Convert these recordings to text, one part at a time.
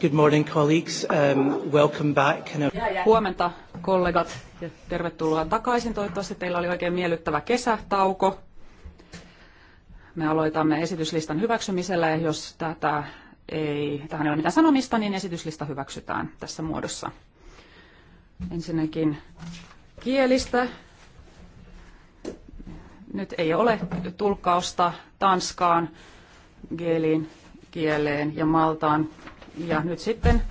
Good morning, colleagues. Um, welcome back. Uh, Huomenta kollegat ja tervetuloa takaisin. Toivottavasti teillä oli oikein miellyttävä kesätauko. Me aloitamme esityslistan hyväksymisellä ja jos tätä ei, tähän ei ole mitään sanomista, niin esityslista hyväksytään tässä muodossa. Ensinnäkin kielistä. Nyt ei ole tulkkausta Tanskaan, Geelin, kieleen ja Maltaan ja nyt sitten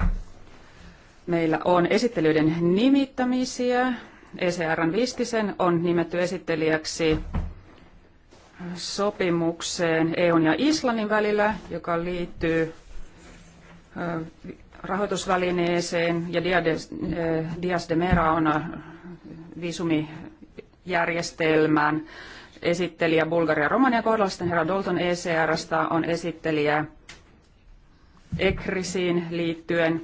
meillä on esittelijöiden nimittämisiä. ECRn Vistisen on nimetty esittelijäksi sopimukseen EUn ja Islannin välillä, joka liittyy rahoitusvälineeseen ja Dias de Mera on viisumijärjestelmään esittelijä Bulgaria Romania kohdalla, sitten herra Dalton ECRstä on esittelijä ekrisiin liittyen.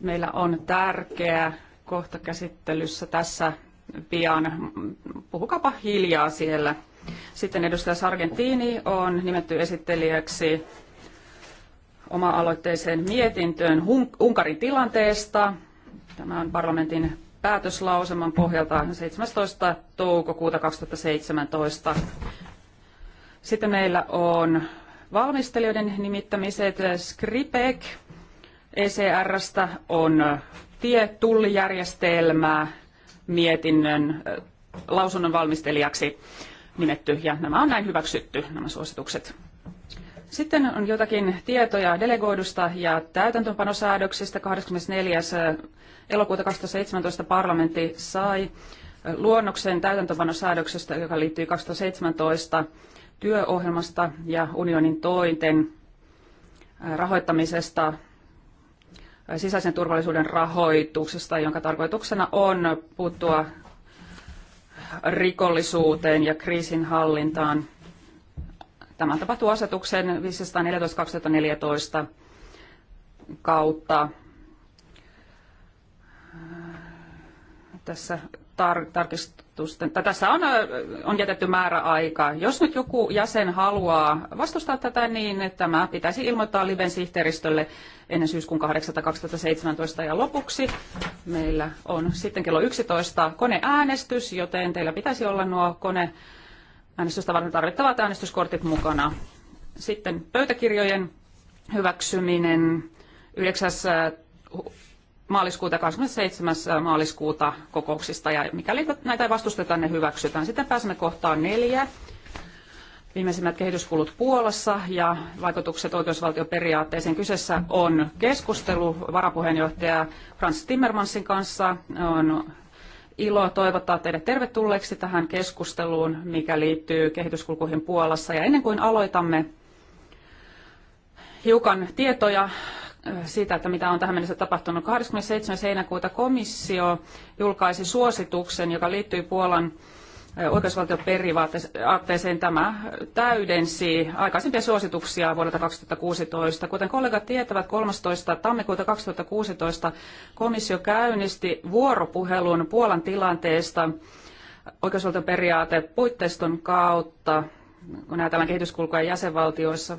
Meillä on tärkeä kohta käsittelyssä tässä pian. Puhukapa hiljaa siellä. Sitten edustaja Sargentini on nimetty esittelijäksi oma-aloitteiseen mietintöön Unkarin tilanteesta. Tämä on parlamentin päätöslauseman pohjalta 17. toukokuuta 2017. Sitten meillä on valmistelijoiden nimittämiset. Skripek ECRstä on tietullijärjestelmää mietinnön lausunnon valmistelijaksi nimetty ja nämä on näin hyväksytty, nämä suositukset. Sitten on jotakin tietoja delegoidusta ja täytäntöönpanosäädöksistä. 24. elokuuta 2017 parlamentti sai luonnoksen täytäntöönpanosäädöksestä, joka liittyy 2017 työohjelmasta ja unionin tointen rahoittamisesta sisäisen turvallisuuden rahoituksesta, jonka tarkoituksena on puuttua rikollisuuteen ja kriisinhallintaan. Tämä tapahtuu asetuksen 514-2014 kautta. Tässä tar- tarkistusten, tai tässä on, on jätetty määräaika. Jos nyt joku jäsen haluaa vastustaa tätä, niin tämä pitäisi ilmoittaa Liven sihteeristölle ennen syyskuun 8.2017. Ja lopuksi meillä on sitten kello 11 koneäänestys, joten teillä pitäisi olla nuo koneäänestystä varten tarvittavat äänestyskortit mukana. Sitten pöytäkirjojen hyväksyminen 9 maaliskuuta 27. maaliskuuta kokouksista. Ja mikäli näitä ei vastusteta, ne hyväksytään. Sitten pääsemme kohtaan neljä. Viimeisimmät kehityskulut Puolassa ja vaikutukset oikeusvaltioperiaatteeseen. Kyseessä on keskustelu varapuheenjohtaja Frans Timmermansin kanssa. On ilo toivottaa teidät tervetulleeksi tähän keskusteluun, mikä liittyy kehityskulkuihin Puolassa. Ja ennen kuin aloitamme, hiukan tietoja siitä, että mitä on tähän mennessä tapahtunut. 27. heinäkuuta komissio julkaisi suosituksen, joka liittyy Puolan oikeusvaltioperiaatteeseen. Tämä täydensi aikaisempia suosituksia vuodelta 2016. Kuten kollegat tietävät, 13. tammikuuta 2016 komissio käynnisti vuoropuhelun Puolan tilanteesta oikeusvaltioperiaate puitteiston kautta, kun ajatellaan kehityskulkua jäsenvaltioissa,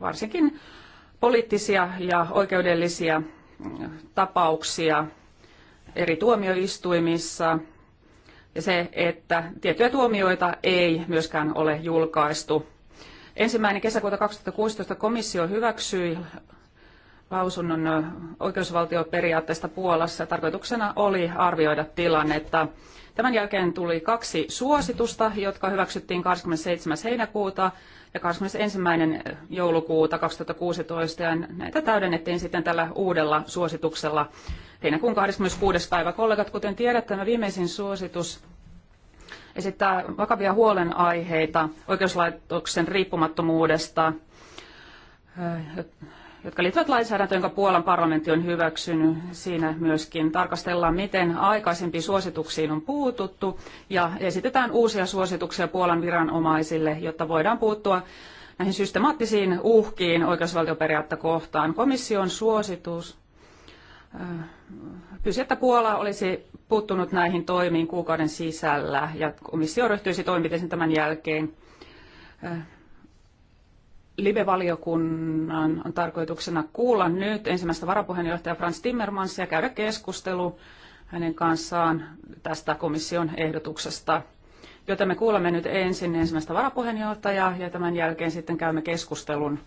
varsinkin poliittisia ja oikeudellisia tapauksia eri tuomioistuimissa ja se, että tiettyjä tuomioita ei myöskään ole julkaistu. Ensimmäinen kesäkuuta 2016 komissio hyväksyi lausunnon oikeusvaltioperiaatteesta Puolassa. Tarkoituksena oli arvioida tilannetta Tämän jälkeen tuli kaksi suositusta, jotka hyväksyttiin 27. heinäkuuta ja 21. joulukuuta 2016. Ja näitä täydennettiin sitten tällä uudella suosituksella heinäkuun 26. päivä. Kollegat, kuten tiedätte, tämä viimeisin suositus esittää vakavia huolenaiheita oikeuslaitoksen riippumattomuudesta jotka liittyvät lainsäädäntöön, jonka Puolan parlamentti on hyväksynyt. Siinä myöskin tarkastellaan, miten aikaisempiin suosituksiin on puututtu ja esitetään uusia suosituksia Puolan viranomaisille, jotta voidaan puuttua näihin systemaattisiin uhkiin oikeusvaltioperiaatta kohtaan. Komission suositus äh, pyysi, että Puola olisi puuttunut näihin toimiin kuukauden sisällä ja komissio ryhtyisi toimenpiteisiin tämän jälkeen. Äh, Live-valiokunnan on tarkoituksena kuulla nyt ensimmäistä varapuheenjohtaja Frans Timmermansia ja käydä keskustelu hänen kanssaan tästä komission ehdotuksesta. Joten me kuulemme nyt ensin ensimmäistä varapuheenjohtajaa ja tämän jälkeen sitten käymme keskustelun.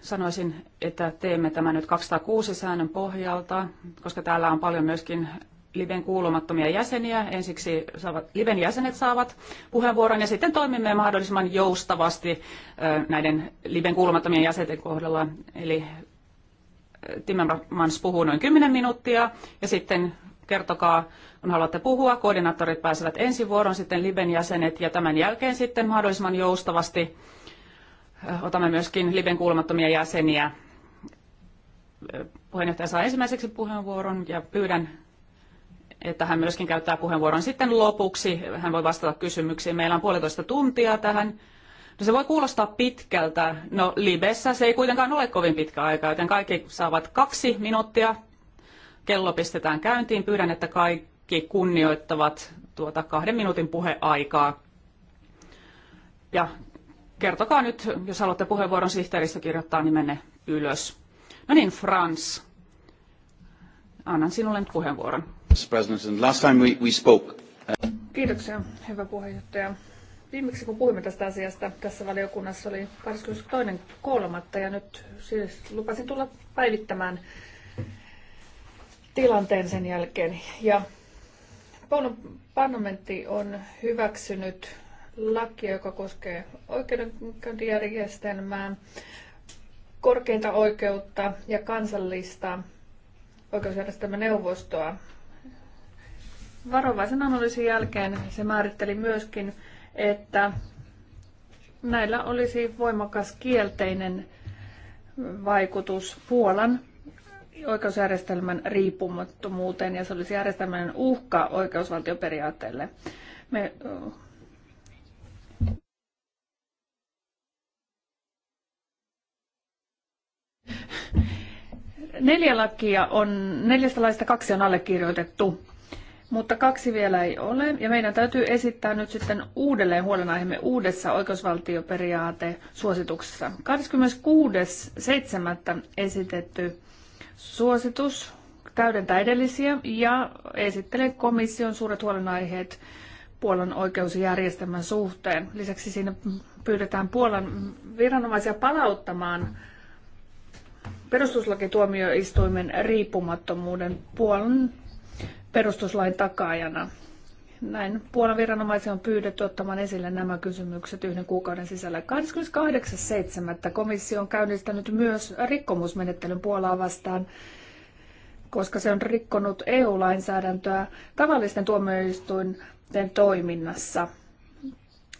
Sanoisin, että teemme tämän nyt 206 säännön pohjalta, koska täällä on paljon myöskin liven kuulumattomia jäseniä. Ensiksi saavat, liven jäsenet saavat puheenvuoron ja sitten toimimme mahdollisimman joustavasti näiden liven kuulumattomien jäsenten kohdalla. Eli Timmermans puhuu noin 10 minuuttia ja sitten kertokaa, kun haluatte puhua. Koordinaattorit pääsevät ensi vuoron, sitten liben jäsenet ja tämän jälkeen sitten mahdollisimman joustavasti otamme myöskin liben kuulumattomia jäseniä. Puheenjohtaja saa ensimmäiseksi puheenvuoron ja pyydän että hän myöskin käyttää puheenvuoron sitten lopuksi. Hän voi vastata kysymyksiin. Meillä on puolitoista tuntia tähän. No se voi kuulostaa pitkältä. No Libessä se ei kuitenkaan ole kovin pitkä aika, joten kaikki saavat kaksi minuuttia. Kello pistetään käyntiin. Pyydän, että kaikki kunnioittavat tuota kahden minuutin puheaikaa. Ja kertokaa nyt, jos haluatte puheenvuoron sihteeristä kirjoittaa nimenne ylös. No niin, Frans, annan sinulle nyt puheenvuoron. Uh, Kiitoksia, hyvä puheenjohtaja. Viimeksi kun puhuimme tästä asiasta tässä valiokunnassa oli 22.3. ja nyt siis lupasin tulla päivittämään tilanteen sen jälkeen. Ja Puolan parlamentti on hyväksynyt lakia, joka koskee oikeudenkäyntijärjestelmää, korkeinta oikeutta ja kansallista oikeusjärjestelmäneuvostoa. neuvostoa varovaisen analyysin jälkeen se määritteli myöskin, että näillä olisi voimakas kielteinen vaikutus Puolan oikeusjärjestelmän riippumattomuuteen ja se olisi järjestelmän uhka oikeusvaltioperiaatteelle. Me, Neljä lakia on, neljästä laista kaksi on allekirjoitettu mutta kaksi vielä ei ole. Ja meidän täytyy esittää nyt sitten uudelleen huolenaiheemme uudessa oikeusvaltioperiaate suosituksessa. 26.7. esitetty suositus täydentää edellisiä ja esittelee komission suuret huolenaiheet Puolan oikeusjärjestelmän suhteen. Lisäksi siinä pyydetään Puolan viranomaisia palauttamaan perustuslakituomioistuimen riippumattomuuden Puolan perustuslain takaajana. Näin Puolan viranomaisia on pyydetty ottamaan esille nämä kysymykset yhden kuukauden sisällä. 28.7. komissio on käynnistänyt myös rikkomusmenettelyn Puolaa vastaan, koska se on rikkonut EU-lainsäädäntöä tavallisten tuomioistuinten toiminnassa.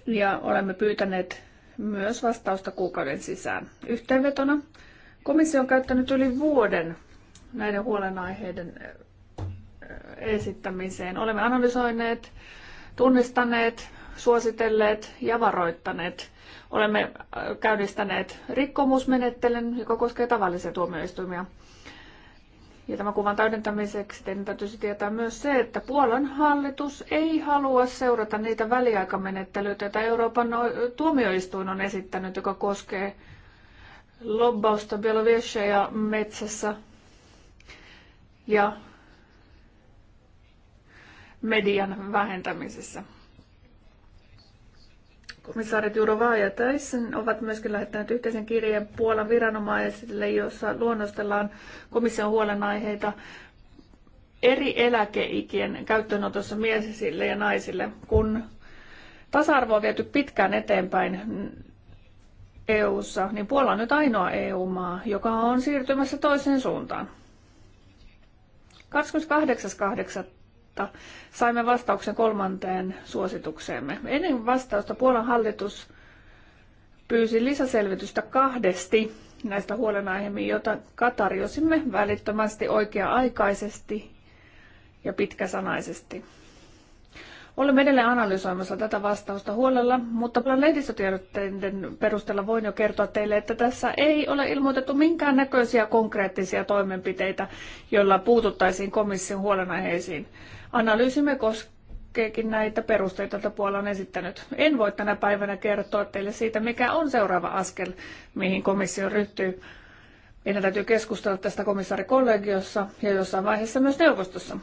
Ja olemme pyytäneet myös vastausta kuukauden sisään. Yhteenvetona komissio on käyttänyt yli vuoden näiden huolenaiheiden esittämiseen. Olemme analysoineet, tunnistaneet, suositelleet ja varoittaneet. Olemme äh, käynnistäneet rikkomusmenettelyn, joka koskee tavallisia tuomioistuimia. Ja tämän kuvan täydentämiseksi teidän täytyisi tietää myös se, että Puolan hallitus ei halua seurata niitä väliaikamenettelyitä, joita Euroopan tuomioistuin on esittänyt, joka koskee lobbausta Bieloviessia ja metsässä ja median vähentämisessä. Komissaarit Jurova ja Tyson ovat myöskin lähettäneet yhteisen kirjeen Puolan viranomaisille, jossa luonnostellaan komission huolenaiheita eri eläkeikien käyttöönotossa miesille ja naisille, kun tasa-arvo on viety pitkään eteenpäin EU-ssa, niin Puola on nyt ainoa EU-maa, joka on siirtymässä toiseen suuntaan. 28.8 mutta saimme vastauksen kolmanteen suositukseemme. Ennen vastausta Puolan hallitus pyysi lisäselvitystä kahdesti näistä huolenaiheista, joita katarjosimme välittömästi oikea-aikaisesti ja pitkäsanaisesti. Olemme edelleen analysoimassa tätä vastausta huolella, mutta lehdistötiedotteiden perusteella voin jo kertoa teille, että tässä ei ole ilmoitettu minkään näköisiä konkreettisia toimenpiteitä, joilla puututtaisiin komission huolenaiheisiin. Analyysimme koskeekin näitä perusteita, joita Puola on esittänyt. En voi tänä päivänä kertoa teille siitä, mikä on seuraava askel, mihin komissio ryhtyy. Meidän täytyy keskustella tästä komissaarikollegiossa ja jossain vaiheessa myös neuvostossa.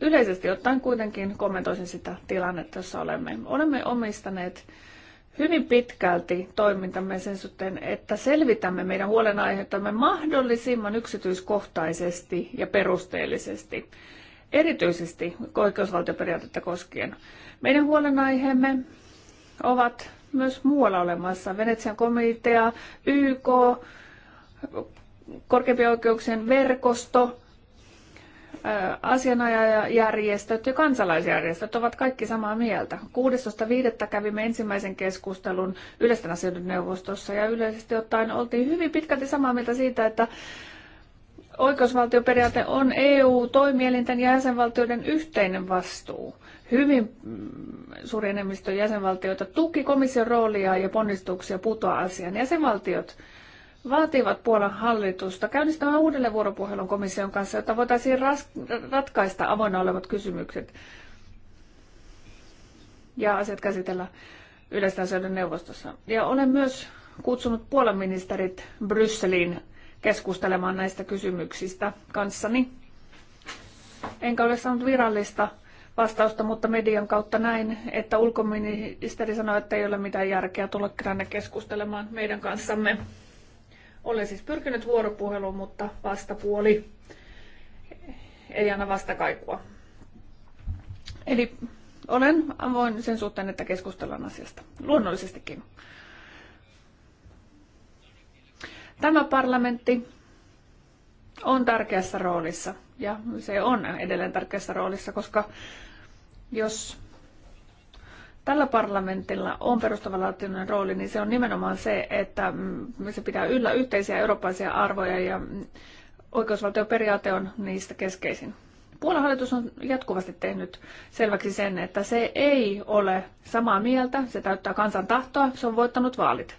Yleisesti ottaen kuitenkin kommentoisin sitä tilannetta, jossa olemme. Olemme omistaneet hyvin pitkälti toimintamme sen suhteen, että selvitämme meidän huolenaiheutamme mahdollisimman yksityiskohtaisesti ja perusteellisesti erityisesti oikeusvaltioperiaatetta koskien. Meidän huolenaiheemme ovat myös muualla olemassa. Venetsian komitea, YK, korkeimpien oikeuksien verkosto, asianajajärjestöt ja kansalaisjärjestöt ovat kaikki samaa mieltä. 16.5. kävimme ensimmäisen keskustelun yleisten asioiden neuvostossa ja yleisesti ottaen oltiin hyvin pitkälti samaa mieltä siitä, että Oikeusvaltioperiaate on EU-toimielinten jäsenvaltioiden yhteinen vastuu. Hyvin mm, suuri enemmistö jäsenvaltioita tuki komission roolia ja ponnistuksia putoa asiaan. Jäsenvaltiot vaativat Puolan hallitusta käynnistämään uudelleen vuoropuhelun komission kanssa, jotta voitaisiin ratkaista avoinna olevat kysymykset ja asiat käsitellä yleisten asioiden neuvostossa. Ja olen myös kutsunut Puolan ministerit Brysseliin keskustelemaan näistä kysymyksistä kanssani. Enkä ole saanut virallista vastausta, mutta median kautta näin, että ulkoministeri sanoi, että ei ole mitään järkeä tulla tänne keskustelemaan meidän kanssamme. Olen siis pyrkinyt vuoropuheluun, mutta vastapuoli ei anna vastakaikua. Eli olen avoin sen suhteen, että keskustellaan asiasta. Luonnollisestikin. Tämä parlamentti on tärkeässä roolissa ja se on edelleen tärkeässä roolissa, koska jos tällä parlamentilla on perustavanlaatuinen rooli, niin se on nimenomaan se, että mm, se pitää yllä yhteisiä eurooppalaisia arvoja ja oikeusvaltioperiaate on niistä keskeisin. Puolan hallitus on jatkuvasti tehnyt selväksi sen, että se ei ole samaa mieltä, se täyttää kansan tahtoa, se on voittanut vaalit.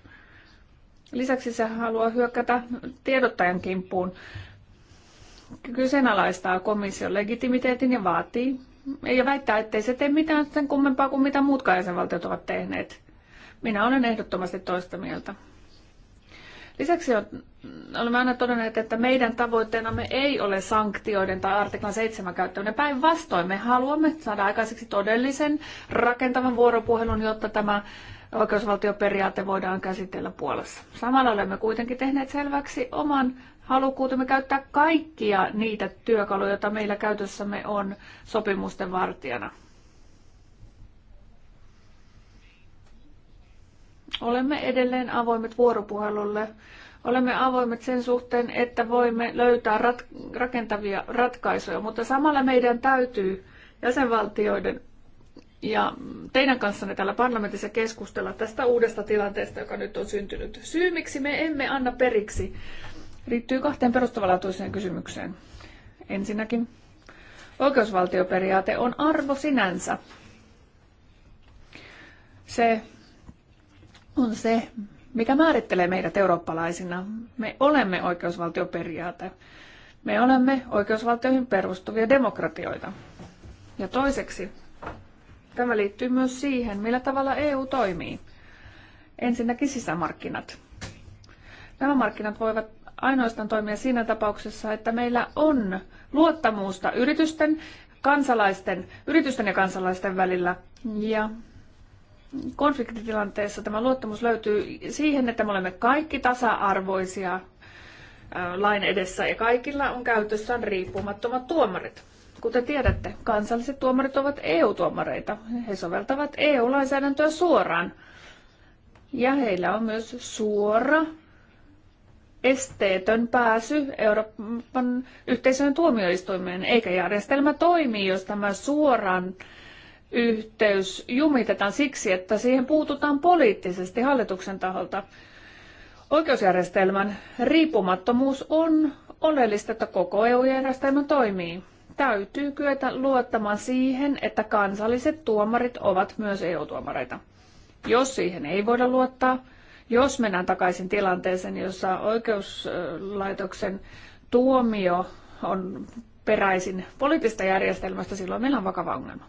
Lisäksi se haluaa hyökätä tiedottajan kimppuun, kyseenalaistaa komission legitimiteetin ja vaatii ja väittää, ettei se tee mitään sen kummempaa kuin mitä muutkaan jäsenvaltiot ovat tehneet. Minä olen ehdottomasti toista mieltä. Lisäksi olemme aina todenneet, että meidän tavoitteenamme ei ole sanktioiden tai artiklan 7 käyttäminen. Päinvastoin me haluamme saada aikaiseksi todellisen rakentavan vuoropuhelun, jotta tämä oikeusvaltioperiaate voidaan käsitellä Puolassa. Samalla olemme kuitenkin tehneet selväksi oman halukkuutemme käyttää kaikkia niitä työkaluja, joita meillä käytössämme on sopimusten vartijana. Olemme edelleen avoimet vuoropuhelulle. Olemme avoimet sen suhteen, että voimme löytää rat- rakentavia ratkaisuja, mutta samalla meidän täytyy jäsenvaltioiden ja teidän kanssanne täällä parlamentissa keskustella tästä uudesta tilanteesta, joka nyt on syntynyt. Syy, miksi me emme anna periksi, liittyy kahteen perustavanlaatuiseen kysymykseen. Ensinnäkin, oikeusvaltioperiaate on arvo sinänsä. Se on se, mikä määrittelee meidät eurooppalaisina. Me olemme oikeusvaltioperiaate. Me olemme oikeusvaltioihin perustuvia demokratioita. Ja toiseksi, Tämä liittyy myös siihen, millä tavalla EU toimii. Ensinnäkin sisämarkkinat. Nämä markkinat voivat ainoastaan toimia siinä tapauksessa, että meillä on luottamusta yritysten, kansalaisten, yritysten ja kansalaisten välillä. Ja konfliktitilanteessa tämä luottamus löytyy siihen, että me olemme kaikki tasa-arvoisia lain edessä ja kaikilla on käytössään riippumattomat tuomarit. Kuten tiedätte, kansalliset tuomarit ovat EU-tuomareita. He soveltavat EU-lainsäädäntöä suoraan. Ja heillä on myös suora esteetön pääsy Euroopan yhteisön tuomioistuimeen, eikä järjestelmä toimi, jos tämä suoran yhteys jumitetaan siksi, että siihen puututaan poliittisesti hallituksen taholta. Oikeusjärjestelmän riippumattomuus on oleellista, että koko EU-järjestelmä toimii täytyy kyetä luottamaan siihen, että kansalliset tuomarit ovat myös EU-tuomareita. Jos siihen ei voida luottaa, jos mennään takaisin tilanteeseen, jossa oikeuslaitoksen tuomio on peräisin poliittista järjestelmästä, silloin meillä on vakava ongelma.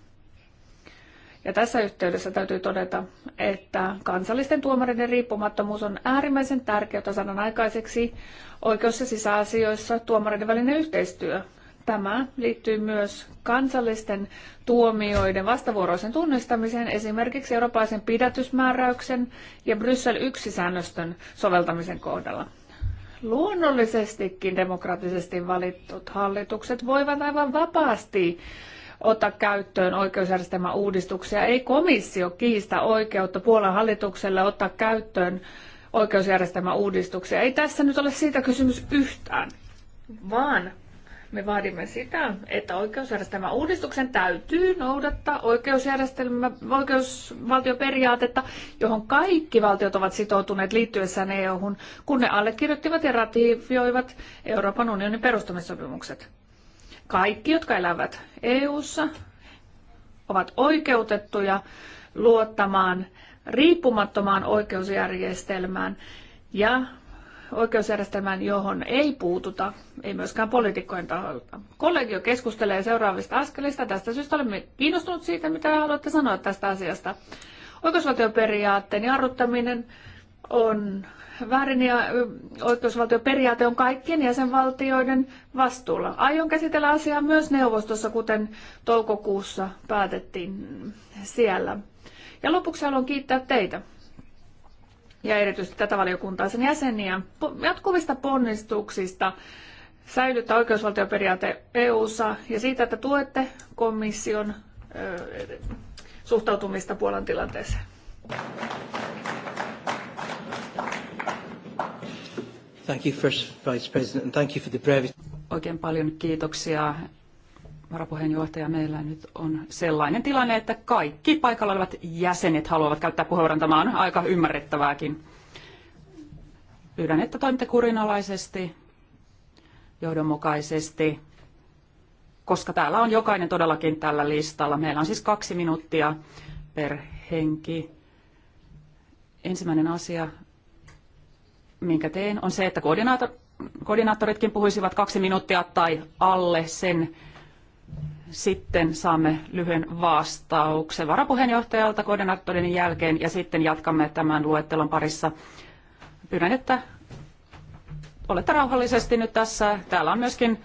Ja tässä yhteydessä täytyy todeta, että kansallisten tuomareiden riippumattomuus on äärimmäisen tärkeää sanan aikaiseksi oikeus- ja sisäasioissa tuomareiden välinen yhteistyö Tämä liittyy myös kansallisten tuomioiden vastavuoroisen tunnistamiseen, esimerkiksi eurooppalaisen pidätysmääräyksen ja Bryssel 1-säännöstön soveltamisen kohdalla. Luonnollisestikin demokraattisesti valittut hallitukset voivat aivan vapaasti ottaa käyttöön oikeusjärjestelmän uudistuksia. Ei komissio kiistä oikeutta Puolan hallitukselle ottaa käyttöön oikeusjärjestelmän uudistuksia. Ei tässä nyt ole siitä kysymys yhtään, vaan me vaadimme sitä, että oikeusjärjestelmän uudistuksen täytyy noudattaa oikeusjärjestelmä, oikeusvaltioperiaatetta, johon kaikki valtiot ovat sitoutuneet liittyessään EU-hun, kun ne allekirjoittivat ja ratifioivat Euroopan unionin perustamissopimukset. Kaikki, jotka elävät EU-ssa, ovat oikeutettuja luottamaan riippumattomaan oikeusjärjestelmään ja oikeusjärjestelmään, johon ei puututa, ei myöskään poliitikkojen taholta. Kollegio keskustelee seuraavista askelista. Tästä syystä olemme kiinnostuneet siitä, mitä haluatte sanoa tästä asiasta. Oikeusvaltioperiaatteen jarruttaminen on väärin ja oikeusvaltioperiaate on kaikkien jäsenvaltioiden vastuulla. Aion käsitellä asiaa myös neuvostossa, kuten toukokuussa päätettiin siellä. Ja lopuksi haluan kiittää teitä ja erityisesti tätä valiokuntaa sen jäseniä jatkuvista ponnistuksista säilyttää oikeusvaltioperiaate EU:ssa ja siitä, että tuette komission suhtautumista Puolan tilanteeseen. Thank you, First Vice President, and thank you for the brevity. Oikein paljon kiitoksia varapuheenjohtaja, meillä nyt on sellainen tilanne, että kaikki paikalla olevat jäsenet haluavat käyttää puheenvuoron. Tämä on aika ymmärrettävääkin. Pyydän, että toimitte kurinalaisesti, johdonmukaisesti, koska täällä on jokainen todellakin tällä listalla. Meillä on siis kaksi minuuttia per henki. Ensimmäinen asia, minkä teen, on se, että koordinaattoritkin puhuisivat kaksi minuuttia tai alle sen sitten saamme lyhyen vastauksen varapuheenjohtajalta koordinaattorin jälkeen ja sitten jatkamme tämän luettelon parissa. Pyydän, että olette rauhallisesti nyt tässä. Täällä on myöskin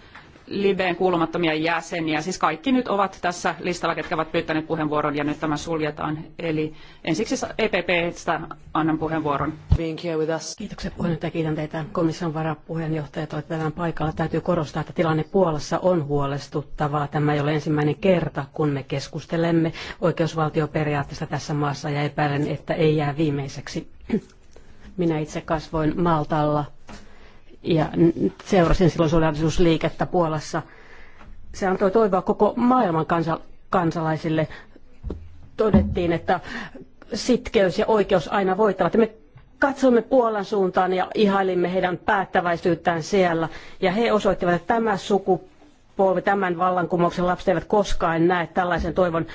Libeen kuulumattomia jäseniä. Siis kaikki nyt ovat tässä listalla, ketkä ovat pyytäneet puheenvuoron ja nyt tämä suljetaan. Eli ensiksi EPPstä annan puheenvuoron. Being here with us. Kiitoksia puheenjohtaja. Kiitän teitä komission varapuheenjohtajat olette tänään paikalla. Täytyy korostaa, että tilanne Puolassa on huolestuttavaa. Tämä ei ole ensimmäinen kerta, kun me keskustelemme oikeusvaltioperiaatteesta tässä maassa ja epäilen, että ei jää viimeiseksi. Minä itse kasvoin Maltalla ja seurasin silloin solidarisuusliikettä Puolassa. Se antoi toivoa koko maailman kansa- kansalaisille. Todettiin, että sitkeys ja oikeus aina voittavat. Me katsoimme Puolan suuntaan ja ihailimme heidän päättäväisyyttään siellä. Ja he osoittivat, että tämä sukupuoli polvi, tämän vallankumouksen lapset eivät koskaan näe tällaisen toivon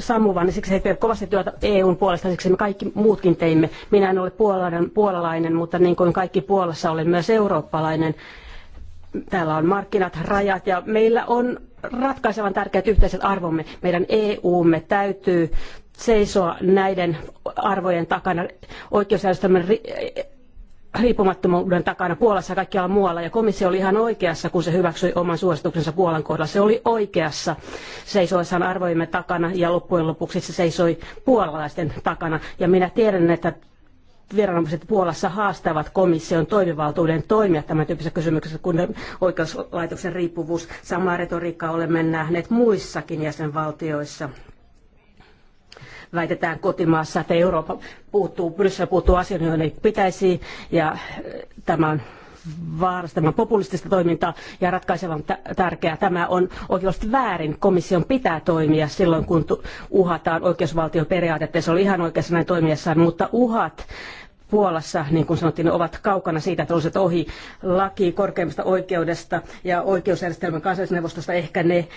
sammuvan, niin siksi he tekevät kovasti työtä EUn puolesta, siksi me kaikki muutkin teimme. Minä en ole puolalainen, puolalainen mutta niin kuin kaikki Puolassa olen myös eurooppalainen. Täällä on markkinat, rajat ja meillä on ratkaisevan tärkeät yhteiset arvomme. Meidän EUmme täytyy seisoa näiden arvojen takana. Oikeusjärjestelmän riippumattomuuden takana Puolassa ja kaikkialla muualla. Ja komissio oli ihan oikeassa, kun se hyväksyi oman suosituksensa Puolan kohdalla. Se oli oikeassa seisoessaan arvojemme takana ja loppujen lopuksi se seisoi puolalaisten takana. Ja minä tiedän, että viranomaiset Puolassa haastavat komission toimivaltuuden toimia tämän tyyppisessä kysymyksessä, kun oikeuslaitoksen riippuvuus. Samaa retoriikkaa olemme nähneet muissakin jäsenvaltioissa väitetään kotimaassa, että Eurooppa puuttuu, Bryssel puuttuu asioihin, joihin ei pitäisi, ja äh, tämä on vaarastamaan populistista toimintaa ja ratkaisevan tärkeää. Tämä on oikeasti väärin. Komission pitää toimia silloin, kun uhataan oikeusvaltioperiaatetta. periaatetta. Se oli ihan oikeassa näin toimiessaan, mutta uhat Puolassa, niin kuin sanottiin, ovat kaukana siitä, että olisivat ohi laki korkeimmasta oikeudesta ja oikeusjärjestelmän kansallisneuvostosta. Ehkä ne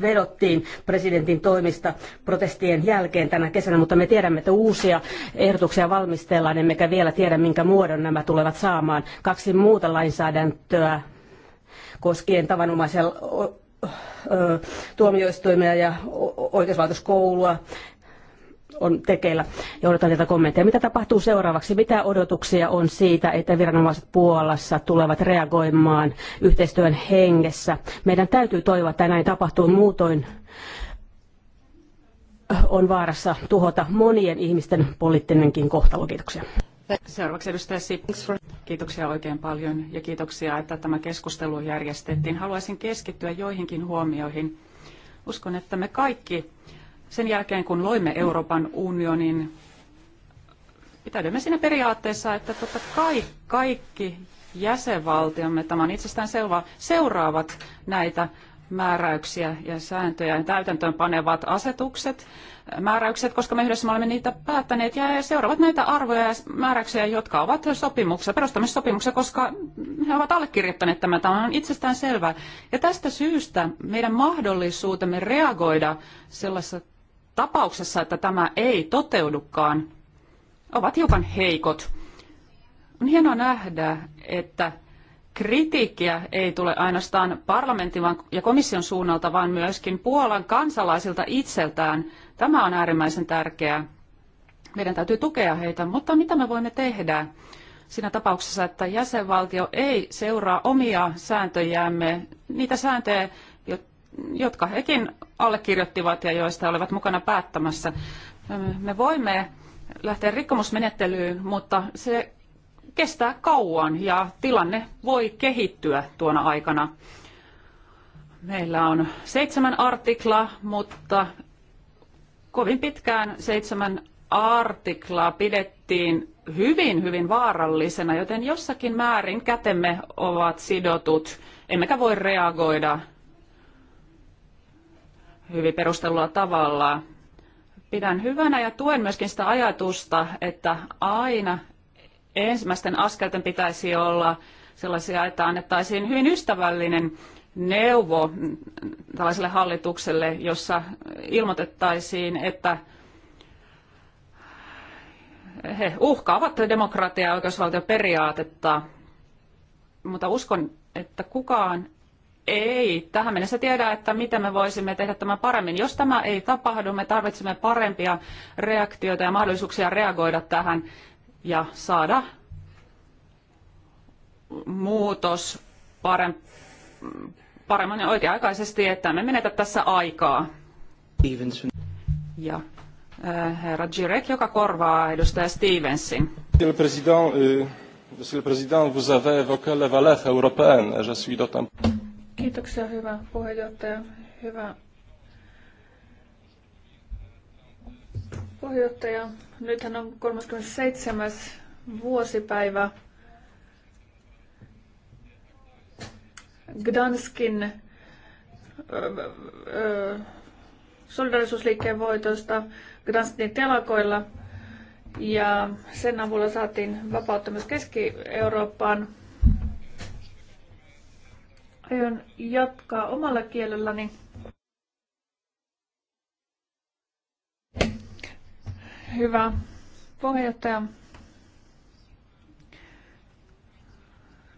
vedottiin presidentin toimista protestien jälkeen tänä kesänä, mutta me tiedämme, että uusia ehdotuksia valmistellaan, emmekä vielä tiedä, minkä muodon nämä tulevat saamaan. Kaksi muuta lainsäädäntöä koskien tavanomaisia tuomioistuimia ja oikeuslaitoskoulua on tekeillä ja odotan niitä kommentteja. Mitä tapahtuu seuraavaksi? Mitä odotuksia on siitä, että viranomaiset Puolassa tulevat reagoimaan yhteistyön hengessä? Meidän täytyy toivoa, että näin tapahtuu muutoin on vaarassa tuhota monien ihmisten poliittinenkin kohtalo. Kiitoksia. Seuraavaksi edustaja Sips. Kiitoksia oikein paljon ja kiitoksia, että tämä keskustelu järjestettiin. Haluaisin keskittyä joihinkin huomioihin. Uskon, että me kaikki sen jälkeen, kun loimme Euroopan unionin, pitäydymme siinä periaatteessa, että totta kai kaikki jäsenvaltiomme, tämä on itsestään selvä, seuraavat näitä määräyksiä ja sääntöjä ja täytäntöön panevat asetukset, määräykset, koska me yhdessä me olemme niitä päättäneet ja seuraavat näitä arvoja ja määräyksiä, jotka ovat sopimuksessa, perustamissopimuksessa, koska he ovat allekirjoittaneet tämän. Tämä on itsestään selvää. Ja tästä syystä meidän mahdollisuutemme reagoida sellaisessa tapauksessa, että tämä ei toteudukaan, ovat hiukan heikot. On hienoa nähdä, että kritiikkiä ei tule ainoastaan parlamentin ja komission suunnalta, vaan myöskin Puolan kansalaisilta itseltään. Tämä on äärimmäisen tärkeää. Meidän täytyy tukea heitä, mutta mitä me voimme tehdä siinä tapauksessa, että jäsenvaltio ei seuraa omia sääntöjämme, niitä sääntöjä, jotka hekin allekirjoittivat ja joista olivat mukana päättämässä. Me voimme lähteä rikkomusmenettelyyn, mutta se kestää kauan ja tilanne voi kehittyä tuona aikana. Meillä on seitsemän artiklaa, mutta kovin pitkään seitsemän artiklaa pidettiin hyvin, hyvin vaarallisena, joten jossakin määrin kätemme ovat sidotut, emmekä voi reagoida hyvin perustellulla tavalla. Pidän hyvänä ja tuen myöskin sitä ajatusta, että aina ensimmäisten askelten pitäisi olla sellaisia, että annettaisiin hyvin ystävällinen neuvo tällaiselle hallitukselle, jossa ilmoitettaisiin, että he uhkaavat demokratiaa ja oikeusvaltioperiaatetta, mutta uskon, että kukaan ei tähän mennessä tiedä, että miten me voisimme tehdä tämän paremmin. Jos tämä ei tapahdu, me tarvitsemme parempia reaktioita ja mahdollisuuksia reagoida tähän ja saada muutos paremmin ja oikea-aikaisesti, että me menetä tässä aikaa. Ja äh, herra Jirek, joka korvaa edustaja Stevensin. Monsieur le Président, euh, vous avez évoqué les Je suis d'autant plus Kiitoksia, hyvä puheenjohtaja. Hyvä puheenjohtaja. Nythän on 37. vuosipäivä Gdanskin öö, öö, solidarisuusliikkeen voitosta Gdanskin telakoilla. Ja sen avulla saatiin vapautta myös Keski-Eurooppaan aion jatkaa omalla kielelläni. Hyvä puheenjohtaja.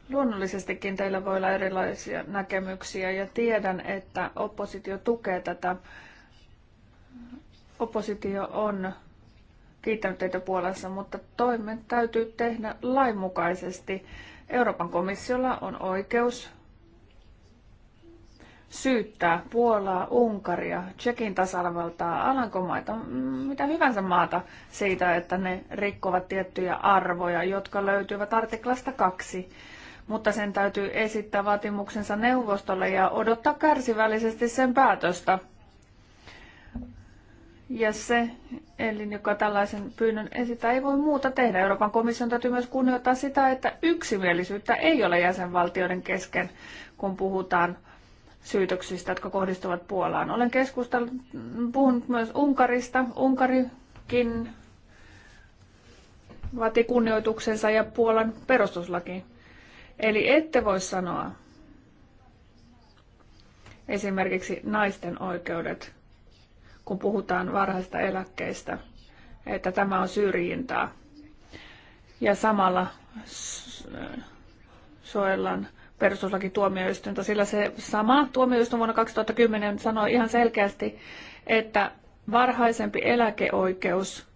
Luonnollisestikin teillä voi olla erilaisia näkemyksiä ja tiedän, että oppositio tukee tätä. Oppositio on kiittänyt teitä puolessa, mutta toimen täytyy tehdä lainmukaisesti. Euroopan komissiolla on oikeus syyttää Puolaa, Unkaria, Tsekin tasavaltaa, Alankomaita, mm, mitä hyvänsä maata siitä, että ne rikkovat tiettyjä arvoja, jotka löytyvät artiklasta kaksi. Mutta sen täytyy esittää vaatimuksensa neuvostolle ja odottaa kärsivällisesti sen päätöstä. Ja se elin, joka tällaisen pyynnön esittää, ei voi muuta tehdä. Euroopan komission täytyy myös kunnioittaa sitä, että yksimielisyyttä ei ole jäsenvaltioiden kesken, kun puhutaan syytöksistä, jotka kohdistuvat Puolaan. Olen keskustellut, puhunut myös Unkarista. Unkarikin vaati kunnioituksensa ja Puolan perustuslaki. Eli ette voi sanoa esimerkiksi naisten oikeudet, kun puhutaan varhaista eläkkeistä, että tämä on syrjintää. Ja samalla suojellaan perustuslakituomioistuinta, sillä se sama tuomioistuin vuonna 2010 sanoi ihan selkeästi, että varhaisempi eläkeoikeus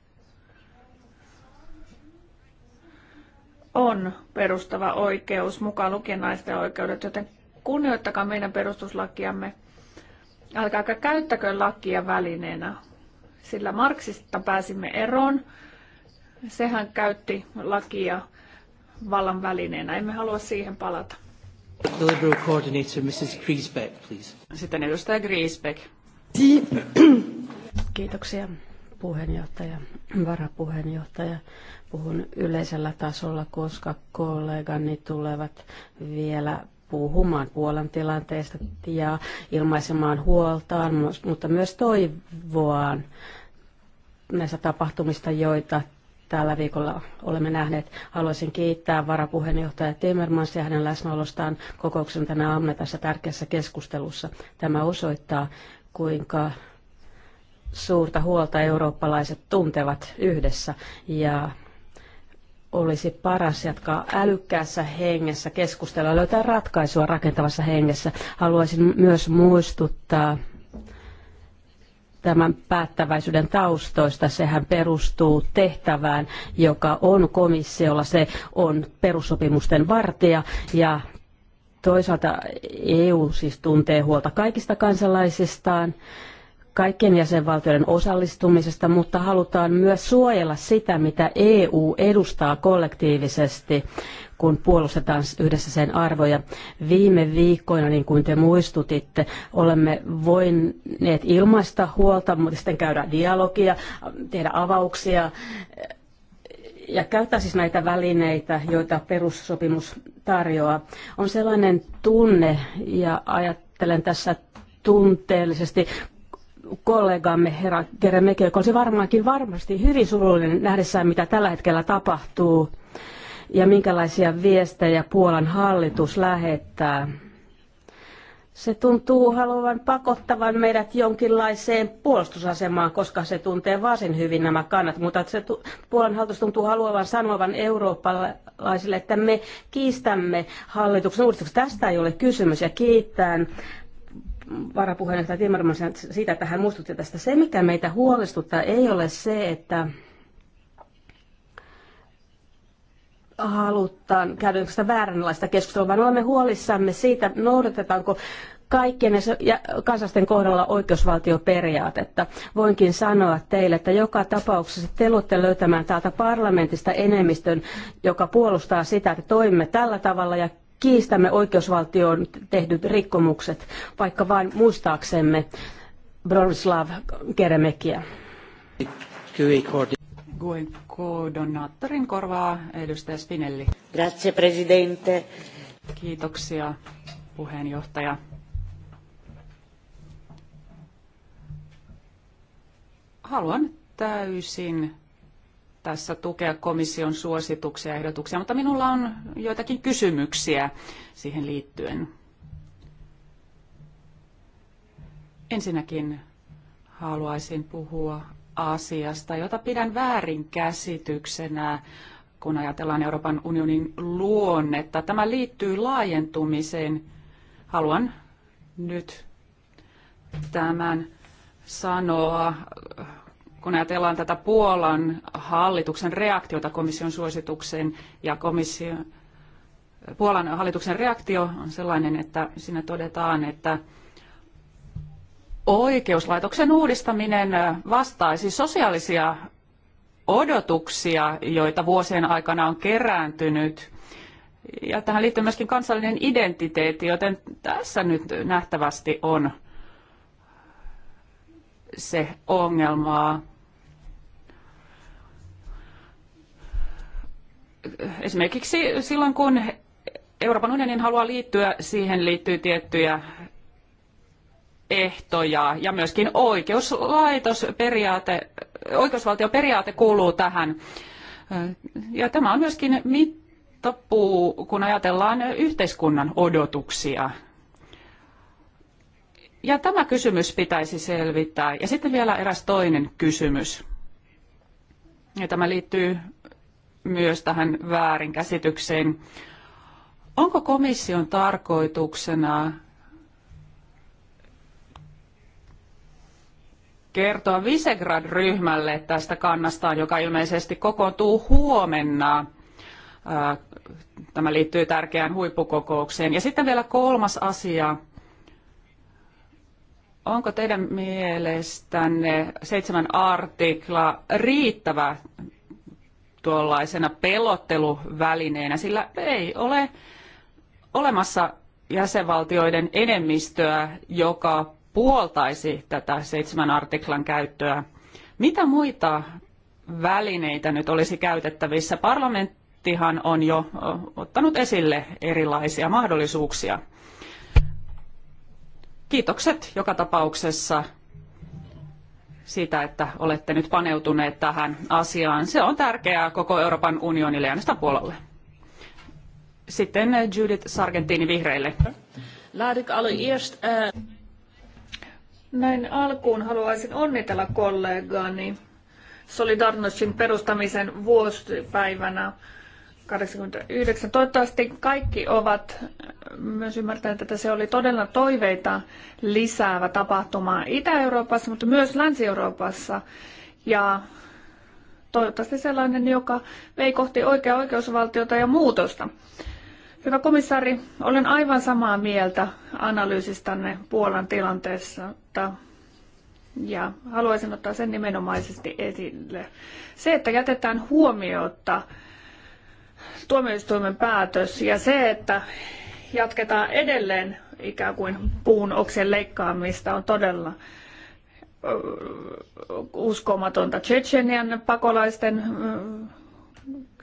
on perustava oikeus, mukaan lukien naisten oikeudet, joten kunnioittakaa meidän perustuslakiamme. Älkääkä käyttäkö lakia välineenä, sillä Marksista pääsimme eroon. Sehän käytti lakia vallan välineenä. Emme halua siihen palata. The Liberal coordinator, Mrs. Griesbeck, please. Sitten edustaja Griesbeck. Kiitoksia puheenjohtaja, varapuheenjohtaja. Puhun yleisellä tasolla, koska kollegani tulevat vielä puhumaan Puolan tilanteesta ja ilmaisemaan huoltaan, mutta myös toivoaan näistä tapahtumista, joita tällä viikolla olemme nähneet. Haluaisin kiittää varapuheenjohtaja Timmermansia hänen läsnäolostaan kokouksen tänä aamuna tässä tärkeässä keskustelussa. Tämä osoittaa, kuinka suurta huolta eurooppalaiset tuntevat yhdessä ja olisi paras jatkaa älykkäässä hengessä keskustella, löytää ratkaisua rakentavassa hengessä. Haluaisin myös muistuttaa tämän päättäväisyyden taustoista. Sehän perustuu tehtävään, joka on komissiolla. Se on perussopimusten vartija ja toisaalta EU siis tuntee huolta kaikista kansalaisistaan kaikkien jäsenvaltioiden osallistumisesta, mutta halutaan myös suojella sitä, mitä EU edustaa kollektiivisesti, kun puolustetaan yhdessä sen arvoja. Viime viikkoina, niin kuin te muistutitte, olemme voineet ilmaista huolta, mutta sitten käydä dialogia, tehdä avauksia ja käyttää siis näitä välineitä, joita perussopimus tarjoaa. On sellainen tunne ja ajattelen tässä tunteellisesti kollegamme herra Keremeke, joka olisi varmaankin varmasti hyvin surullinen nähdessään, mitä tällä hetkellä tapahtuu ja minkälaisia viestejä Puolan hallitus lähettää. Se tuntuu haluavan pakottavan meidät jonkinlaiseen puolustusasemaan, koska se tuntee varsin hyvin nämä kannat, mutta se tu- Puolan hallitus tuntuu haluavan sanovan eurooppalaisille, että me kiistämme hallituksen uudistuksen. Tästä ei ole kysymys ja kiittään varapuheenjohtaja Timmermans siitä, että hän muistutti tästä. Se, mikä meitä huolestuttaa, ei ole se, että halutaan käydä sitä vääränlaista keskustelua, vaan olemme huolissamme siitä, noudatetaanko kaikkien ja kansalaisten kohdalla oikeusvaltioperiaatetta. Voinkin sanoa teille, että joka tapauksessa te luotte löytämään täältä parlamentista enemmistön, joka puolustaa sitä, että toimimme tällä tavalla ja kiistämme oikeusvaltioon tehdyt rikkomukset, vaikka vain muistaaksemme Bronislav Keremekia. Guen koordinaattorin korvaa edustaja Spinelli. Grazie, presidente. Kiitoksia, puheenjohtaja. Haluan täysin tässä tukea komission suosituksia ja ehdotuksia, mutta minulla on joitakin kysymyksiä siihen liittyen. Ensinnäkin haluaisin puhua asiasta, jota pidän väärinkäsityksenä, kun ajatellaan Euroopan unionin luonnetta. Tämä liittyy laajentumiseen. Haluan nyt tämän sanoa kun ajatellaan tätä Puolan hallituksen reaktiota komission suositukseen ja komissio, Puolan hallituksen reaktio on sellainen, että siinä todetaan, että oikeuslaitoksen uudistaminen vastaisi sosiaalisia odotuksia, joita vuosien aikana on kerääntynyt. Ja tähän liittyy myöskin kansallinen identiteetti, joten tässä nyt nähtävästi on se ongelmaa. esimerkiksi silloin, kun Euroopan unionin haluaa liittyä, siihen liittyy tiettyjä ehtoja ja myöskin oikeuslaitosperiaate, oikeusvaltioperiaate kuuluu tähän. Ja tämä on myöskin mittapuu, kun ajatellaan yhteiskunnan odotuksia. Ja tämä kysymys pitäisi selvittää. Ja sitten vielä eräs toinen kysymys. Ja tämä liittyy myös tähän väärinkäsitykseen. Onko komission tarkoituksena kertoa Visegrad-ryhmälle tästä kannastaan, joka ilmeisesti kokoontuu huomenna. Äh, tämä liittyy tärkeään huippukokoukseen. Ja sitten vielä kolmas asia. Onko teidän mielestänne seitsemän artikla riittävä tuollaisena pelotteluvälineenä, sillä ei ole olemassa jäsenvaltioiden enemmistöä, joka puoltaisi tätä seitsemän artiklan käyttöä. Mitä muita välineitä nyt olisi käytettävissä? Parlamenttihan on jo ottanut esille erilaisia mahdollisuuksia. Kiitokset joka tapauksessa siitä, että olette nyt paneutuneet tähän asiaan. Se on tärkeää koko Euroopan unionille ja näistä puolelle. Sitten eh, Judith Sargentini vihreille. Eh, Näin alkuun haluaisin onnitella kollegaani Solidarnosin perustamisen vuosipäivänä 89. Toivottavasti kaikki ovat myös ymmärtäneet, että se oli todella toiveita lisäävä tapahtuma Itä-Euroopassa, mutta myös Länsi-Euroopassa. Ja toivottavasti sellainen, joka vei kohti oikea oikeusvaltiota ja muutosta. Hyvä komissaari, olen aivan samaa mieltä analyysistanne Puolan tilanteessa ja haluaisin ottaa sen nimenomaisesti esille. Se, että jätetään huomiota tuomioistuimen päätös ja se, että jatketaan edelleen ikään kuin puun oksen leikkaamista on todella uskomatonta. Tsetsenian pakolaisten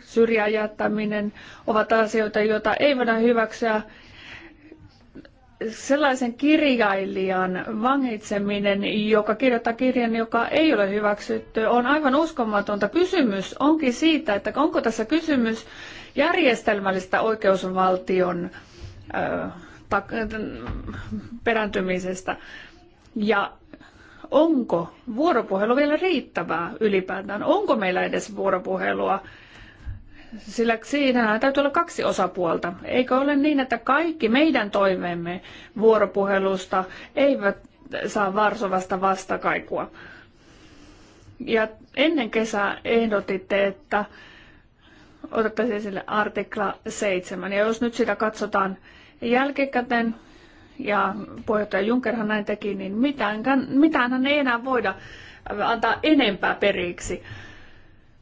syrjään jättäminen ovat asioita, joita ei voida hyväksyä sellaisen kirjailijan vangitseminen, joka kirjoittaa kirjan, joka ei ole hyväksytty, on aivan uskomatonta. Kysymys onkin siitä, että onko tässä kysymys järjestelmällistä oikeusvaltion perääntymisestä ja onko vuoropuhelu vielä riittävää ylipäätään? Onko meillä edes vuoropuhelua sillä siinä täytyy olla kaksi osapuolta. Eikö ole niin, että kaikki meidän toiveemme vuoropuhelusta eivät saa Varsovasta vastakaikua? Ja ennen kesää ehdotitte, että otettaisiin esille artikla 7. Ja jos nyt sitä katsotaan jälkikäteen, ja puheenjohtaja Junckerhan näin teki, niin mitään, mitäänhän ei enää voida antaa enempää periksi.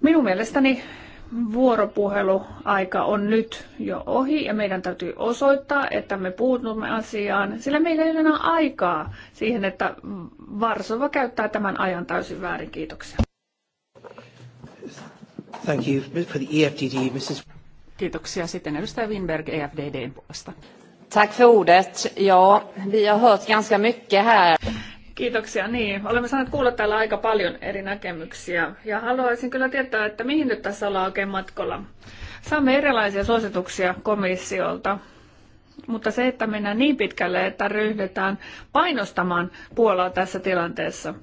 Minun mielestäni vuoropuheluaika on nyt jo ohi ja meidän täytyy osoittaa, että me puutumme asiaan, sillä meillä ei ole enää aikaa siihen, että Varsova käyttää tämän ajan täysin väärin. Kiitoksia. Thank you for the EFDD, Mrs. Kiitoksia. Sitten edustaja Winberg EFDDn puolesta. Tack för ordet. Ja, vi har hört ganska mycket här. Kiitoksia. Niin, olemme saaneet kuulla täällä aika paljon eri näkemyksiä ja haluaisin kyllä tietää, että mihin nyt tässä ollaan oikein matkalla. Saamme erilaisia suosituksia komissiolta, mutta se, että mennään niin pitkälle, että ryhdytään painostamaan Puolaa tässä tilanteessa.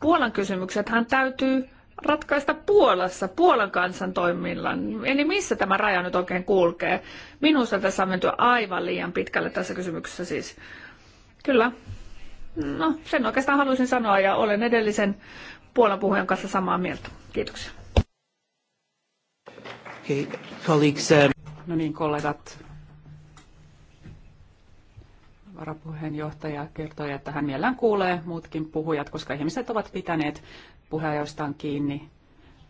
Puolan kysymyksethän täytyy ratkaista Puolassa, Puolan kansan toimilla. Eli missä tämä raja nyt oikein kulkee? Minusta tässä on menty aivan liian pitkälle tässä kysymyksessä siis. Kyllä, No, sen oikeastaan haluaisin sanoa ja olen edellisen Puolan puhujan kanssa samaa mieltä. Kiitoksia. Okay, colleagues, um... No niin, kollegat. Varapuheenjohtaja kertoi, että hän mielellään kuulee muutkin puhujat, koska ihmiset ovat pitäneet puheenjohtajan kiinni.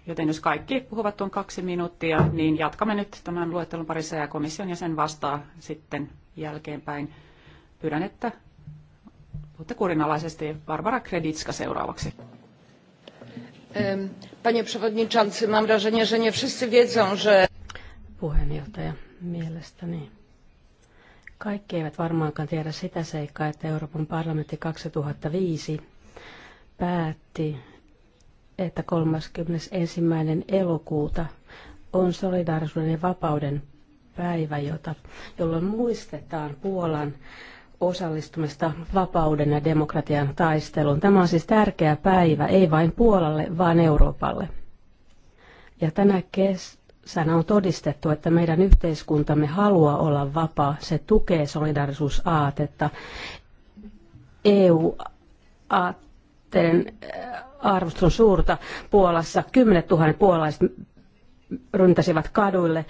Joten jos kaikki puhuvat tuon kaksi minuuttia, niin jatkamme nyt tämän luettelon parissa ja komission jäsen vastaa sitten jälkeenpäin. Pyydän, että mutta kurinalaisesti. Barbara Kreditska seuraavaksi. Panie przewodniczący, mam wrażenie, że nie wszyscy wiedzą, że... Puheenjohtaja, mielestäni kaikki eivät varmaankaan tiedä sitä seikkaa, että Euroopan parlamentti 2005 päätti, että 31. elokuuta on solidaarisuuden ja vapauden päivä, jota, jolloin muistetaan Puolan osallistumista vapauden ja demokratian taisteluun. Tämä on siis tärkeä päivä, ei vain Puolalle, vaan Euroopalle. Ja tänä kesänä on todistettu, että meidän yhteiskuntamme haluaa olla vapaa. Se tukee solidarisuusaatetta. EU-aatteen äh, arvostus on suurta Puolassa. Kymmenet tuhannet puolalaiset ryntäsivät kaduille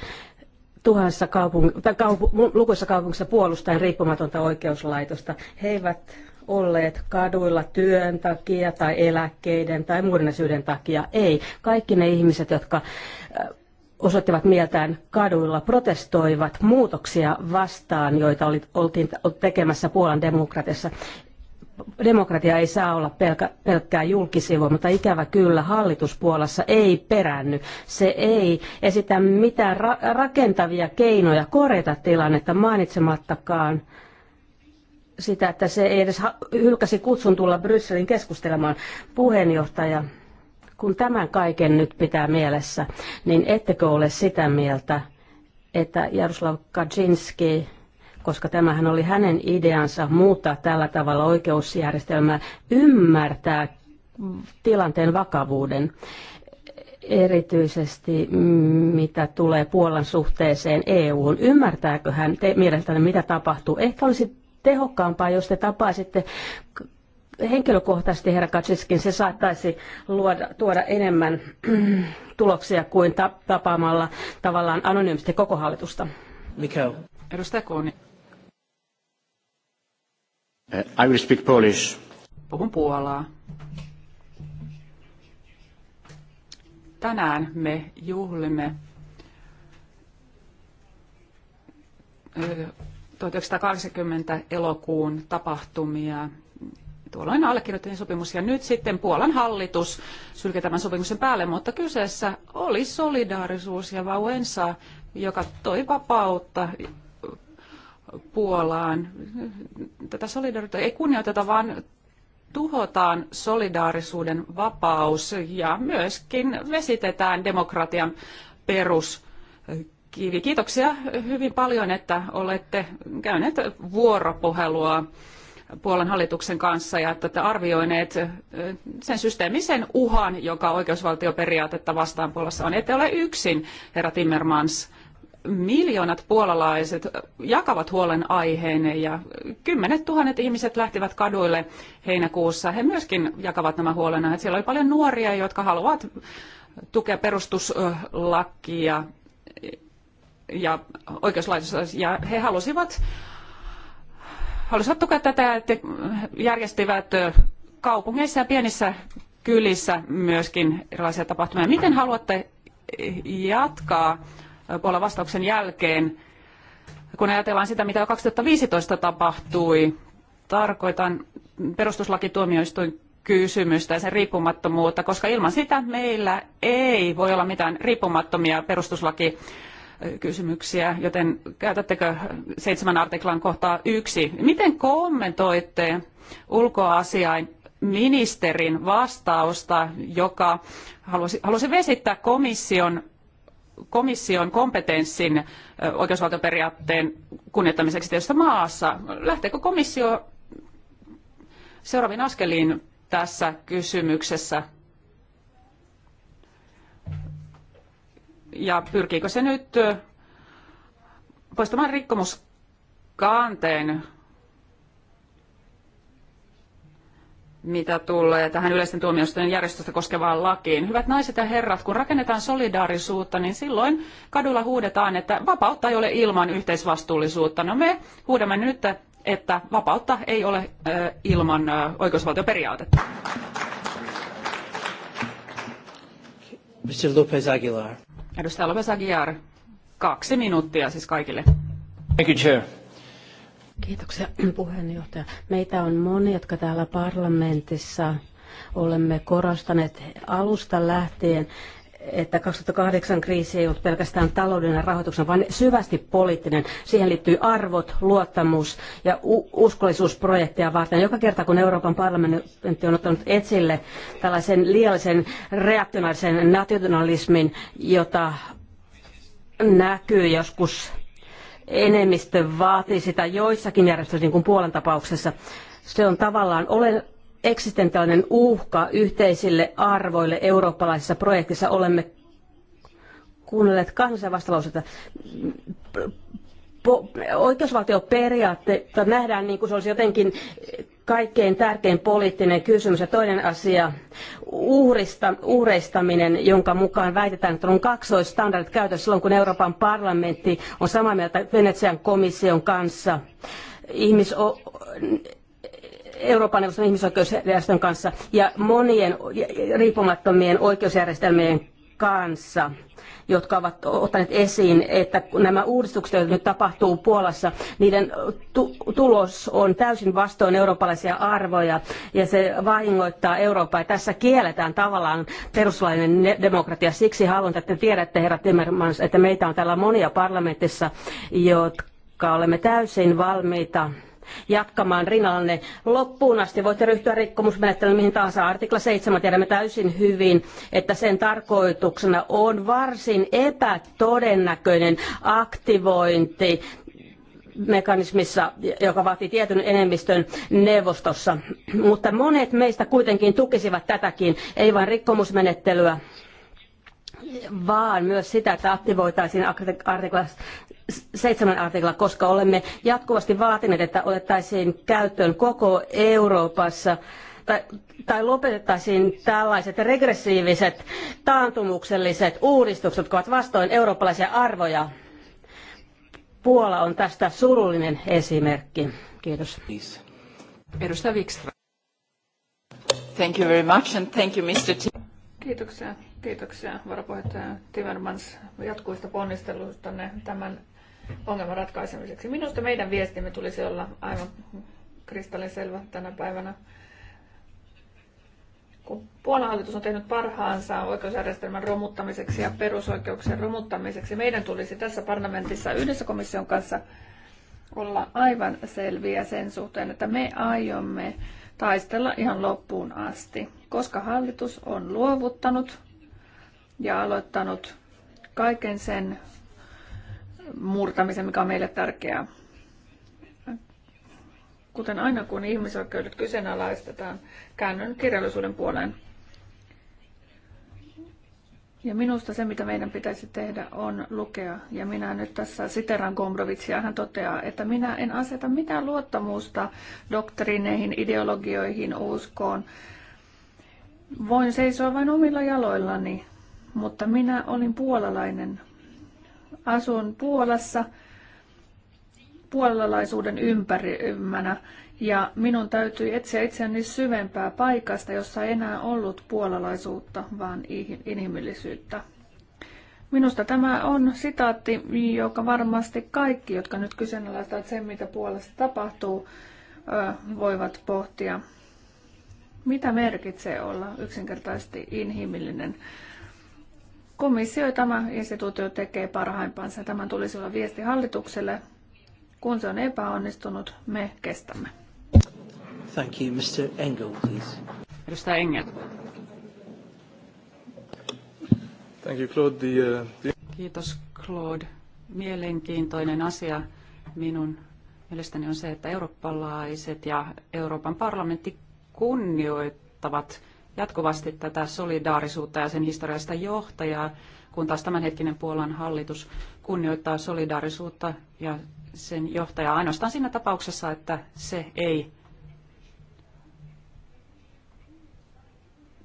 tuhansissa kaupung- tai lukuissa kaupungissa puolustaen riippumatonta oikeuslaitosta. He eivät olleet kaduilla työn takia tai eläkkeiden tai muiden syiden takia. Ei. Kaikki ne ihmiset, jotka osoittivat mieltään kaduilla, protestoivat muutoksia vastaan, joita oli, oltiin tekemässä Puolan demokratiassa demokratia ei saa olla pelkä, pelkkää julkisivua, mutta ikävä kyllä hallituspuolassa ei peränny. Se ei esitä mitään ra- rakentavia keinoja korjata tilannetta mainitsemattakaan sitä, että se ei edes hylkäsi kutsun tulla Brysselin keskustelemaan puheenjohtaja. Kun tämän kaiken nyt pitää mielessä, niin ettekö ole sitä mieltä, että Jaroslav Kaczynski koska tämähän oli hänen ideansa muuttaa tällä tavalla oikeusjärjestelmää, ymmärtää tilanteen vakavuuden erityisesti mm, mitä tulee Puolan suhteeseen EUun. Ymmärtääkö hän te, mielestäni, mitä tapahtuu? Ehkä olisi tehokkaampaa, jos te tapaisitte henkilökohtaisesti herra Kaczyskin. se saattaisi luoda, tuoda enemmän tuloksia kuin tapaamalla tavallaan anonyymisesti koko hallitusta. Mikä on? Edustaja Kooni. Uh, I will speak Polish. Puhun puolaa. Tänään me juhlimme 1980 uh, elokuun tapahtumia. Tuolloin allekirjoitettiin sopimus ja nyt sitten Puolan hallitus sylki tämän sopimuksen päälle, mutta kyseessä oli solidaarisuus ja Vauensa, joka toi vapautta Puolaan. Tätä solidaarisuutta ei kunnioiteta, vaan tuhotaan solidaarisuuden vapaus ja myöskin vesitetään demokratian peruskivi. Kiitoksia hyvin paljon, että olette käyneet vuoropuhelua Puolan hallituksen kanssa ja että arvioineet sen systeemisen uhan, joka oikeusvaltioperiaatetta vastaan Puolassa on. Ette ole yksin, herra Timmermans miljoonat puolalaiset jakavat huolen aiheen ja kymmenet tuhannet ihmiset lähtivät kaduille heinäkuussa. He myöskin jakavat nämä huolenaiheet. Siellä oli paljon nuoria, jotka haluavat tukea perustuslakia ja oikeuslaitosta. ja he halusivat, halusivat tukea tätä, että järjestivät kaupungeissa ja pienissä kylissä myöskin erilaisia tapahtumia. Miten haluatte jatkaa puolen vastauksen jälkeen. Kun ajatellaan sitä, mitä jo 2015 tapahtui, tarkoitan perustuslakituomioistuin kysymystä ja sen riippumattomuutta, koska ilman sitä meillä ei voi olla mitään riippumattomia perustuslaki kysymyksiä, joten käytättekö seitsemän artiklan kohtaa yksi. Miten kommentoitte ulkoasiain ministerin vastausta, joka halusi, halusi vesittää komission komission kompetenssin oikeusvaltioperiaatteen kunnioittamiseksi tietyssä maassa. Lähteekö komissio seuraaviin askeliin tässä kysymyksessä? Ja pyrkiikö se nyt poistamaan rikkomuskanteen mitä tulee tähän yleisten tuomioistuinten järjestöstä koskevaan lakiin. Hyvät naiset ja herrat, kun rakennetaan solidaarisuutta, niin silloin kadulla huudetaan, että vapautta ei ole ilman yhteisvastuullisuutta. No me huudamme nyt, että vapautta ei ole ilman oikeusvaltioperiaatetta. Mr. Lopez Aguilar. Edustaja Lopez Aguilar, kaksi minuuttia siis kaikille. Thank you, Chair. Kiitoksia puheenjohtaja. Meitä on moni, jotka täällä parlamentissa olemme korostaneet alusta lähtien, että 2008 kriisi ei ollut pelkästään taloudellinen rahoituksen, vaan syvästi poliittinen. Siihen liittyy arvot, luottamus ja uskollisuusprojekteja varten. Joka kerta, kun Euroopan parlamentti on ottanut etsille tällaisen liiallisen reaktionaarisen nationalismin, jota näkyy joskus enemmistö vaatii sitä joissakin järjestöissä, niin kuin Puolan tapauksessa. Se on tavallaan olen eksistentiaalinen uhka yhteisille arvoille eurooppalaisessa projektissa. Olemme kuunnelleet kansallisia vastalauseita. Oikeusvaltioperiaatteita nähdään niin kuin se olisi jotenkin kaikkein tärkein poliittinen kysymys. Ja toinen asia, uhrista, uhreistaminen, jonka mukaan väitetään, että on kaksoistandardit käytössä silloin, kun Euroopan parlamentti on samaa mieltä Venetsian komission kanssa. Euroopan neuvoston ihmisoikeusjärjestön kanssa ja monien riippumattomien oikeusjärjestelmien kanssa jotka ovat ottaneet esiin, että nämä uudistukset, joita nyt tapahtuu Puolassa, niiden tulos on täysin vastoin eurooppalaisia arvoja ja se vahingoittaa Eurooppaa. Ja tässä kielletään tavallaan peruslainen demokratia. Siksi haluan, että te tiedätte, herra Timmermans, että meitä on täällä monia parlamentissa, jotka olemme täysin valmiita jatkamaan rinnallanne loppuun asti. Voitte ryhtyä rikkomusmenettelyyn mihin tahansa. Artikla 7 tiedämme täysin hyvin, että sen tarkoituksena on varsin epätodennäköinen aktivointi mekanismissa, joka vaatii tietyn enemmistön neuvostossa. Mutta monet meistä kuitenkin tukisivat tätäkin, ei vain rikkomusmenettelyä, vaan myös sitä, että aktivoitaisiin artikla, seitsemän artikla, koska olemme jatkuvasti vaatineet, että otettaisiin käyttöön koko Euroopassa tai, tai lopetettaisiin tällaiset regressiiviset, taantumukselliset uudistukset, jotka ovat vastoin eurooppalaisia arvoja. Puola on tästä surullinen esimerkki. Kiitos. Edustaja Wikström. Thank you very much and thank you Mr. T. Kiitoksia Kiitoksia varapuheenjohtaja Timmermans jatkuista ponnisteluista tämän ongelman ratkaisemiseksi. Minusta meidän viestimme tulisi olla aivan kristallinselvä tänä päivänä. Kun Puolan hallitus on tehnyt parhaansa oikeusjärjestelmän romuttamiseksi ja perusoikeuksien romuttamiseksi, meidän tulisi tässä parlamentissa yhdessä komission kanssa olla aivan selviä sen suhteen, että me aiomme taistella ihan loppuun asti, koska hallitus on luovuttanut ja aloittanut kaiken sen murtamisen, mikä on meille tärkeää. Kuten aina, kun ihmisoikeudet kyseenalaistetaan, käännön kirjallisuuden puoleen. Ja minusta se, mitä meidän pitäisi tehdä, on lukea. Ja minä nyt tässä siteran Gombrovitsia. Hän toteaa, että minä en aseta mitään luottamusta doktrineihin, ideologioihin, uskoon. Voin seisoa vain omilla jaloillani mutta minä olin puolalainen. Asun Puolassa puolalaisuuden ympärimänä ja minun täytyi etsiä itseäni syvempää paikasta, jossa ei enää ollut puolalaisuutta, vaan inhimillisyyttä. Minusta tämä on sitaatti, joka varmasti kaikki, jotka nyt kyseenalaistavat sen, mitä Puolassa tapahtuu, voivat pohtia. Mitä merkitsee olla yksinkertaisesti inhimillinen? Komissio ja tämä instituutio tekee parhaimpansa. Tämän tulisi olla viesti hallitukselle. Kun se on epäonnistunut, me kestämme. Thank you, Mr. Engel, please. Edustaja Engel. Thank you, Claude. The, uh, the... Kiitos, Claude. Mielenkiintoinen asia minun mielestäni on se, että eurooppalaiset ja Euroopan parlamentti kunnioittavat jatkuvasti tätä solidaarisuutta ja sen historiallista johtajaa, kun taas tämänhetkinen Puolan hallitus kunnioittaa solidaarisuutta ja sen johtajaa ainoastaan siinä tapauksessa, että se ei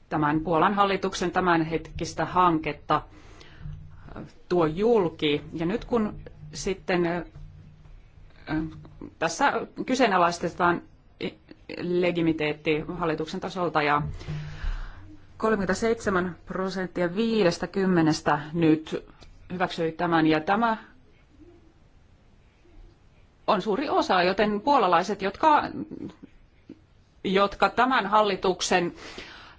tämän Puolan hallituksen tämänhetkistä hanketta äh, tuo julki. Ja nyt kun sitten äh, tässä kyseenalaistetaan legitimiteetti hallituksen tasolta ja 37 prosenttia 50 nyt hyväksyi tämän ja tämä on suuri osa, joten puolalaiset, jotka, jotka tämän hallituksen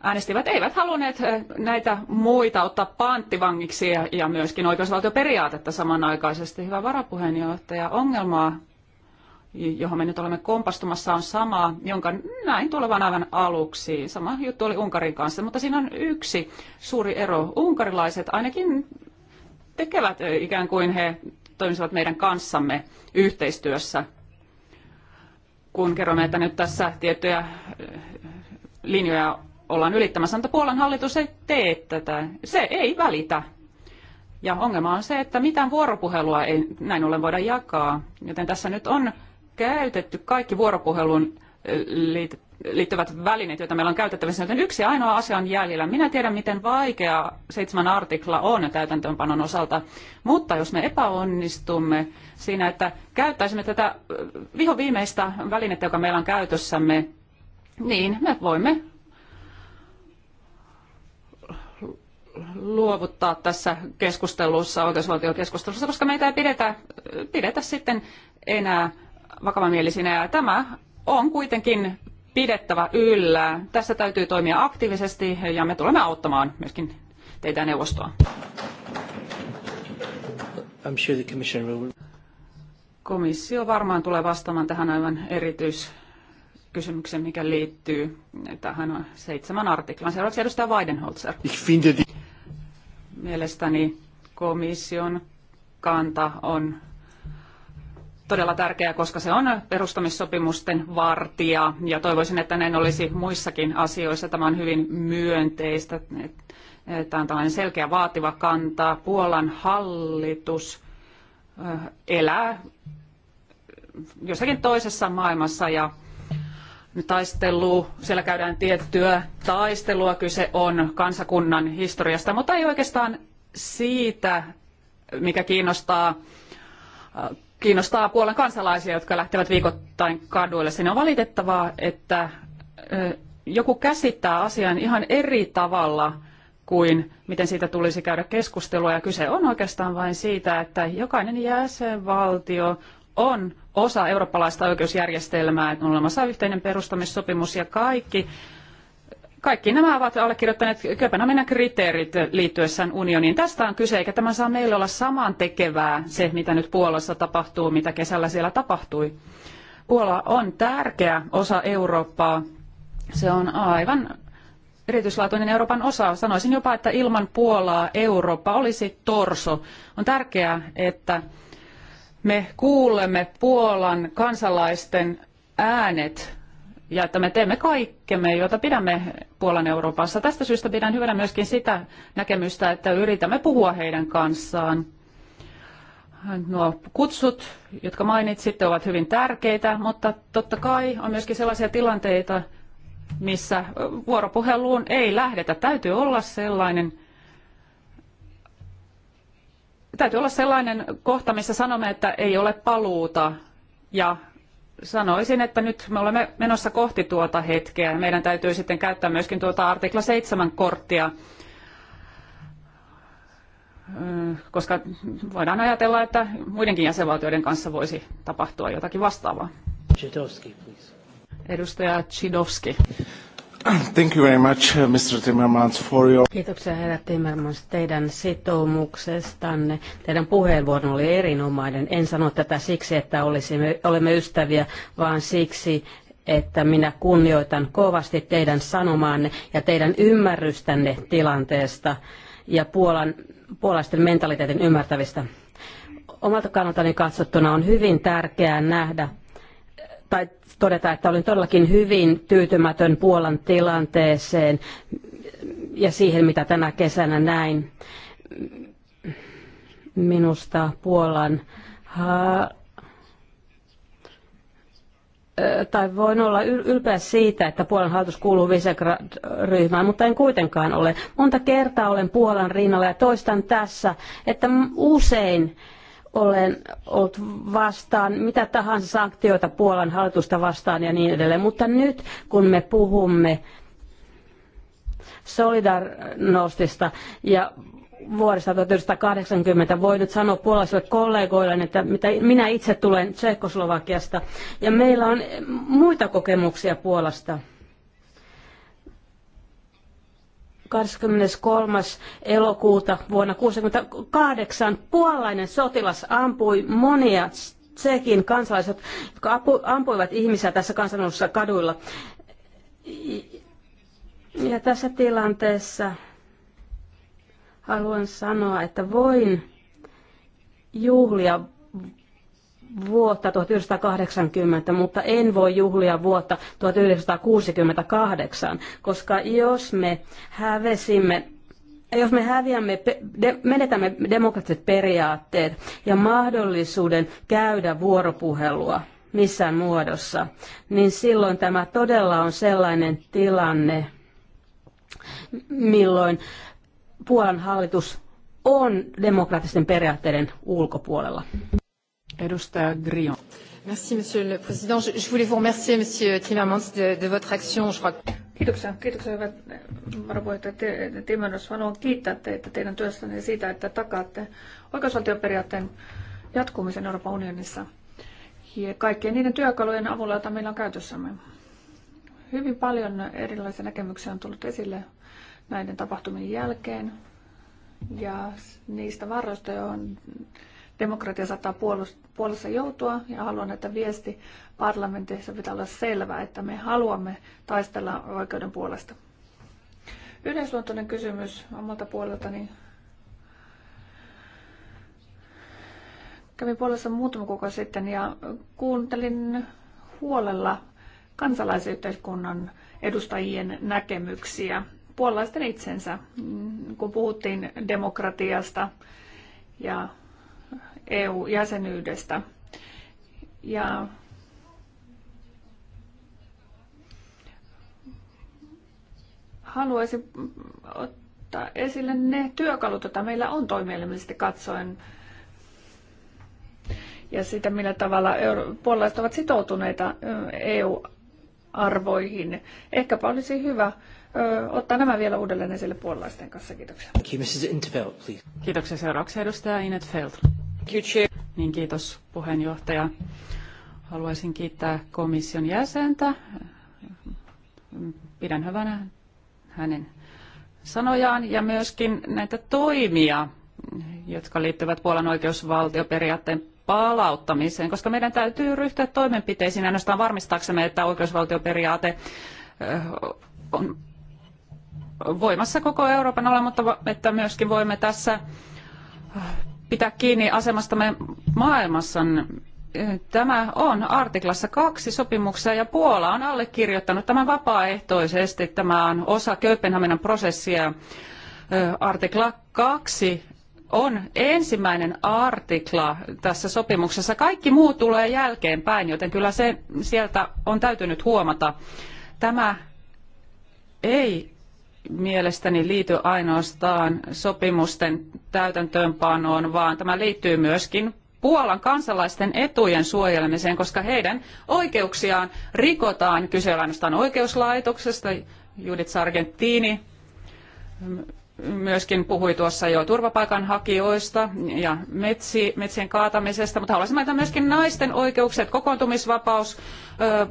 äänestivät, eivät halunneet näitä muita ottaa panttivangiksi ja, ja myöskin oikeusvaltioperiaatetta samanaikaisesti. Hyvä varapuheenjohtaja, ongelmaa johon me nyt olemme kompastumassa, on sama, jonka näin tulevan aivan aluksi. Sama juttu oli Unkarin kanssa, mutta siinä on yksi suuri ero. Unkarilaiset ainakin tekevät ikään kuin he toimisivat meidän kanssamme yhteistyössä, kun kerromme, että nyt tässä tiettyjä linjoja ollaan ylittämässä, mutta Puolan hallitus ei tee tätä. Se ei välitä. Ja ongelma on se, että mitään vuoropuhelua ei näin ollen voida jakaa, joten tässä nyt on käytetty kaikki vuoropuheluun liittyvät välineet, joita meillä on käytettävissä, joten yksi ainoa asia on jäljellä. Minä tiedän, miten vaikea seitsemän artikla on täytäntöönpanon osalta, mutta jos me epäonnistumme siinä, että käyttäisimme tätä vihoviimeistä välinettä, joka meillä on käytössämme, niin me voimme luovuttaa tässä keskustelussa, oikeusvaltiokeskustelussa, koska meitä ei pidetä, pidetä sitten enää vakavamielisinä ja tämä on kuitenkin pidettävä yllä. Tässä täytyy toimia aktiivisesti ja me tulemme auttamaan myöskin teitä neuvostoa. I'm sure the will... Komissio varmaan tulee vastaamaan tähän aivan erityiskysymykseen, mikä liittyy tähän seitsemän artiklaan. Seuraavaksi edustaja Weidenholzer. Ich finde die... Mielestäni komission kanta on todella tärkeää, koska se on perustamissopimusten vartija ja toivoisin, että näin olisi muissakin asioissa. Tämä on hyvin myönteistä. Tämä on tällainen selkeä vaativa kanta. Puolan hallitus elää jossakin toisessa maailmassa ja taistelu, siellä käydään tiettyä taistelua, kyse on kansakunnan historiasta, mutta ei oikeastaan siitä, mikä kiinnostaa kiinnostaa Puolan kansalaisia, jotka lähtevät viikoittain kaduille. Sen on valitettavaa, että joku käsittää asian ihan eri tavalla kuin miten siitä tulisi käydä keskustelua. Ja kyse on oikeastaan vain siitä, että jokainen jäsenvaltio on osa eurooppalaista oikeusjärjestelmää, että on olemassa yhteinen perustamissopimus ja kaikki kaikki nämä ovat allekirjoittaneet Kööpenhaminan kriteerit liittyessään unioniin. Tästä on kyse, eikä tämä saa meille olla samantekevää se, mitä nyt Puolassa tapahtuu, mitä kesällä siellä tapahtui. Puola on tärkeä osa Eurooppaa. Se on aivan erityislaatuinen Euroopan osa. Sanoisin jopa, että ilman Puolaa Eurooppa olisi torso. On tärkeää, että me kuulemme Puolan kansalaisten äänet ja että me teemme kaikkemme, jota pidämme Puolan Euroopassa. Tästä syystä pidän hyvänä myöskin sitä näkemystä, että yritämme puhua heidän kanssaan. Nuo kutsut, jotka mainitsitte, ovat hyvin tärkeitä, mutta totta kai on myöskin sellaisia tilanteita, missä vuoropuheluun ei lähdetä. Täytyy olla sellainen täytyy olla sellainen kohta, missä sanomme, että ei ole paluuta ja sanoisin, että nyt me olemme menossa kohti tuota hetkeä. Meidän täytyy sitten käyttää myöskin tuota artikla 7 korttia, koska voidaan ajatella, että muidenkin jäsenvaltioiden kanssa voisi tapahtua jotakin vastaavaa. Chidovski, please. Edustaja Chidowski. Thank you very much, uh, Mr. Timmermans, for your... Kiitoksia herra Timmermans teidän sitoumuksestanne. Teidän puheenvuoron oli erinomainen. En sano tätä siksi, että olisimme, olemme ystäviä, vaan siksi, että minä kunnioitan kovasti teidän sanomaanne ja teidän ymmärrystänne tilanteesta ja Puolan, puolaisten mentaliteetin ymmärtävistä. Omalta kannaltani katsottuna on hyvin tärkeää nähdä tai todeta, että olin todellakin hyvin tyytymätön Puolan tilanteeseen ja siihen, mitä tänä kesänä näin. Minusta Puolan ha- tai voin olla ylpeä siitä, että Puolan hallitus kuuluu Visegrad-ryhmään, mutta en kuitenkaan ole. Monta kertaa olen Puolan rinnalla ja toistan tässä, että usein olen ollut vastaan mitä tahansa sanktioita Puolan hallitusta vastaan ja niin edelleen. Mutta nyt kun me puhumme Solidarnostista ja vuodesta 1980 voi nyt sanoa puolalaisille kollegoille, että mitä minä itse tulen Tsekoslovakiasta ja meillä on muita kokemuksia Puolasta – 23. elokuuta vuonna 1968 puolalainen sotilas ampui monia Tsekin kansalaiset, jotka ampuivat ihmisiä tässä kansanousussa kaduilla. Ja tässä tilanteessa haluan sanoa, että voin juhlia vuotta 1980, mutta en voi juhlia vuotta 1968, koska jos me hävesimme jos me häviämme, menetämme demokraattiset periaatteet ja mahdollisuuden käydä vuoropuhelua missään muodossa, niin silloin tämä todella on sellainen tilanne, milloin Puolan hallitus on demokraattisten periaatteiden ulkopuolella. Edustaja Grion. Merci, monsieur le président. Je, voulais vous remercier, monsieur Timmermans, de, de votre action. Je crois... Kiitoksia, kiitoksia varapuheenjohtaja Timmermans. Haluan kiittää teitä teidän työstänne siitä, että takaatte oikeusvaltioperiaatteen jatkumisen Euroopan unionissa ja kaikkien niiden työkalujen avulla, joita meillä on käytössämme. Hyvin paljon erilaisia näkemyksiä on tullut esille näiden tapahtumien jälkeen ja niistä varoista, on. Demokratia saattaa puolessa joutua ja haluan, että viesti parlamentissa pitää olla selvä, että me haluamme taistella oikeuden puolesta. Yleisluontoinen kysymys omalta puoleltani. Kävin puolessa muutama kuukausi sitten ja kuuntelin huolella kansalaisyhteiskunnan edustajien näkemyksiä, puolalaisten itsensä, kun puhuttiin demokratiasta ja EU-jäsenyydestä. Ja haluaisin ottaa esille ne työkalut, joita meillä on toimielimellisesti katsoen ja sitä, millä tavalla puolalaiset ovat sitoutuneita EU-arvoihin. Ehkäpä olisi hyvä ottaa nämä vielä uudelleen esille puolalaisten kanssa. Kiitoksia. Kiitoksia. seuraavaksi edustaja Inet Feld. Niin, kiitos puheenjohtaja. Haluaisin kiittää komission jäsentä. Pidän hyvänä hänen sanojaan ja myöskin näitä toimia, jotka liittyvät Puolan oikeusvaltioperiaatteen palauttamiseen, koska meidän täytyy ryhtyä toimenpiteisiin ainoastaan varmistaaksemme, että oikeusvaltioperiaate eh, on voimassa koko Euroopan olla, mutta että myöskin voimme tässä eh, pitää kiinni asemastamme maailmassa. Tämä on artiklassa kaksi sopimuksessa ja Puola on allekirjoittanut tämän vapaaehtoisesti. Tämä on osa Kööpenhaminan prosessia. Artikla kaksi on ensimmäinen artikla tässä sopimuksessa. Kaikki muu tulee jälkeenpäin, joten kyllä se sieltä on täytynyt huomata. Tämä ei mielestäni liity ainoastaan sopimusten täytäntöönpanoon, vaan tämä liittyy myöskin Puolan kansalaisten etujen suojelemiseen, koska heidän oikeuksiaan rikotaan. Kyse on ainoastaan oikeuslaitoksesta. Judith Sargentini myöskin puhui tuossa jo turvapaikanhakijoista ja metsi, metsien kaatamisesta, mutta haluaisin mainita myöskin naisten oikeukset, kokoontumisvapaus,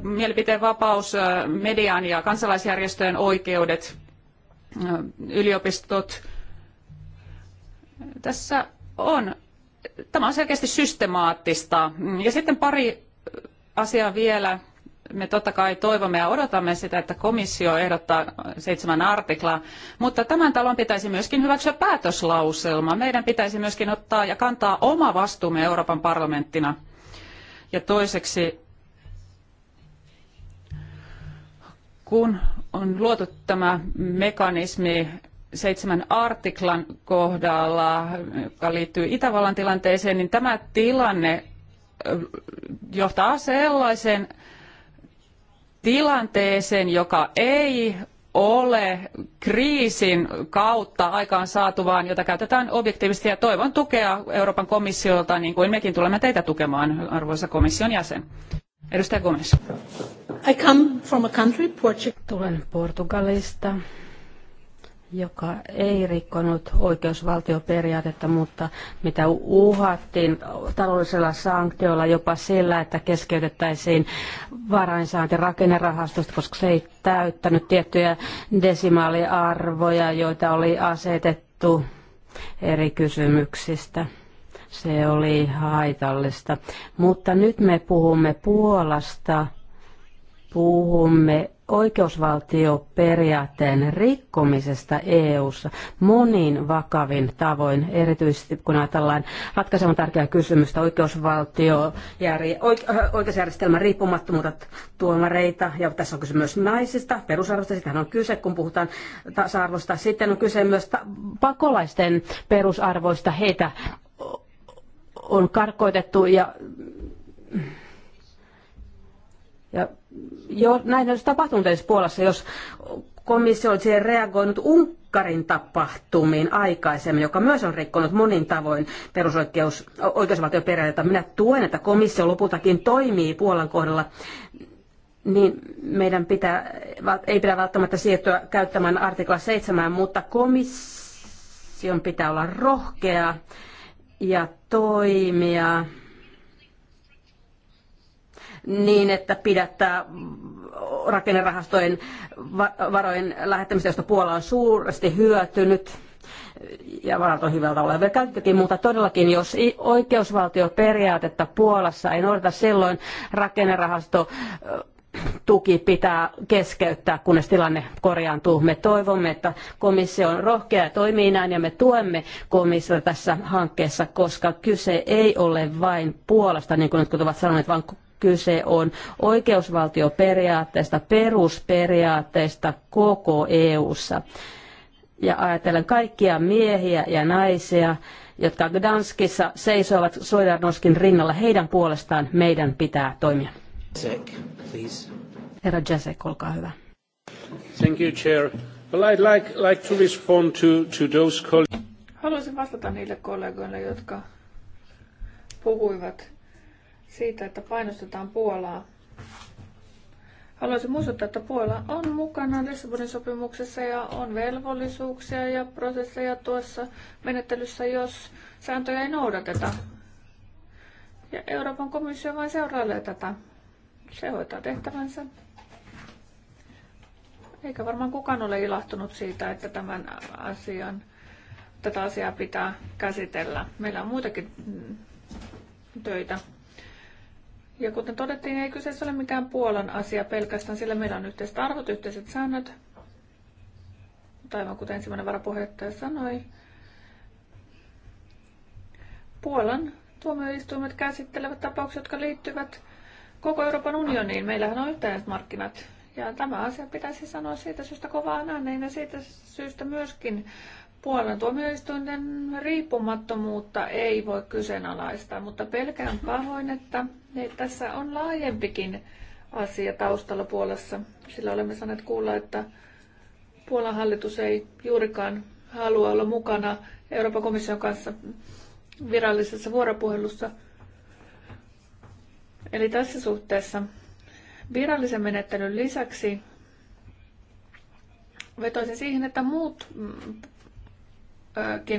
mielipiteenvapaus, median ja kansalaisjärjestöjen oikeudet yliopistot. Tässä on, tämä on selkeästi systemaattista. Ja sitten pari asiaa vielä. Me totta kai toivomme ja odotamme sitä, että komissio ehdottaa seitsemän artiklaa, mutta tämän talon pitäisi myöskin hyväksyä päätöslauselma. Meidän pitäisi myöskin ottaa ja kantaa oma vastuumme Euroopan parlamenttina. Ja toiseksi kun on luotu tämä mekanismi seitsemän artiklan kohdalla, joka liittyy Itävallan tilanteeseen, niin tämä tilanne johtaa sellaiseen tilanteeseen, joka ei ole kriisin kautta aikaan saatu, vaan jota käytetään objektiivisesti. Ja toivon tukea Euroopan komissiolta, niin kuin mekin tulemme teitä tukemaan, arvoisa komission jäsen. Edustaja I come from a country, Portugal. Tulen Portugalista, joka ei rikkonut oikeusvaltioperiaatetta, mutta mitä uhattiin taloudellisella sanktioilla jopa sillä, että keskeytettäisiin varainsaanti rakennerahastosta, koska se ei täyttänyt tiettyjä desimaaliarvoja, joita oli asetettu eri kysymyksistä se oli haitallista. Mutta nyt me puhumme Puolasta, puhumme oikeusvaltioperiaatteen rikkomisesta EU:ssa monin vakavin tavoin, erityisesti kun ajatellaan ratkaisevan tärkeää kysymystä oikeusvaltio, ja äh, oikeusjärjestelmän riippumattomuutta tuomareita, ja tässä on kyse myös naisista, perusarvosta, sitähän on kyse, kun puhutaan tasa-arvosta. Sitten on kyse myös pakolaisten perusarvoista, heitä on karkoitettu ja, ja jo, näin olisi tapahtunut edes Puolassa, jos komissio olisi reagoinut Unkarin tapahtumiin aikaisemmin, joka myös on rikkonut monin tavoin perusoikeus, Minä tuen, että komissio lopultakin toimii Puolan kohdalla niin meidän pitää, ei pidä välttämättä siirtyä käyttämään artikla 7, mutta komission pitää olla rohkea ja toimia niin, että pidättää rakennerahastojen varojen lähettämistä, josta Puola on suuresti hyötynyt ja varat on hyvältä oleva käyttökin, mutta todellakin jos oikeusvaltioperiaatetta Puolassa ei noudata silloin rakennerahasto tuki pitää keskeyttää, kunnes tilanne korjaantuu. Me toivomme, että komissio on rohkea ja toimii näin, ja me tuemme komissiota tässä hankkeessa, koska kyse ei ole vain Puolasta, niin kuin jotkut ovat sanoneet, vaan kyse on oikeusvaltioperiaatteesta, perusperiaatteesta koko EU:ssa. Ja ajatellen kaikkia miehiä ja naisia, jotka Gdanskissa seisoivat Soidarnoskin rinnalla, heidän puolestaan meidän pitää toimia. Jacek, please. Herra Jacek, olkaa hyvä. Thank you, Chair. Well, I'd like, like to respond to, to those colleagues. Haluaisin vastata niille kollegoille, jotka puhuivat siitä, että painostetaan Puolaa. Haluaisin muistuttaa, että Puola on mukana Lissabonin sopimuksessa ja on velvollisuuksia ja prosesseja tuossa menettelyssä, jos sääntöjä ei noudateta. Ja Euroopan komissio vain seurailee tätä. Se hoitaa tehtävänsä. Eikä varmaan kukaan ole ilahtunut siitä, että tämän asian, tätä asiaa pitää käsitellä. Meillä on muitakin töitä. Ja kuten todettiin, ei kyseessä ole mikään Puolan asia pelkästään, sillä meillä on yhteiset arvot, yhteiset säännöt. Mutta aivan kuten ensimmäinen varapuheenjohtaja sanoi, Puolan tuomioistuimet käsittelevät tapauksia, jotka liittyvät koko Euroopan unioniin. Meillähän on yhtenäiset markkinat ja tämä asia pitäisi sanoa siitä syystä kovaan ääneen ja siitä syystä myöskin puolen tuomioistuinten riippumattomuutta ei voi kyseenalaistaa, mutta pelkään pahoin, että niin tässä on laajempikin asia taustalla Puolassa, sillä olemme saaneet kuulla, että Puolan hallitus ei juurikaan halua olla mukana Euroopan komission kanssa virallisessa vuoropuhelussa – Eli tässä suhteessa virallisen menettelyn lisäksi vetoisin siihen, että muutkin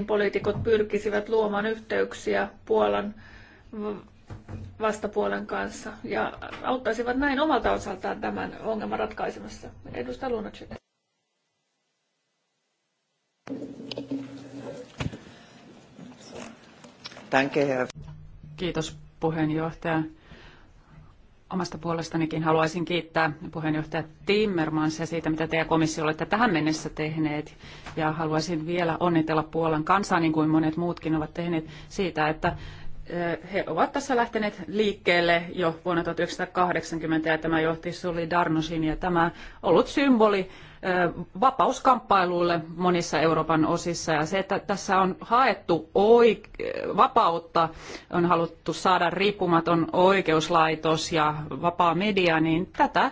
mm, poliitikot pyrkisivät luomaan yhteyksiä Puolan vastapuolen kanssa ja auttaisivat näin omalta osaltaan tämän ongelman ratkaisemassa. Edustaja Lunacek. Kiitos puheenjohtaja omasta puolestanikin haluaisin kiittää puheenjohtaja Timmermansia siitä, mitä te ja komissio olette tähän mennessä tehneet. Ja haluaisin vielä onnitella Puolan kansaa, niin kuin monet muutkin ovat tehneet, siitä, että he ovat tässä lähteneet liikkeelle jo vuonna 1980 ja tämä johti Darnosin ja tämä ollut symboli vapauskamppailuille monissa Euroopan osissa. Ja se, että tässä on haettu oik- vapautta, on haluttu saada riippumaton oikeuslaitos ja vapaa media, niin tätä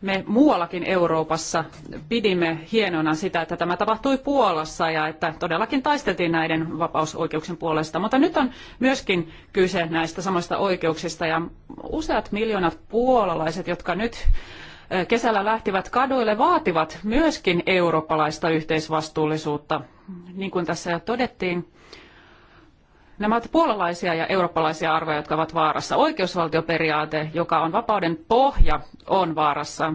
me muuallakin Euroopassa pidimme hienona sitä, että tämä tapahtui Puolassa ja että todellakin taisteltiin näiden vapausoikeuksien puolesta. Mutta nyt on myöskin kyse näistä samoista oikeuksista ja useat miljoonat puolalaiset, jotka nyt kesällä lähtivät kaduille, vaativat myöskin eurooppalaista yhteisvastuullisuutta. Niin kuin tässä jo todettiin, nämä ovat puolalaisia ja eurooppalaisia arvoja, jotka ovat vaarassa. Oikeusvaltioperiaate, joka on vapauden pohja, on vaarassa.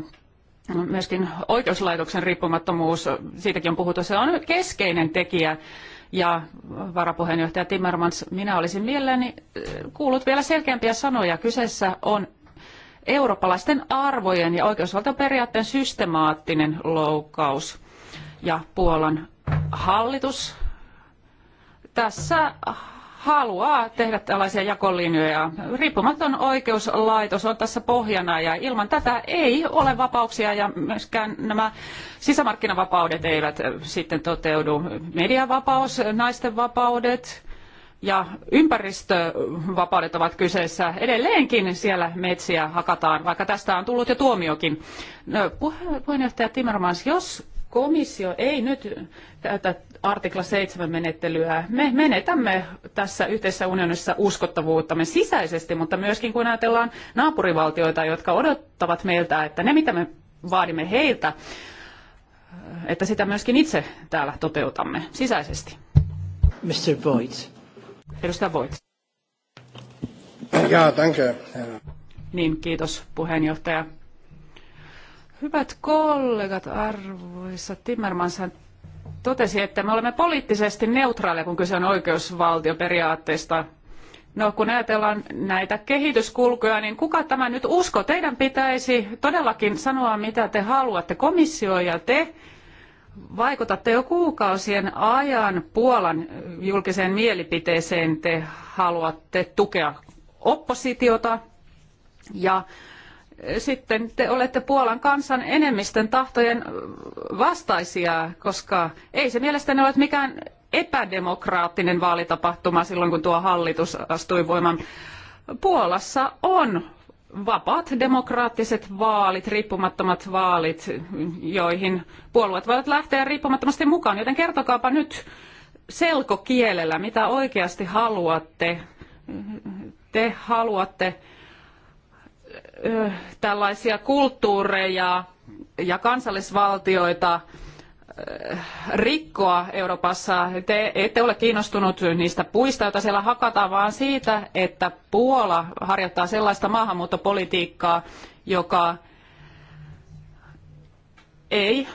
Myöskin oikeuslaitoksen riippumattomuus, siitäkin on puhuttu, se on keskeinen tekijä ja varapuheenjohtaja Timmermans, minä olisin mielelläni kuullut vielä selkeämpiä sanoja. Kyseessä on eurooppalaisten arvojen ja oikeusvaltioperiaatteen systemaattinen loukkaus. Ja Puolan hallitus tässä haluaa tehdä tällaisia jakolinjoja. Riippumaton oikeuslaitos on tässä pohjana ja ilman tätä ei ole vapauksia ja myöskään nämä sisämarkkinavapaudet eivät sitten toteudu. Medianvapaus, naisten vapaudet, ja ympäristövapaudet ovat kyseessä. Edelleenkin siellä metsiä hakataan, vaikka tästä on tullut jo tuomiokin. No, puheenjohtaja Timmermans, jos komissio ei nyt täytä artikla 7 menettelyä, me menetämme tässä yhteisessä unionissa uskottavuuttamme sisäisesti, mutta myöskin kun ajatellaan naapurivaltioita, jotka odottavat meiltä, että ne mitä me vaadimme heiltä, että sitä myöskin itse täällä toteutamme sisäisesti. Mr. Boyd. Edustaja Voit. Jaa, danke. Niin, kiitos puheenjohtaja. Hyvät kollegat, arvoisa hän totesi, että me olemme poliittisesti neutraaleja, kun kyse on oikeusvaltioperiaatteesta. No kun ajatellaan näitä kehityskulkuja, niin kuka tämä nyt usko? Teidän pitäisi todellakin sanoa, mitä te haluatte, komissio ja te, vaikutatte jo kuukausien ajan Puolan julkiseen mielipiteeseen. Te haluatte tukea oppositiota ja sitten te olette Puolan kansan enemmistön tahtojen vastaisia, koska ei se mielestäni ole mikään epädemokraattinen vaalitapahtuma silloin, kun tuo hallitus astui voimaan. Puolassa on vapaat demokraattiset vaalit, riippumattomat vaalit, joihin puolueet voivat lähteä riippumattomasti mukaan. Joten kertokaapa nyt selkokielellä, mitä oikeasti haluatte. Te haluatte tällaisia kulttuureja ja kansallisvaltioita rikkoa Euroopassa. Te ette ole kiinnostunut niistä puista, joita siellä hakataan, vaan siitä, että Puola harjoittaa sellaista maahanmuuttopolitiikkaa, joka ei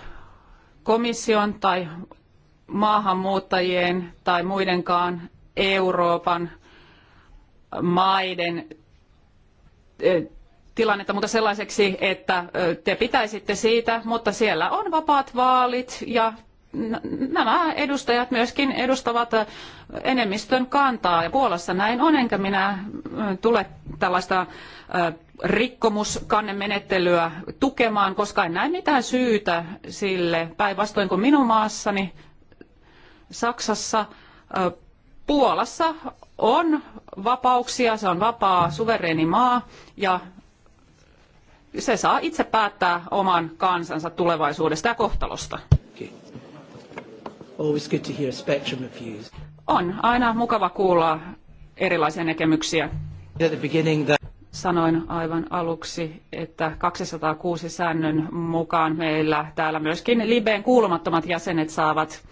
komission tai maahanmuuttajien tai muidenkaan Euroopan maiden eh, tilannetta mutta sellaiseksi, että te pitäisitte siitä, mutta siellä on vapaat vaalit ja nämä edustajat myöskin edustavat enemmistön kantaa ja Puolassa näin on, enkä minä tule tällaista rikkomuskannemenettelyä tukemaan, koska en näe mitään syytä sille. Päinvastoin kuin minun maassani Saksassa, Puolassa on vapauksia, se on vapaa suvereeni maa ja se saa itse päättää oman kansansa tulevaisuudesta ja kohtalosta. On aina mukava kuulla erilaisia näkemyksiä. Sanoin aivan aluksi, että 206 säännön mukaan meillä täällä myöskin Libeen kuulumattomat jäsenet saavat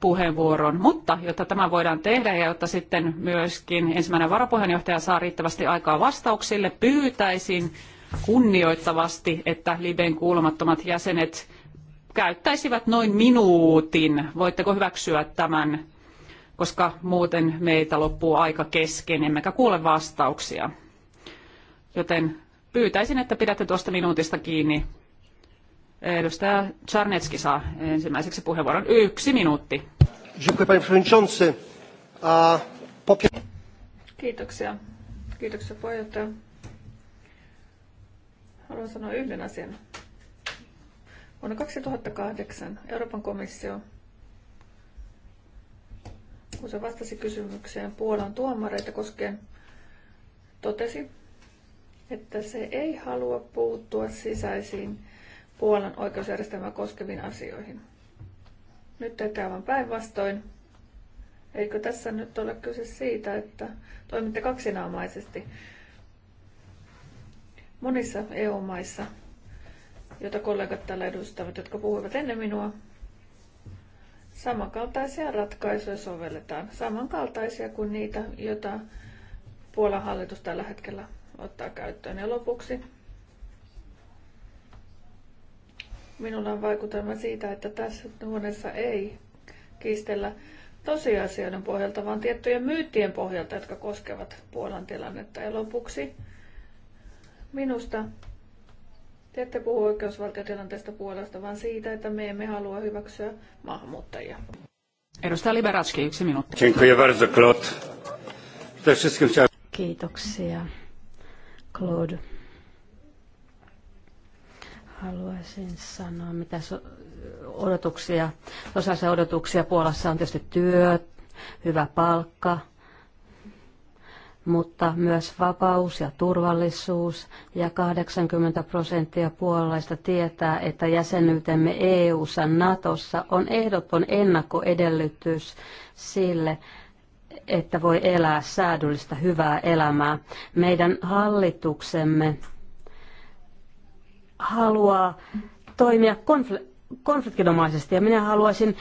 puheenvuoron. Mutta jotta tämä voidaan tehdä ja jotta sitten myöskin ensimmäinen varapuheenjohtaja saa riittävästi aikaa vastauksille, pyytäisin, kunnioittavasti, että Liben kuulumattomat jäsenet käyttäisivät noin minuutin. Voitteko hyväksyä tämän, koska muuten meiltä loppuu aika kesken, emmekä kuule vastauksia. Joten pyytäisin, että pidätte tuosta minuutista kiinni. Edustaja Czarnecki saa ensimmäiseksi puheenvuoron. Yksi minuutti. Kiitoksia. Kiitoksia puheenjohtaja haluan sanoa yhden asian. Vuonna 2008 Euroopan komissio, kun se vastasi kysymykseen Puolan tuomareita koskien, totesi, että se ei halua puuttua sisäisiin Puolan oikeusjärjestelmää koskeviin asioihin. Nyt tekee vain päinvastoin. Eikö tässä nyt ole kyse siitä, että toimitte kaksinaamaisesti? Monissa EU-maissa, joita kollegat täällä edustavat, jotka puhuivat ennen minua, samankaltaisia ratkaisuja sovelletaan, samankaltaisia kuin niitä, joita Puolan hallitus tällä hetkellä ottaa käyttöön. Ja lopuksi minulla on vaikutelma siitä, että tässä huoneessa ei kiistellä tosiasioiden pohjalta, vaan tiettyjen myyttien pohjalta, jotka koskevat Puolan tilannetta. Ja lopuksi Minusta te ette puhu oikeusvaltiotilanteesta puolesta, vaan siitä, että me emme halua hyväksyä maahanmuuttajia. Edustaja Liberatski, yksi minuutti. Kiitoksia, Claude. Haluaisin sanoa, mitä so- odotuksia, osa odotuksia Puolassa on tietysti työ, hyvä palkka, mutta myös vapaus ja turvallisuus. Ja 80 prosenttia puolalaista tietää, että jäsenyytemme EU-ssa Natossa on ehdoton ennakkoedellytys sille, että voi elää säädyllistä hyvää elämää. Meidän hallituksemme haluaa toimia konfl- konfliktinomaisesti ja minä haluaisin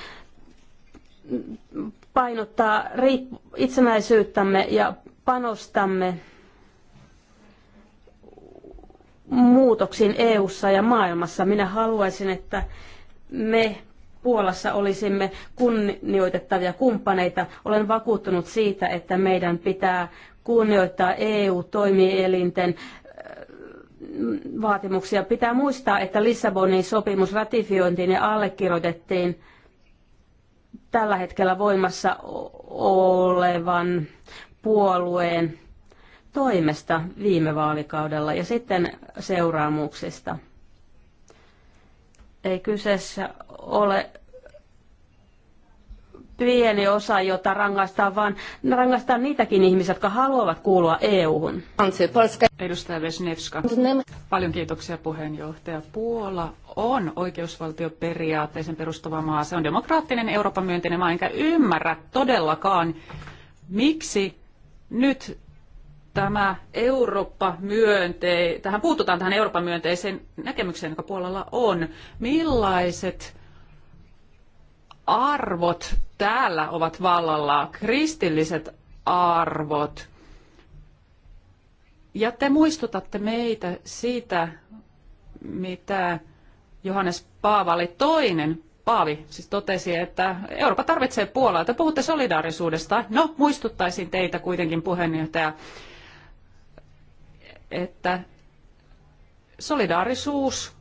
painottaa riip- itsenäisyyttämme ja panostamme muutoksiin EU:ssa ja maailmassa. Minä haluaisin, että me Puolassa olisimme kunnioitettavia kumppaneita. Olen vakuuttunut siitä, että meidän pitää kunnioittaa EU-toimielinten äh, vaatimuksia. Pitää muistaa, että Lissabonin sopimus ratifiointiin ja allekirjoitettiin tällä hetkellä voimassa olevan puolueen toimesta viime vaalikaudella ja sitten seuraamuksista. Ei kyseessä ole pieni osa, jota rangaistaan, vaan rangaistaan niitäkin ihmisiä, jotka haluavat kuulua EU-hun. Edustaja Vesnevska. Paljon kiitoksia puheenjohtaja. Puola on oikeusvaltioperiaatteeseen perustuva maa. Se on demokraattinen Euroopan myönteinen maa, enkä ymmärrä todellakaan, miksi nyt tämä Eurooppa myönte, tähän puututaan tähän Eurooppa myönteiseen näkemykseen, joka puolella on. Millaiset arvot täällä ovat vallalla, kristilliset arvot. Ja te muistutatte meitä siitä, mitä Johannes Paavali toinen Paavi siis totesi, että Eurooppa tarvitsee Puolaa. Te puhutte solidaarisuudesta. No, muistuttaisin teitä kuitenkin puheenjohtaja, että solidaarisuus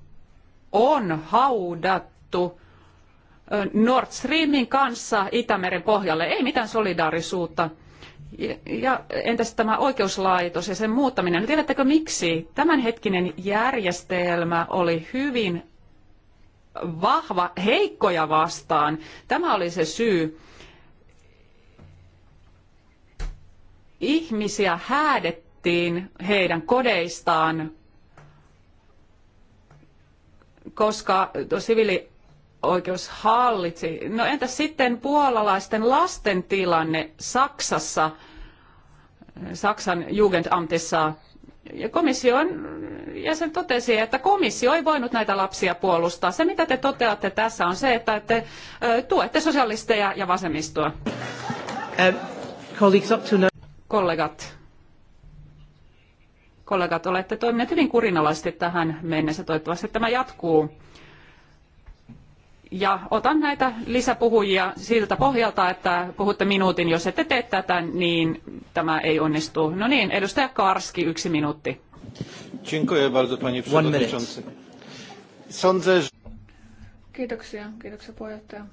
on haudattu Nord Streamin kanssa Itämeren pohjalle. Ei mitään solidaarisuutta. Ja entäs tämä oikeuslaitos ja sen muuttaminen? No tiedättekö miksi? Tämänhetkinen järjestelmä oli hyvin vahva heikkoja vastaan. Tämä oli se syy. Ihmisiä häädettiin heidän kodeistaan, koska siviili oikeus hallitsi. No entäs sitten puolalaisten lasten tilanne Saksassa, Saksan Jugendamtissa komission jäsen totesi, että komissio ei voinut näitä lapsia puolustaa. Se, mitä te toteatte tässä, on se, että te tuette sosialisteja ja vasemmistoa. Um, no- kollegat, kollegat, olette toimineet hyvin kurinalaisesti tähän mennessä. Toivottavasti tämä jatkuu. Ja otan näitä lisäpuhujia siltä pohjalta, että puhutte minuutin. Jos ette tee tätä, niin tämä ei onnistu. No niin, edustaja Karski, yksi minuutti. Dziękuję bardzo, Kiitoksia, kiitoksia puheenjohtaja.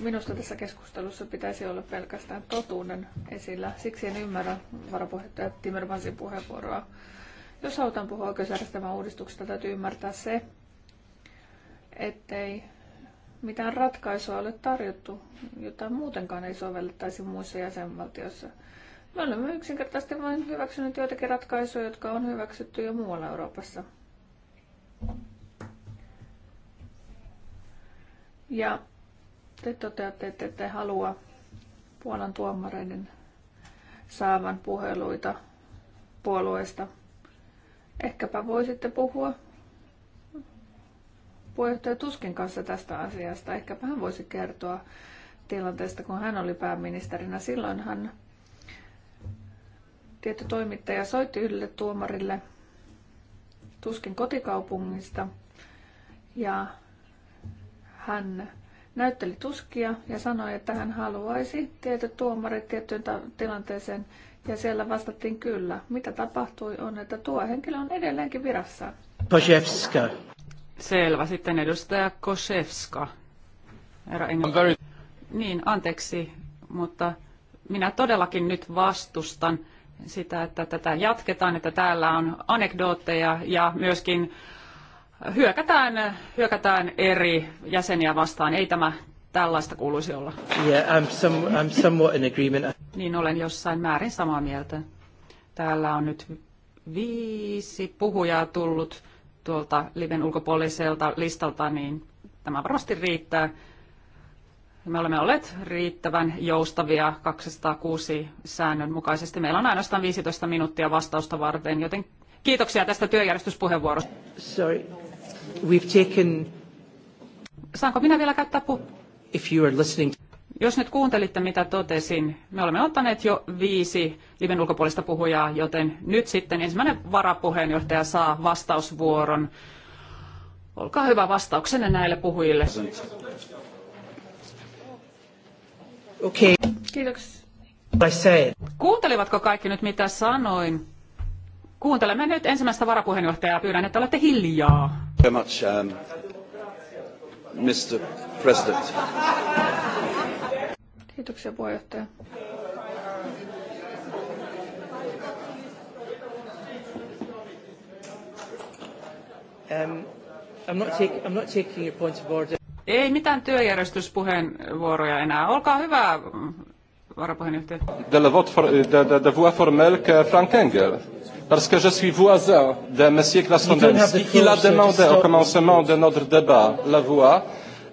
Minusta tässä keskustelussa pitäisi olla pelkästään totuuden esillä. Siksi en ymmärrä varapuheenjohtaja Timmermansin puheenvuoroa jos halutaan puhua oikeusjärjestelmän uudistuksesta, täytyy ymmärtää se, ettei mitään ratkaisua ole tarjottu, jota muutenkaan ei sovellettaisi muissa jäsenvaltioissa. Me olemme yksinkertaisesti vain hyväksyneet joitakin ratkaisuja, jotka on hyväksytty jo muualla Euroopassa. Ja te toteatte, että ette halua Puolan tuomareiden saavan puheluita puolueesta Ehkäpä voisitte puhua puheenjohtaja Tuskin kanssa tästä asiasta. Ehkäpä hän voisi kertoa tilanteesta, kun hän oli pääministerinä. Silloin hän tietty toimittaja soitti yhdelle tuomarille Tuskin kotikaupungista ja hän näytteli tuskia ja sanoi, että hän haluaisi tietyt tuomarit tiettyyn tilanteeseen ja siellä vastattiin kyllä. Mitä tapahtui on, että tuo henkilö on edelleenkin virassa. Koshevska. Selvä. Sitten edustaja Koshevska. Herra Engel. Very... Niin, anteeksi, mutta minä todellakin nyt vastustan sitä, että tätä jatketaan, että täällä on anekdootteja ja myöskin hyökätään, hyökätään eri jäseniä vastaan. Ei tämä Tällaista kuuluisi olla. Yeah, I'm some, I'm somewhat in agreement. Niin olen jossain määrin samaa mieltä. Täällä on nyt viisi puhujaa tullut tuolta liven ulkopuoliselta listalta, niin tämä varmasti riittää. Me olemme olleet riittävän joustavia 206 säännön mukaisesti. Meillä on ainoastaan 15 minuuttia vastausta varten, joten kiitoksia tästä työjärjestyspuheenvuorosta. Sorry. We've taken... Saanko minä vielä käyttää pu- if you are listening... Jos nyt kuuntelitte, mitä totesin, me olemme ottaneet jo viisi liven ulkopuolista puhujaa, joten nyt sitten ensimmäinen varapuheenjohtaja saa vastausvuoron. Olkaa hyvä vastauksenne näille puhujille. Okei. Okay. Kiitos. Kuuntelivatko kaikki nyt, mitä sanoin? Kuuntelemme nyt ensimmäistä varapuheenjohtajaa. Pyydän, että olette hiljaa. Much, um, Mr. President. Kiitoksia puheenjohtaja. Um, I'm not, take, I'm not taking your point of order. Ei mitään työjärjestyspuheenvuoroja enää. Olkaa hyvä, varapuheenjohtaja. De la, vote for, de, de, de voix formelle que Frank Engel. Parce que je suis voisin de M. Krasnodemski. Il a demandé au commencement de notre débat la voix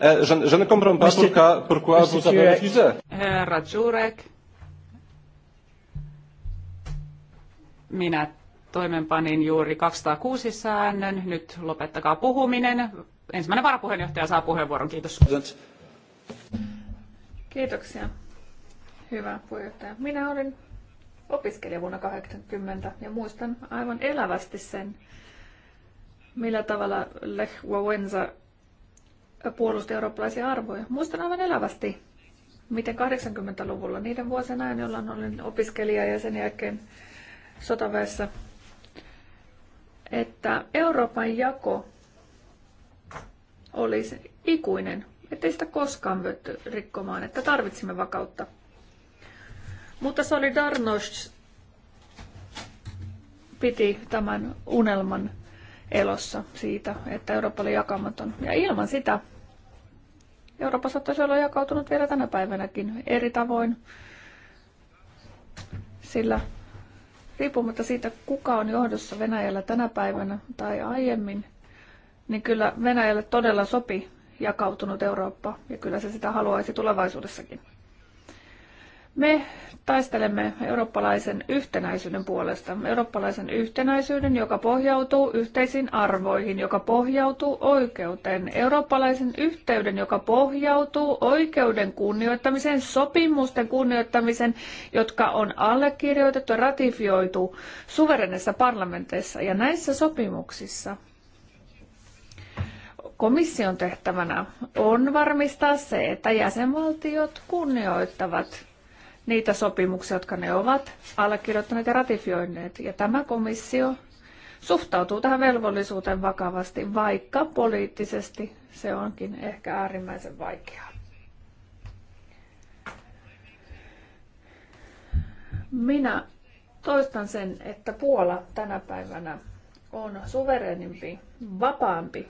je, je ne comprends pas Monsieur, pourquoi, pourquoi Monsieur vous avez refusé. Herra Jurek, minä toimenpanin juuri 206 säännön. Nyt lopettakaa puhuminen. Ensimmäinen varapuheenjohtaja saa puheenvuoron. Kiitos. Kiitoksia. Hyvä puheenjohtaja. Minä olin opiskelija vuonna 80 ja muistan aivan elävästi sen, millä tavalla Lech Wałęsa puolusti eurooppalaisia arvoja. Muistan aivan elävästi, miten 80-luvulla, niiden vuosien ajan, jolloin olin opiskelija ja sen jälkeen sotaväessä, että Euroopan jako olisi ikuinen, ettei sitä koskaan vyötty rikkomaan, että tarvitsimme vakautta. Mutta Solidarność piti tämän unelman elossa siitä, että Eurooppa oli jakamaton. Ja ilman sitä Euroopassa saattaisi olla jakautunut vielä tänä päivänäkin eri tavoin, sillä riippumatta siitä, kuka on johdossa Venäjällä tänä päivänä tai aiemmin, niin kyllä Venäjälle todella sopi jakautunut Eurooppa ja kyllä se sitä haluaisi tulevaisuudessakin. Me taistelemme eurooppalaisen yhtenäisyyden puolesta. Eurooppalaisen yhtenäisyyden, joka pohjautuu yhteisiin arvoihin, joka pohjautuu oikeuteen. Eurooppalaisen yhteyden, joka pohjautuu oikeuden kunnioittamiseen, sopimusten kunnioittamiseen, jotka on allekirjoitettu ja ratifioitu suverenissa parlamenteissa. Ja näissä sopimuksissa komission tehtävänä on varmistaa se, että jäsenvaltiot kunnioittavat niitä sopimuksia, jotka ne ovat allekirjoittaneet ja ratifioineet. Ja tämä komissio suhtautuu tähän velvollisuuteen vakavasti, vaikka poliittisesti se onkin ehkä äärimmäisen vaikeaa. Minä toistan sen, että Puola tänä päivänä on suverenimpi, vapaampi.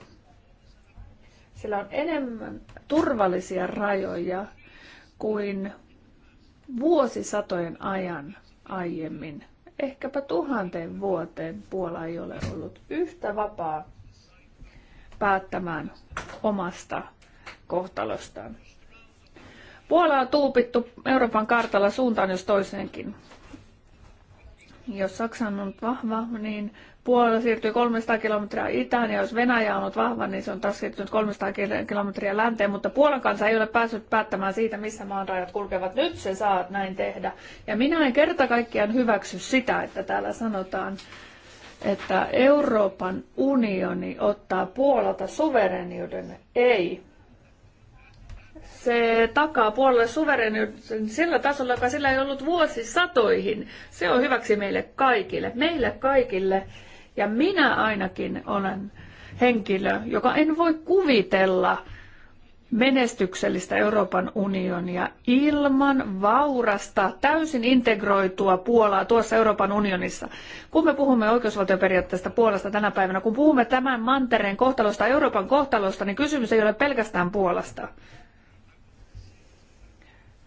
Sillä on enemmän turvallisia rajoja kuin vuosisatojen ajan aiemmin, ehkäpä tuhanteen vuoteen, Puola ei ole ollut yhtä vapaa päättämään omasta kohtalostaan. Puolaa on tuupittu Euroopan kartalla suuntaan jos toiseenkin. Jos Saksa on ollut vahva, niin Puola siirtyy 300 kilometriä itään ja jos Venäjä on ollut vahva, niin se on taas siirtynyt 300 kilometriä länteen, mutta Puolan kanssa ei ole päässyt päättämään siitä, missä maan rajat kulkevat. Nyt se saa näin tehdä. Ja minä en kerta kaikkiaan hyväksy sitä, että täällä sanotaan, että Euroopan unioni ottaa Puolalta suvereniuden. Ei. Se takaa puolelle suverenyyden sillä tasolla, joka sillä ei ollut vuosisatoihin. Se on hyväksi meille kaikille, meille kaikille. Ja minä ainakin olen henkilö, joka en voi kuvitella menestyksellistä Euroopan unionia ilman vaurasta, täysin integroitua Puolaa tuossa Euroopan unionissa. Kun me puhumme oikeusvaltioperiaatteesta Puolasta tänä päivänä, kun puhumme tämän mantereen kohtalosta, Euroopan kohtalosta, niin kysymys ei ole pelkästään Puolasta.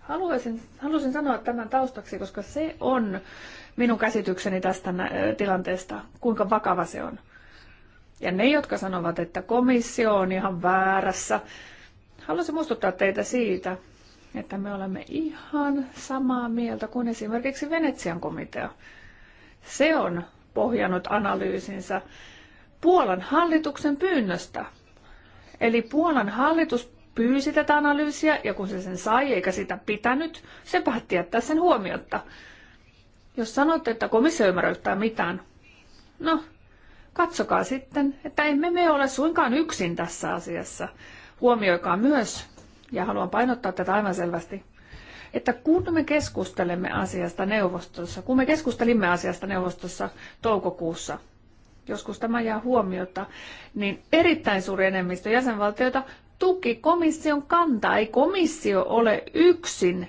Haluaisin, halusin sanoa tämän taustaksi, koska se on minun käsitykseni tästä tilanteesta, kuinka vakava se on. Ja ne, jotka sanovat, että komissio on ihan väärässä, haluaisin muistuttaa teitä siitä, että me olemme ihan samaa mieltä kuin esimerkiksi Venetsian komitea. Se on pohjannut analyysinsä Puolan hallituksen pyynnöstä. Eli Puolan hallitus pyysi tätä analyysiä ja kun se sen sai eikä sitä pitänyt, se päätti jättää sen huomiota. Jos sanotte, että komissio ymmärrä yhtään mitään, no katsokaa sitten, että emme me ole suinkaan yksin tässä asiassa. Huomioikaa myös, ja haluan painottaa tätä aivan selvästi, että kun me keskustelemme asiasta neuvostossa, kun me keskustelimme asiasta neuvostossa toukokuussa, joskus tämä jää huomiota, niin erittäin suuri enemmistö jäsenvaltioita tuki komission kantaa. Ei komissio ole yksin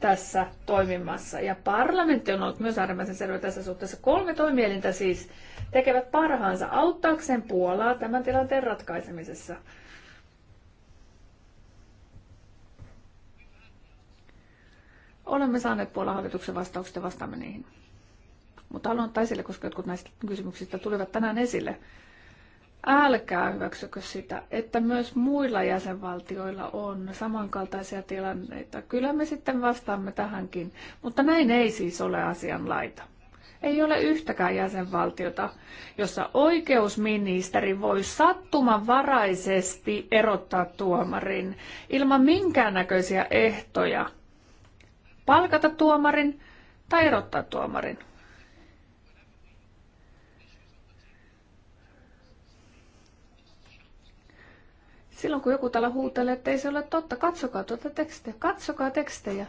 tässä toimimassa. Ja parlamentti on ollut myös äärimmäisen selvä tässä suhteessa. Kolme toimielintä siis tekevät parhaansa auttaakseen Puolaa tämän tilanteen ratkaisemisessa. Olemme saaneet Puolan hallituksen vastaukset ja vastaamme niihin. Mutta haluan ottaa esille, koska jotkut näistä kysymyksistä tulivat tänään esille. Älkää hyväksykö sitä, että myös muilla jäsenvaltioilla on samankaltaisia tilanneita. Kyllä me sitten vastaamme tähänkin, mutta näin ei siis ole asianlaita. Ei ole yhtäkään jäsenvaltiota, jossa oikeusministeri voi sattumanvaraisesti erottaa tuomarin ilman minkäännäköisiä ehtoja. Palkata tuomarin tai erottaa tuomarin. Silloin kun joku täällä huutelee, että ei se ole totta, katsokaa tuota tekstejä, katsokaa tekstejä.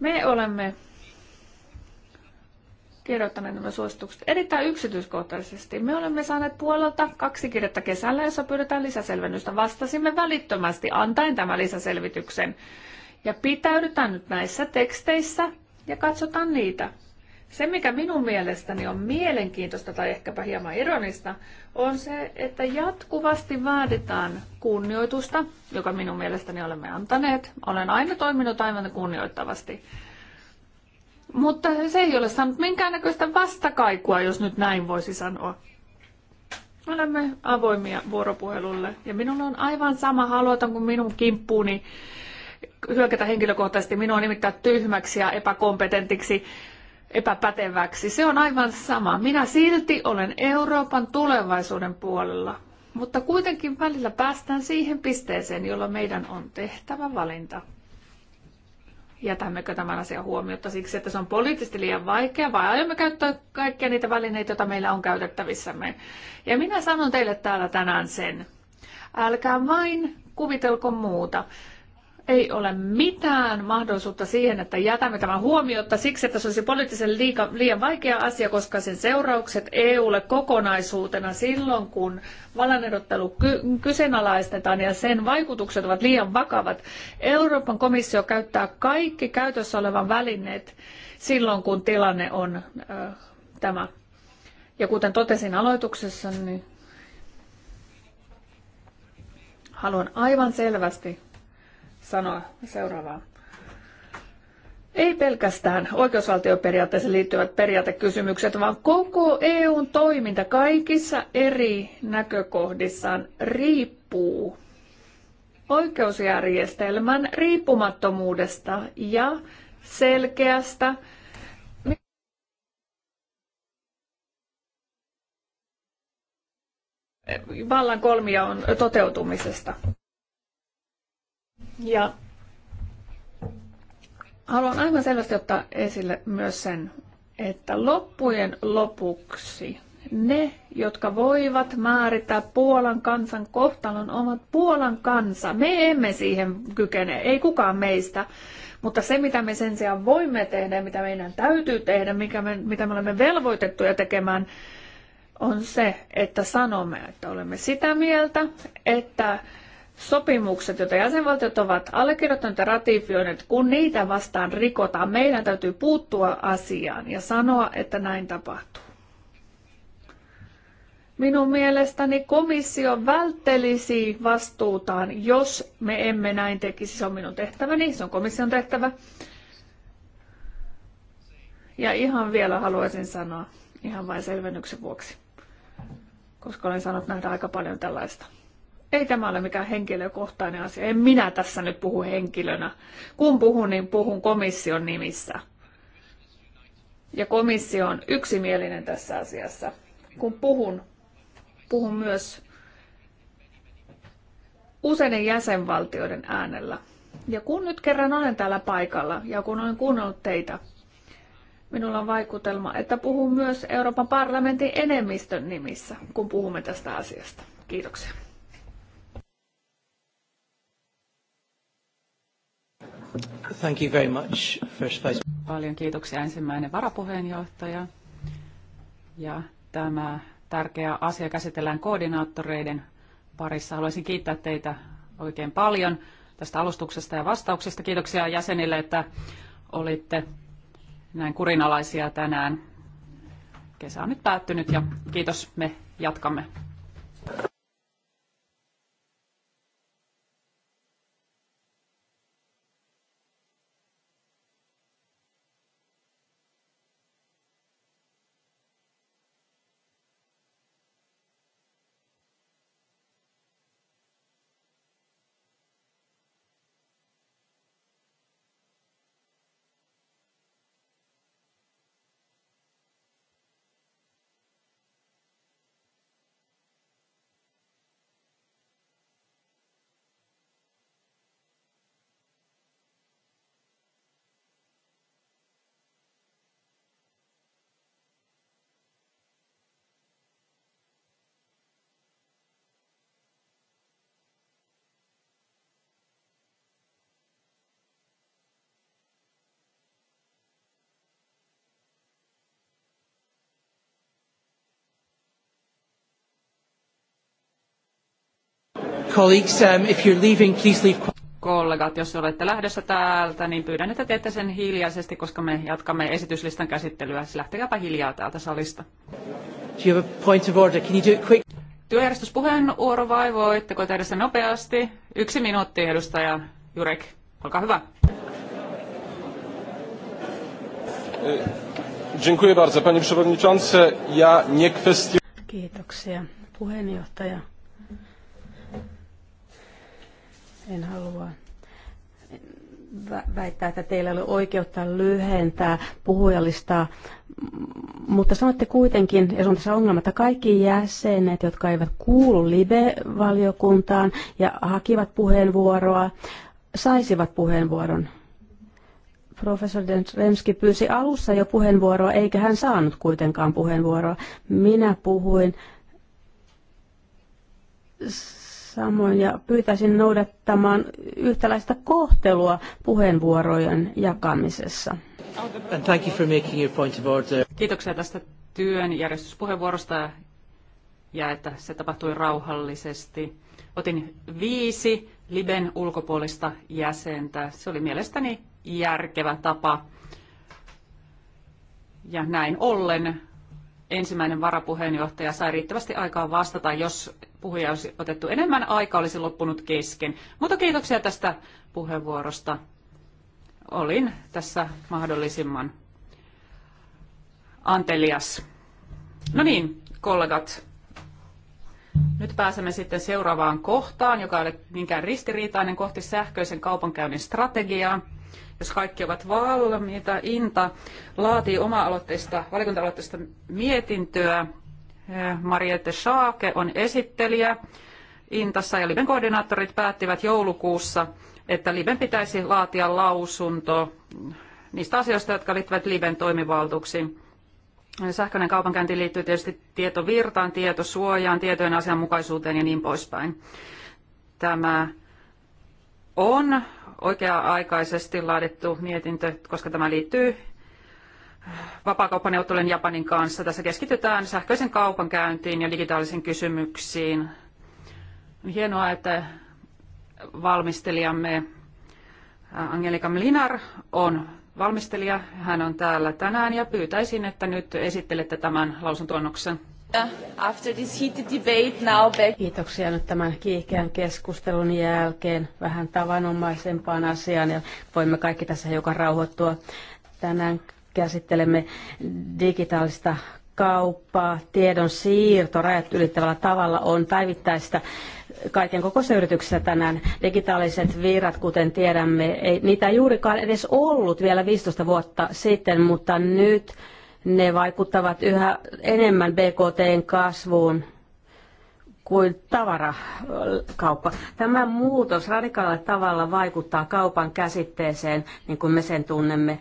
Me olemme kirjoittaneet nämä suositukset erittäin yksityiskohtaisesti. Me olemme saaneet puolelta kaksi kirjettä kesällä, jossa pyydetään lisäselvennystä. Vastasimme välittömästi antaen tämän lisäselvityksen ja pitäydytään nyt näissä teksteissä ja katsotaan niitä. Se, mikä minun mielestäni on mielenkiintoista tai ehkäpä hieman ironista, on se, että jatkuvasti vaaditaan kunnioitusta, joka minun mielestäni olemme antaneet. Olen aina toiminut aivan kunnioittavasti. Mutta se ei ole saanut minkäännäköistä vastakaikua, jos nyt näin voisi sanoa. Olemme avoimia vuoropuhelulle ja minulla on aivan sama, kuin minun kimppuuni hyökätä henkilökohtaisesti minua nimittää tyhmäksi ja epäkompetentiksi, epäpäteväksi. Se on aivan sama. Minä silti olen Euroopan tulevaisuuden puolella. Mutta kuitenkin välillä päästään siihen pisteeseen, jolla meidän on tehtävä valinta. Jätämmekö tämän asian huomiota siksi, että se on poliittisesti liian vaikea, vai aiomme käyttää kaikkia niitä välineitä, joita meillä on käytettävissämme? Ja minä sanon teille täällä tänään sen. Älkää vain kuvitelko muuta ei ole mitään mahdollisuutta siihen, että jätämme tämän huomiota siksi, että se olisi poliittisen liika, liian vaikea asia, koska sen seuraukset EUlle kokonaisuutena silloin, kun valanerottelu ky- kyseenalaistetaan ja sen vaikutukset ovat liian vakavat. Euroopan komissio käyttää kaikki käytössä olevan välineet silloin, kun tilanne on äh, tämä. Ja kuten totesin aloituksessa, niin haluan aivan selvästi sanoa seuraavaa. Ei pelkästään oikeusvaltioperiaatteeseen liittyvät periaatekysymykset, vaan koko EUn toiminta kaikissa eri näkökohdissaan riippuu oikeusjärjestelmän riippumattomuudesta ja selkeästä vallan kolmijaon toteutumisesta. Ja haluan aivan selvästi ottaa esille myös sen, että loppujen lopuksi ne, jotka voivat määrittää Puolan kansan kohtalon, ovat Puolan kansa. Me emme siihen kykene, ei kukaan meistä. Mutta se, mitä me sen sijaan voimme tehdä, mitä meidän täytyy tehdä, mikä me, mitä me olemme velvoitettuja tekemään, on se, että sanomme, että olemme sitä mieltä, että sopimukset, joita jäsenvaltiot ovat allekirjoittaneet ja ratifioineet, kun niitä vastaan rikotaan, meidän täytyy puuttua asiaan ja sanoa, että näin tapahtuu. Minun mielestäni komissio välttelisi vastuutaan, jos me emme näin tekisi. Se on minun tehtäväni, se on komission tehtävä. Ja ihan vielä haluaisin sanoa, ihan vain selvennyksen vuoksi, koska olen saanut nähdä aika paljon tällaista. Ei tämä ole mikään henkilökohtainen asia. En minä tässä nyt puhu henkilönä. Kun puhun, niin puhun komission nimissä. Ja komissio on yksimielinen tässä asiassa. Kun puhun, puhun myös useiden jäsenvaltioiden äänellä. Ja kun nyt kerran olen täällä paikalla ja kun olen kuunnellut teitä, minulla on vaikutelma, että puhun myös Euroopan parlamentin enemmistön nimissä, kun puhumme tästä asiasta. Kiitoksia. Thank you very much, First Vice. Paljon kiitoksia ensimmäinen varapuheenjohtaja. Ja tämä tärkeä asia käsitellään koordinaattoreiden parissa. Haluaisin kiittää teitä oikein paljon tästä alustuksesta ja vastauksista. Kiitoksia jäsenille, että olitte näin kurinalaisia tänään. Kesä on nyt päättynyt ja kiitos, me jatkamme. colleagues, um, if you're leaving, please leave... Kollegat, jos olette lähdössä täältä, niin pyydän, että teette sen hiljaisesti, koska me jatkamme esityslistan käsittelyä. Siis lähtekääpä hiljaa täältä salista. Do you Työjärjestyspuheenvuoro vai voitteko tehdä sen nopeasti? Yksi minuutti, edustaja Jurek. Olkaa hyvä. E, dziękuję bardzo, panie przewodniczący. Ja nie kwestionuję. Kiitoksia, puheenjohtaja En halua väittää, että teillä oli oikeutta lyhentää puhujalistaa, mutta sanotte kuitenkin, ja se on tässä ongelma, että kaikki jäsenet, jotka eivät kuulu live-valiokuntaan ja hakivat puheenvuoroa, saisivat puheenvuoron. Professori Remski pyysi alussa jo puheenvuoroa, eikä hän saanut kuitenkaan puheenvuoroa. Minä puhuin samoin ja pyytäisin noudattamaan yhtäläistä kohtelua puheenvuorojen jakamisessa. And thank you for making your point of order. Kiitoksia tästä työn järjestyspuheenvuorosta ja että se tapahtui rauhallisesti. Otin viisi Liben ulkopuolista jäsentä. Se oli mielestäni järkevä tapa. Ja näin ollen ensimmäinen varapuheenjohtaja sai riittävästi aikaa vastata, jos puhuja olisi otettu enemmän aikaa, olisi loppunut kesken. Mutta kiitoksia tästä puheenvuorosta. Olin tässä mahdollisimman antelias. No niin, kollegat. Nyt pääsemme sitten seuraavaan kohtaan, joka ei ole niinkään ristiriitainen kohti sähköisen kaupankäynnin strategiaa. Jos kaikki ovat valmiita, Inta laatii oma-aloitteista, valiokunta mietintöä. Mariette Schaake on esittelijä. Intassa ja Liben koordinaattorit päättivät joulukuussa, että Liben pitäisi laatia lausunto niistä asioista, jotka liittyvät Liben toimivaltuuksiin. Sähköinen kaupankäynti liittyy tietysti tietovirtaan, tietosuojaan, tietojen asianmukaisuuteen ja niin poispäin. Tämä on oikea-aikaisesti laadittu mietintö, koska tämä liittyy vapaakauppaneuvottelujen Japanin kanssa. Tässä keskitytään sähköisen kaupankäyntiin ja digitaalisiin kysymyksiin. On hienoa, että valmistelijamme äh, Angelika Mlinar on valmistelija. Hän on täällä tänään ja pyytäisin, että nyt esittelette tämän lausuntoannoksen. After this heated debate now back. Kiitoksia nyt tämän kiihkeän keskustelun jälkeen vähän tavanomaisempaan asiaan ja voimme kaikki tässä joka rauhoittua. Tänään käsittelemme digitaalista kauppaa, tiedon siirto rajat ylittävällä tavalla on päivittäistä kaiken koko yrityksessä tänään. Digitaaliset virrat, kuten tiedämme, ei niitä juurikaan edes ollut vielä 15 vuotta sitten, mutta nyt ne vaikuttavat yhä enemmän BKTn kasvuun kuin tavarakauppa. Tämä muutos radikaalilla tavalla vaikuttaa kaupan käsitteeseen, niin kuin me sen tunnemme.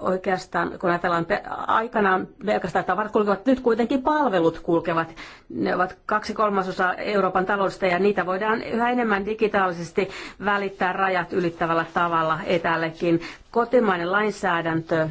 Oikeastaan, kun ajatellaan aikanaan pelkästään tavarat kulkevat, nyt kuitenkin palvelut kulkevat. Ne ovat kaksi kolmasosaa Euroopan taloudesta ja niitä voidaan yhä enemmän digitaalisesti välittää rajat ylittävällä tavalla etällekin. Kotimainen lainsäädäntö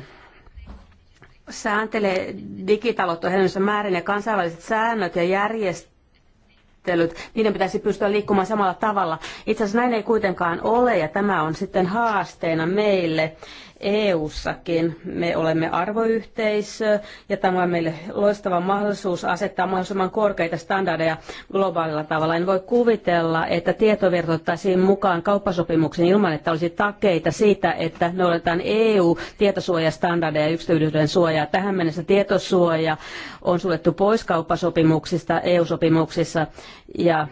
sääntelee digitaloutta ohjelmassa määrin ja kansainväliset säännöt ja järjestelyt, niiden pitäisi pystyä liikkumaan samalla tavalla. Itse asiassa näin ei kuitenkaan ole ja tämä on sitten haasteena meille EU-sakin. Me olemme arvoyhteisö ja tämä on meille loistava mahdollisuus asettaa mahdollisimman korkeita standardeja globaalilla tavalla. En voi kuvitella, että tietovirtoittaisiin mukaan kauppasopimuksen ilman, että olisi takeita siitä, että noudatetaan EU-tietosuojastandardeja ja yksityisyyden suojaa. Tähän mennessä tietosuoja on suljettu pois kauppasopimuksista, EU-sopimuksissa ja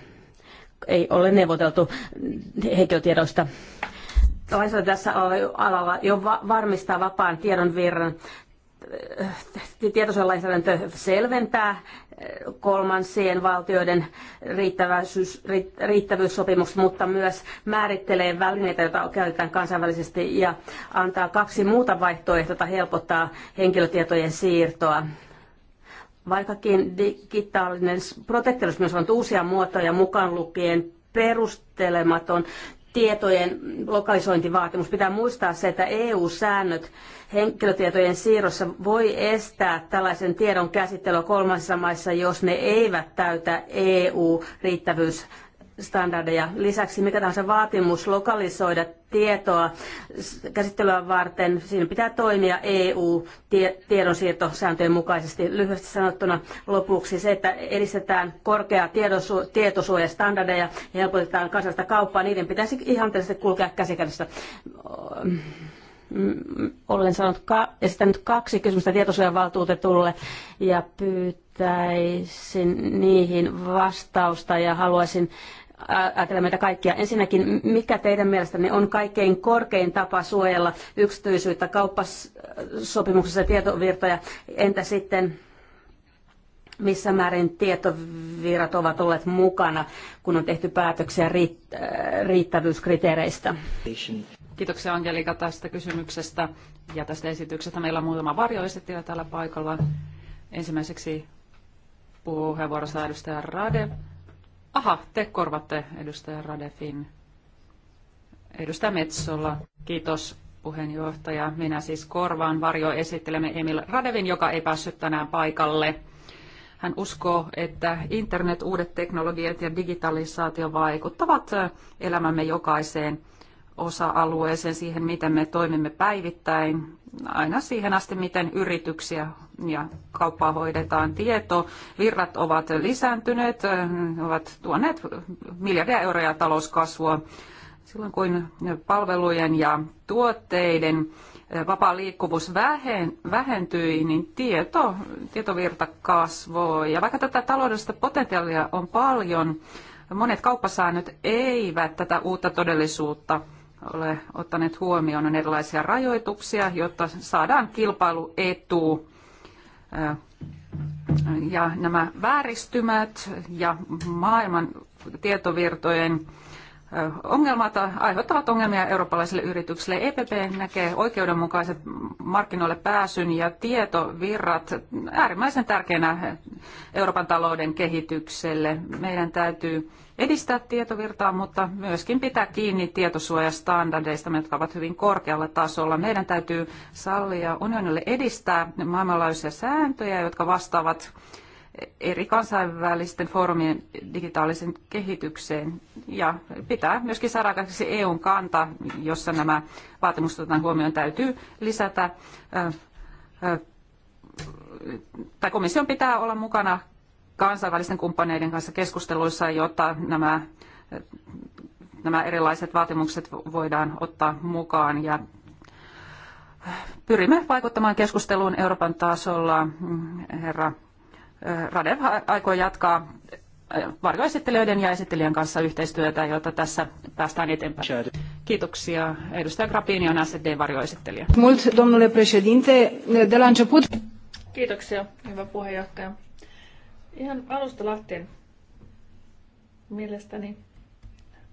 ei ole neuvoteltu henkilötiedoista Toisaalta tässä alalla jo varmistaa vapaan tiedon virran. Tietoisen lainsäädäntö selventää eh, kolmansien valtioiden riittävyys, riittävyyssopimukset, mutta myös määrittelee välineitä, joita käytetään kansainvälisesti ja antaa kaksi muuta vaihtoehtoa helpottaa henkilötietojen siirtoa. Vaikkakin digitaalinen protektionismi on uusia muotoja mukaan lukien perustelematon tietojen lokalisointivaatimus. Pitää muistaa se, että EU-säännöt henkilötietojen siirrossa voi estää tällaisen tiedon käsittelyä kolmansissa maissa, jos ne eivät täytä EU-riittävyys standardeja. Lisäksi mikä tahansa vaatimus lokalisoida tietoa käsittelyä varten, siinä pitää toimia EU-tiedonsiirtosääntöjen mukaisesti. Lyhyesti sanottuna lopuksi se, että edistetään korkeaa tiedosu- tietosuojastandardeja ja helpotetaan kansallista kauppaa, niiden pitäisi ihan tietysti kulkea käsikädessä mm, olen saanut ka- esittänyt kaksi kysymystä tietosuojavaltuutetulle ja pyytäisin niihin vastausta ja haluaisin ajatella meitä kaikkia. Ensinnäkin, mikä teidän mielestänne on kaikkein korkein tapa suojella yksityisyyttä kauppasopimuksessa ja tietovirtoja? Entä sitten missä määrin tietovirrat ovat olleet mukana, kun on tehty päätöksiä riittävyyskriteereistä? Kiitoksia Angelika tästä kysymyksestä ja tästä esityksestä. Meillä on muutama varjoesittelijä täällä paikalla. Ensimmäiseksi puheenvuorossa edustaja Rade. Aha, te korvatte edustaja Radefin. Edustaja Metsola, kiitos puheenjohtaja. Minä siis korvaan varjo esittelemme Emil Radevin, joka ei päässyt tänään paikalle. Hän uskoo, että internet, uudet teknologiat ja digitalisaatio vaikuttavat eh, elämämme jokaiseen osa-alueeseen, siihen miten me toimimme päivittäin, aina siihen asti, miten yrityksiä ja kauppaa hoidetaan. Tieto, virrat ovat lisääntyneet, ovat tuoneet miljardia euroja talouskasvua. Silloin kun palvelujen ja tuotteiden vapaa liikkuvuus vähentyi, niin tieto, tietovirta kasvoi. Ja vaikka tätä taloudellista potentiaalia on paljon, monet kauppasäännöt eivät tätä uutta todellisuutta – ole ottaneet huomioon, on erilaisia rajoituksia, jotta saadaan kilpailuetu. Äh, ja nämä vääristymät ja maailman tietovirtojen ongelmat aiheuttavat ongelmia eurooppalaisille yrityksille. EPP näkee oikeudenmukaiset markkinoille pääsyn ja tietovirrat äärimmäisen tärkeänä Euroopan talouden kehitykselle. Meidän täytyy edistää tietovirtaa, mutta myöskin pitää kiinni tietosuojastandardeista, jotka ovat hyvin korkealla tasolla. Meidän täytyy sallia unionille edistää maailmanlaajuisia sääntöjä, jotka vastaavat eri kansainvälisten foorumien digitaalisen kehitykseen ja pitää myöskin saada aikaiseksi EUn kanta, jossa nämä vaatimukset otetaan huomioon, täytyy lisätä, tai komission pitää olla mukana kansainvälisten kumppaneiden kanssa keskusteluissa, jotta nämä, nämä erilaiset vaatimukset voidaan ottaa mukaan ja pyrimme vaikuttamaan keskusteluun Euroopan tasolla. Mm, herra Radev aikoo jatkaa varjoesittelijöiden ja esittelijän kanssa yhteistyötä, jotta tässä päästään eteenpäin. Kiitoksia. Edustaja Grappini on SD-varjoesittelijä. Mult, domnule președinte, de la început... Kiitoksia, hyvä puheenjohtaja. Ihan alusta lähtien mielestäni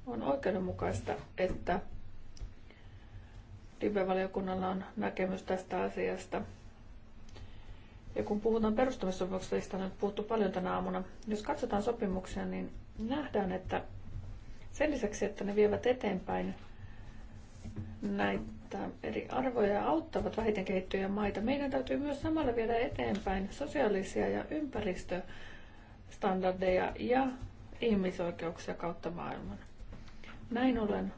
on oikeudenmukaista, että libe valiokunnalla on näkemys tästä asiasta – ja kun puhutaan perustamissopimuksista, niin on puhuttu paljon tänä aamuna. Jos katsotaan sopimuksia, niin nähdään, että sen lisäksi, että ne vievät eteenpäin näitä eri arvoja ja auttavat vähiten kehittyjä maita, meidän täytyy myös samalla viedä eteenpäin sosiaalisia ja ympäristöstandardeja ja ihmisoikeuksia kautta maailman. Näin ollen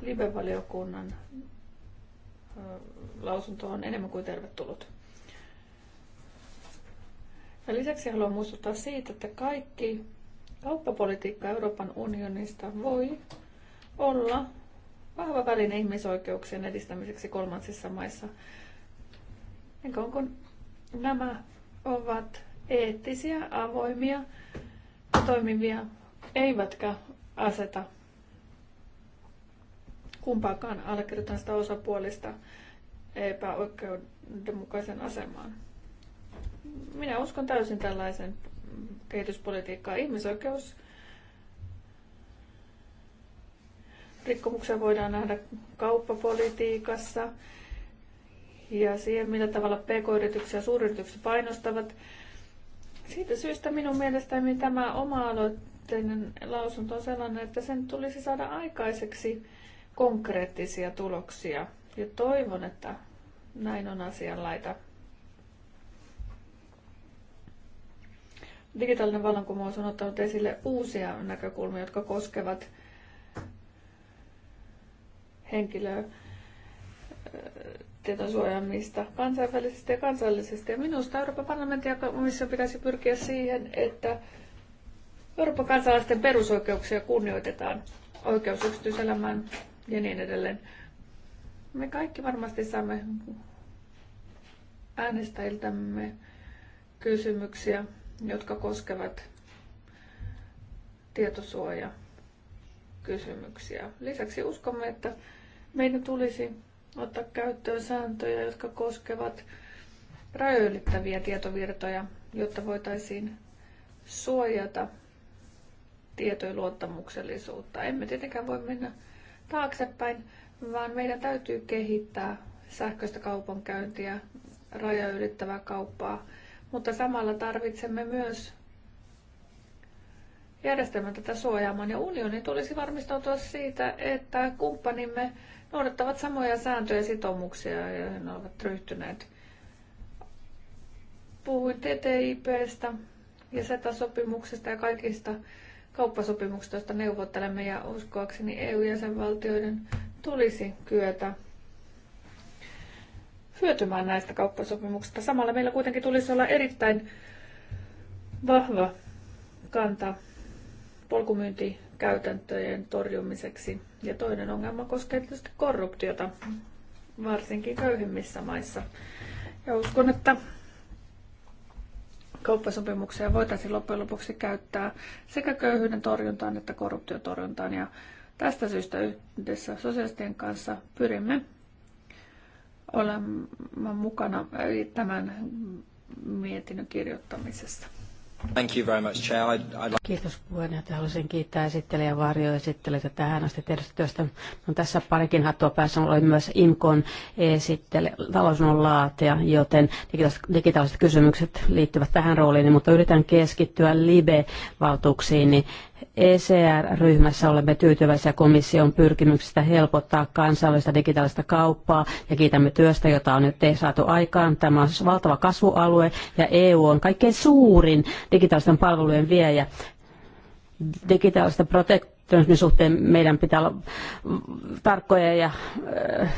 live-valiokunnan lausunto on enemmän kuin tervetullut. Ja lisäksi haluan muistuttaa siitä, että kaikki kauppapolitiikka Euroopan unionista voi olla vahva väline ihmisoikeuksien edistämiseksi kolmansissa maissa. Enkä onko nämä ovat eettisiä, avoimia ja toimivia, eivätkä aseta kumpaakaan allekirjoittamista osapuolista epäoikeudenmukaisen asemaan minä uskon täysin tällaisen kehityspolitiikkaan. Ihmisoikeus rikkomuksia voidaan nähdä kauppapolitiikassa ja siihen, millä tavalla pk-yrityksiä ja suuryritykset painostavat. Siitä syystä minun mielestäni tämä oma-aloitteinen lausunto on sellainen, että sen tulisi saada aikaiseksi konkreettisia tuloksia. Ja toivon, että näin on asianlaita. Digitaalinen vallankumous on ottanut esille uusia näkökulmia, jotka koskevat henkilöä tietosuojaamista kansainvälisesti ja kansallisesti. Ja minusta Euroopan parlamentin ja komission pitäisi pyrkiä siihen, että Euroopan kansalaisten perusoikeuksia kunnioitetaan, oikeus yksityiselämään ja niin edelleen. Me kaikki varmasti saamme äänestäjiltämme kysymyksiä jotka koskevat tietosuoja kysymyksiä. Lisäksi uskomme, että meidän tulisi ottaa käyttöön sääntöjä, jotka koskevat rajoylittäviä tietovirtoja, jotta voitaisiin suojata tietojen luottamuksellisuutta. Emme tietenkään voi mennä taaksepäin, vaan meidän täytyy kehittää sähköistä kaupankäyntiä, rajoylittävää kauppaa mutta samalla tarvitsemme myös järjestelmän tätä suojaamaan ja unionin tulisi varmistautua siitä, että kumppanimme noudattavat samoja sääntöjä ja sitoumuksia, joihin ne ovat ryhtyneet. Puhuin TTIPstä ja SETA-sopimuksesta ja kaikista kauppasopimuksista, joista neuvottelemme ja uskoakseni EU-jäsenvaltioiden tulisi kyetä hyötymään näistä kauppasopimuksista. Samalla meillä kuitenkin tulisi olla erittäin vahva kanta polkumyyntikäytäntöjen torjumiseksi. Ja toinen ongelma koskee tietysti korruptiota, varsinkin köyhimmissä maissa. Ja uskon, että kauppasopimuksia voitaisiin loppujen lopuksi käyttää sekä köyhyyden torjuntaan että korruptiotorjuntaan Ja tästä syystä yhdessä sosialistien kanssa pyrimme olemaan mukana tämän mietinnön kirjoittamisessa. Thank you very much, Chair. I'd, I'd... Kiitos puheenjohtaja. Haluaisin kiittää esittelijä Varjo esittelijöitä tähän asti tehdystä työstä. No, tässä parikin hattua päässä oli myös IMKon esittele, talousunnon laatia, joten digitaaliset, digitaaliset kysymykset liittyvät tähän rooliin, mutta yritän keskittyä LIBE-valtuuksiin, ECR-ryhmässä olemme tyytyväisiä komission pyrkimyksistä helpottaa kansallista digitaalista kauppaa ja kiitämme työstä, jota on nyt saatu aikaan. Tämä on siis valtava kasvualue ja EU on kaikkein suurin digitaalisten palvelujen viejä. Digitaalista protektionismin suhteen meidän pitää olla tarkkoja ja äh,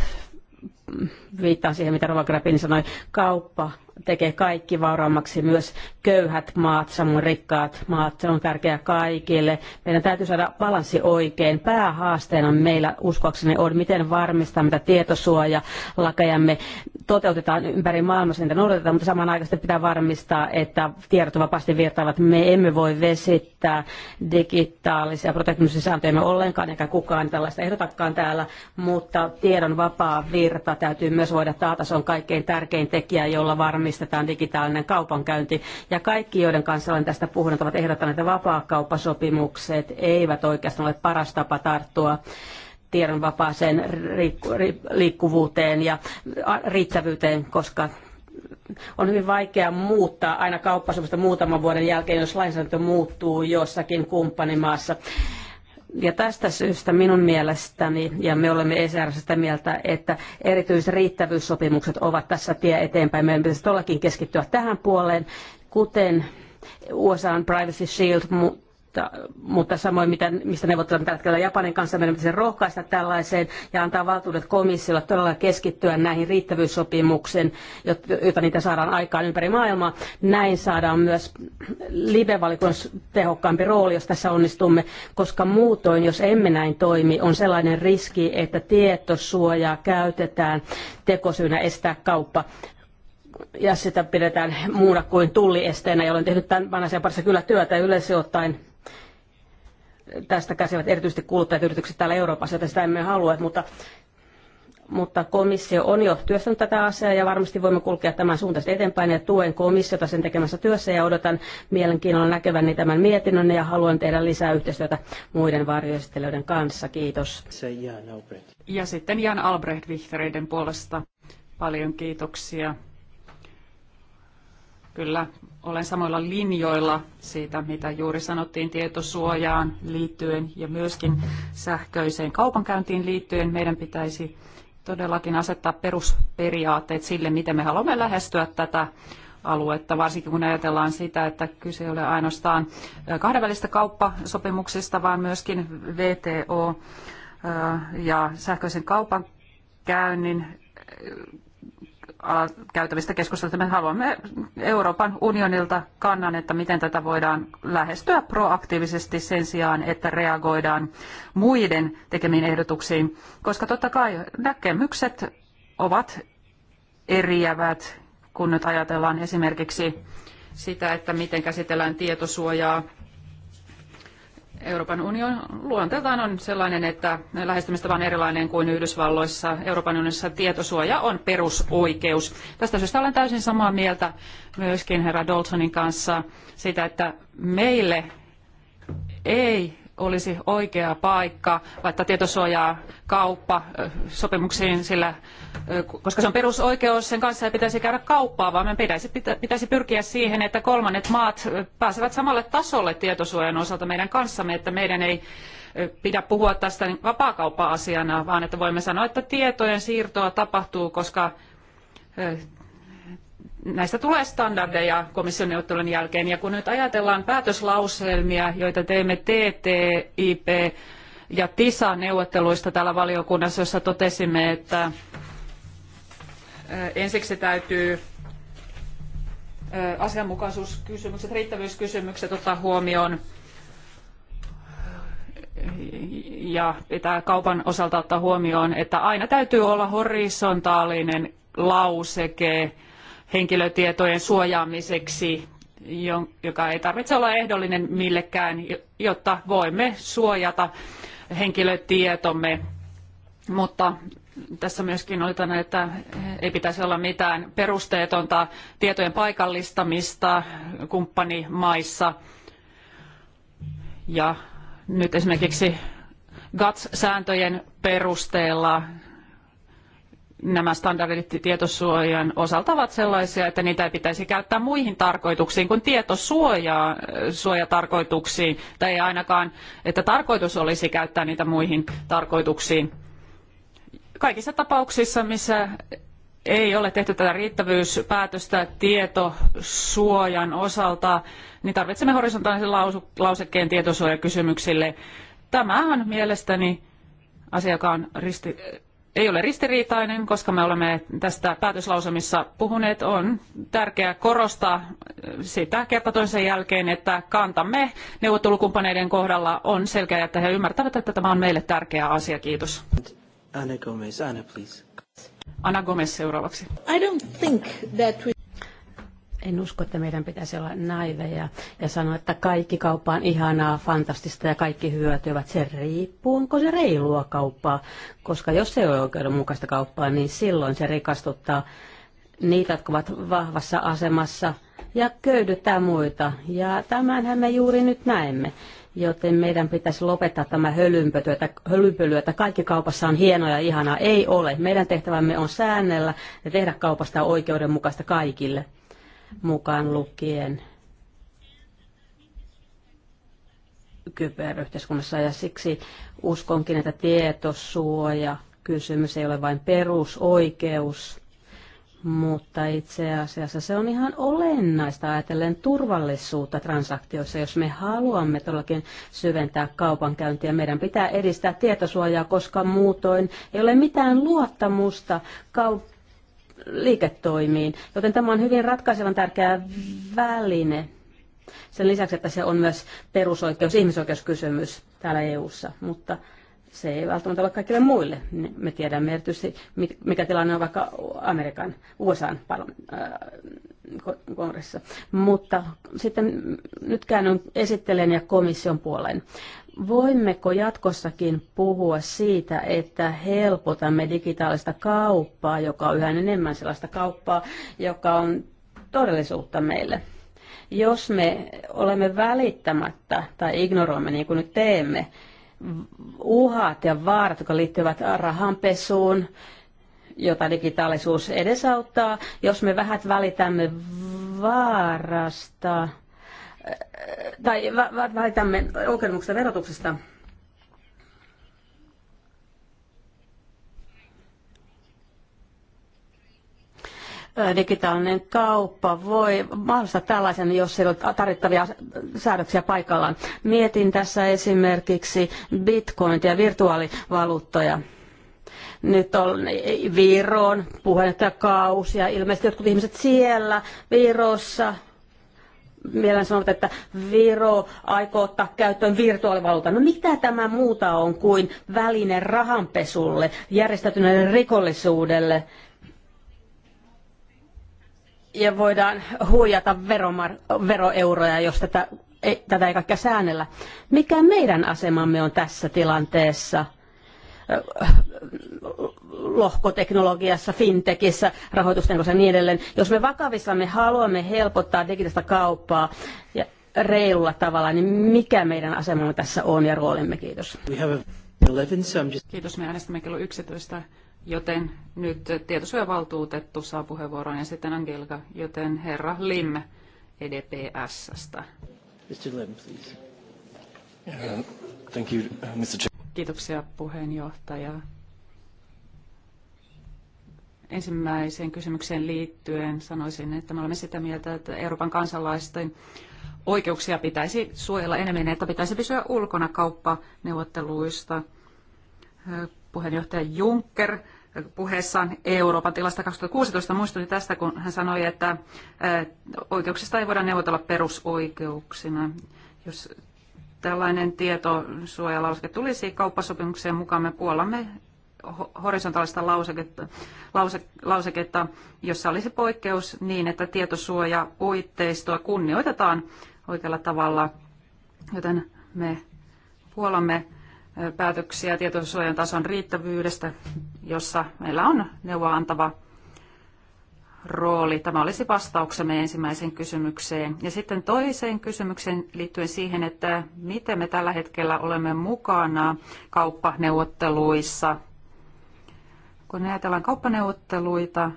viittaan siihen, mitä Rova Grappini sanoi, kauppa tekee kaikki vauraammaksi, myös köyhät maat, samoin rikkaat maat. Se on tärkeää kaikille. Meidän täytyy saada balanssi oikein. Päähaasteena meillä uskoakseni on, miten varmistaa, mitä tietosuoja lakejamme toteutetaan ympäri maailmassa, niitä noudatetaan, mutta samanaikaisesti pitää varmistaa, että tiedot vapaasti virtaavat. Me emme voi vesittää digitaalisia me ollenkaan, eikä kukaan tällaista ehdotakaan täällä, mutta tiedon vapaa virta täytyy myös voida taata. Se on kaikkein tärkein tekijä, jolla varmistaa tunnistetaan digitaalinen kaupankäynti. Ja kaikki, joiden kanssa olen tästä puhunut, ovat ehdottaneet, että vapaakauppasopimukset eivät oikeastaan ole paras tapa tarttua tiedon vapaaseen liikkuvuuteen ja riittävyyteen, koska on hyvin vaikea muuttaa aina kauppasopimusta muutaman vuoden jälkeen, jos lainsäädäntö muuttuu jossakin kumppanimaassa. Ja tästä syystä minun mielestäni, ja me olemme ECR sitä mieltä, että erityisriittävyyssopimukset ovat tässä tie eteenpäin. Meidän pitäisi todellakin keskittyä tähän puoleen, kuten USA on Privacy Shield, mutta, mutta samoin mitä, mistä neuvottelemme tällä hetkellä Japanin kanssa, meidän pitäisi rohkaista tällaiseen ja antaa valtuudet komissiolle todella keskittyä näihin riittävyyssopimuksiin, joita niitä saadaan aikaan ympäri maailmaa. Näin saadaan myös live tehokkaampi rooli, jos tässä onnistumme, koska muutoin, jos emme näin toimi, on sellainen riski, että tietosuojaa käytetään tekosyynä estää kauppa ja sitä pidetään muuna kuin tulliesteenä, jolloin tehnyt tämän vanhaisen parissa kyllä työtä yleensä ottaen tästä käsivät erityisesti kuluttajat yritykset täällä Euroopassa, joten sitä emme halua, mutta mutta komissio on jo työstänyt tätä asiaa ja varmasti voimme kulkea tämän suuntaisesti eteenpäin ja tuen komissiota sen tekemässä työssä ja odotan mielenkiinnolla näkeväni niin tämän mietinnön ja haluan tehdä lisää yhteistyötä muiden varjoesittelijöiden kanssa. Kiitos. Ja sitten Jan Albrecht vihreiden puolesta. Paljon kiitoksia. Kyllä, olen samoilla linjoilla siitä, mitä juuri sanottiin tietosuojaan liittyen ja myöskin sähköiseen kaupankäyntiin liittyen. Meidän pitäisi todellakin asettaa perusperiaatteet sille, miten me haluamme lähestyä tätä aluetta, varsinkin kun ajatellaan sitä, että kyse ei ole ainoastaan kahdenvälistä kauppasopimuksista, vaan myöskin VTO ja sähköisen kaupankäynnin käytävistä keskusteluista. Me haluamme Euroopan unionilta kannan, että miten tätä voidaan lähestyä proaktiivisesti sen sijaan, että reagoidaan muiden tekemiin ehdotuksiin, koska totta kai näkemykset ovat eriävät, kun nyt ajatellaan esimerkiksi sitä, että miten käsitellään tietosuojaa Euroopan union luonteeltaan on sellainen, että lähestymistavan erilainen kuin Yhdysvalloissa. Euroopan unionissa tietosuoja on perusoikeus. Tästä syystä olen täysin samaa mieltä myöskin herra Daltonin kanssa siitä, että meille ei olisi oikea paikka laittaa tietosuojaa kauppa sopimuksiin, sillä, koska se on perusoikeus, sen kanssa ei pitäisi käydä kauppaa, vaan meidän pitäisi, pitäisi pyrkiä siihen, että kolmannet maat pääsevät samalle tasolle tietosuojan osalta meidän kanssamme, että meidän ei pidä puhua tästä vapaakauppa-asiana, vaan että voimme sanoa, että tietojen siirtoa tapahtuu, koska näistä tulee standardeja komission neuvottelun jälkeen. Ja kun nyt ajatellaan päätöslauselmia, joita teemme TTIP ja TISA-neuvotteluista täällä valiokunnassa, jossa totesimme, että eh, ensiksi täytyy eh, asianmukaisuuskysymykset, riittävyyskysymykset ottaa huomioon ja pitää kaupan osalta ottaa huomioon, että aina täytyy olla horisontaalinen lauseke, henkilötietojen suojaamiseksi, joka ei tarvitse olla ehdollinen millekään, jotta voimme suojata henkilötietomme. Mutta tässä myöskin oli tänne, että ei pitäisi olla mitään perusteetonta tietojen paikallistamista kumppanimaissa. Ja nyt esimerkiksi GATS-sääntöjen perusteella nämä standardit tietosuojan osalta ovat sellaisia, että niitä ei pitäisi käyttää muihin tarkoituksiin kuin tietosuojaa suojatarkoituksiin, tai ainakaan, että tarkoitus olisi käyttää niitä muihin tarkoituksiin. Kaikissa tapauksissa, missä ei ole tehty tätä riittävyyspäätöstä tietosuojan osalta, niin tarvitsemme horisontaalisen lausekkeen tietosuojakysymyksille. Tämä on mielestäni asia, joka on risti, ei ole ristiriitainen, koska me olemme tästä päätöslausemissa puhuneet. On tärkeää korostaa sitä kerta toisen jälkeen, että kantamme neuvottelukumppaneiden kohdalla on selkeä, että he ymmärtävät, että tämä on meille tärkeä asia. Kiitos. Anna Gomez, Anna, please. Anna Gomez seuraavaksi. I don't think that we... En usko, että meidän pitäisi olla naiveja ja sanoa, että kaikki kauppa on ihanaa, fantastista ja kaikki hyötyvät. Se riippuu, onko se reilua kauppaa, koska jos se ei ole oikeudenmukaista kauppaa, niin silloin se rikastuttaa niitä, jotka ovat vahvassa asemassa ja köydyttää muita. Ja tämänhän me juuri nyt näemme. Joten meidän pitäisi lopettaa tämä hölynpöly, että, että kaikki kaupassa on hienoa ja ihanaa. Ei ole. Meidän tehtävämme on säännellä ja tehdä kaupasta oikeudenmukaista kaikille mukaan lukien kyberyhteiskunnassa. Ja siksi uskonkin, että tietosuoja kysymys ei ole vain perusoikeus, mutta itse asiassa se on ihan olennaista ajatellen turvallisuutta transaktioissa. Jos me haluamme todellakin syventää kaupankäyntiä, meidän pitää edistää tietosuojaa, koska muutoin ei ole mitään luottamusta kauppaan liiketoimiin. Joten tämä on hyvin ratkaisevan tärkeä väline. Sen lisäksi, että se on myös perusoikeus, ihmisoikeuskysymys täällä EU:ssa, mutta se ei välttämättä ole kaikille muille. Me tiedämme erityisesti, mikä tilanne on vaikka Amerikan, USA äh, kongressissa. Mutta sitten nyt käännyn esittelen ja komission puoleen. Voimmeko jatkossakin puhua siitä, että helpotamme digitaalista kauppaa, joka on yhä enemmän sellaista kauppaa, joka on todellisuutta meille? Jos me olemme välittämättä tai ignoroimme, niin kuin nyt teemme, uhat ja vaarat, jotka liittyvät rahanpesuun, jota digitaalisuus edesauttaa, jos me vähät välitämme vaarasta, tai välitämme oikeudenmukaisesta verotuksesta. digitaalinen kauppa voi mahdollistaa tällaisen, jos ei ole tarvittavia säädöksiä paikallaan. Mietin tässä esimerkiksi bitcoin ja virtuaalivaluuttoja. Nyt on Viron puheenjohtajakausi ja ilmeisesti jotkut ihmiset siellä Virossa vielä sanovat, että Viro aikoo ottaa käyttöön virtuaalivaluutan. No mitä tämä muuta on kuin väline rahanpesulle, järjestäytyneelle rikollisuudelle, ja voidaan huijata veromar- veroeuroja, jos tätä ei, tätä ei kaikkea säännellä. Mikä meidän asemamme on tässä tilanteessa? lohkoteknologiassa, fintekissä, rahoitusneuvonnassa ja niin edelleen. Jos me vakavissamme haluamme helpottaa digitaalista kauppaa ja reilulla tavalla, niin mikä meidän asemamme tässä on ja roolimme? Kiitos. 11, just... Kiitos. Me äänestämme kello 11, joten nyt tietosuojavaltuutettu saa puheenvuoron ja sitten Angelika, joten herra Lim EDPSstä. Mr. Lim, please. Uh, thank you, uh, Mr. Kiitoksia puheenjohtaja. Ensimmäiseen kysymykseen liittyen sanoisin, että me olemme sitä mieltä, että Euroopan kansalaisten oikeuksia pitäisi suojella enemmän, että pitäisi pysyä ulkona kauppaneuvotteluista. Puheenjohtaja Juncker puheessaan Euroopan tilasta 2016 muistutti tästä, kun hän sanoi, että oikeuksista ei voida neuvotella perusoikeuksina. Jos tällainen tietosuojalauseke tulisi kauppasopimukseen mukaan. Me puolamme horisontaalista lauseketta, lause, lauseketta, jossa olisi poikkeus niin, että tietosuoja puitteistoa kunnioitetaan oikealla tavalla, joten me puolamme päätöksiä tietosuojan tason riittävyydestä, jossa meillä on neuvoa antava rooli? Tämä olisi vastauksemme ensimmäiseen kysymykseen. Ja sitten toiseen kysymykseen liittyen siihen, että miten me tällä hetkellä olemme mukana kauppaneuvotteluissa. Kun ajatellaan kauppaneuvotteluita,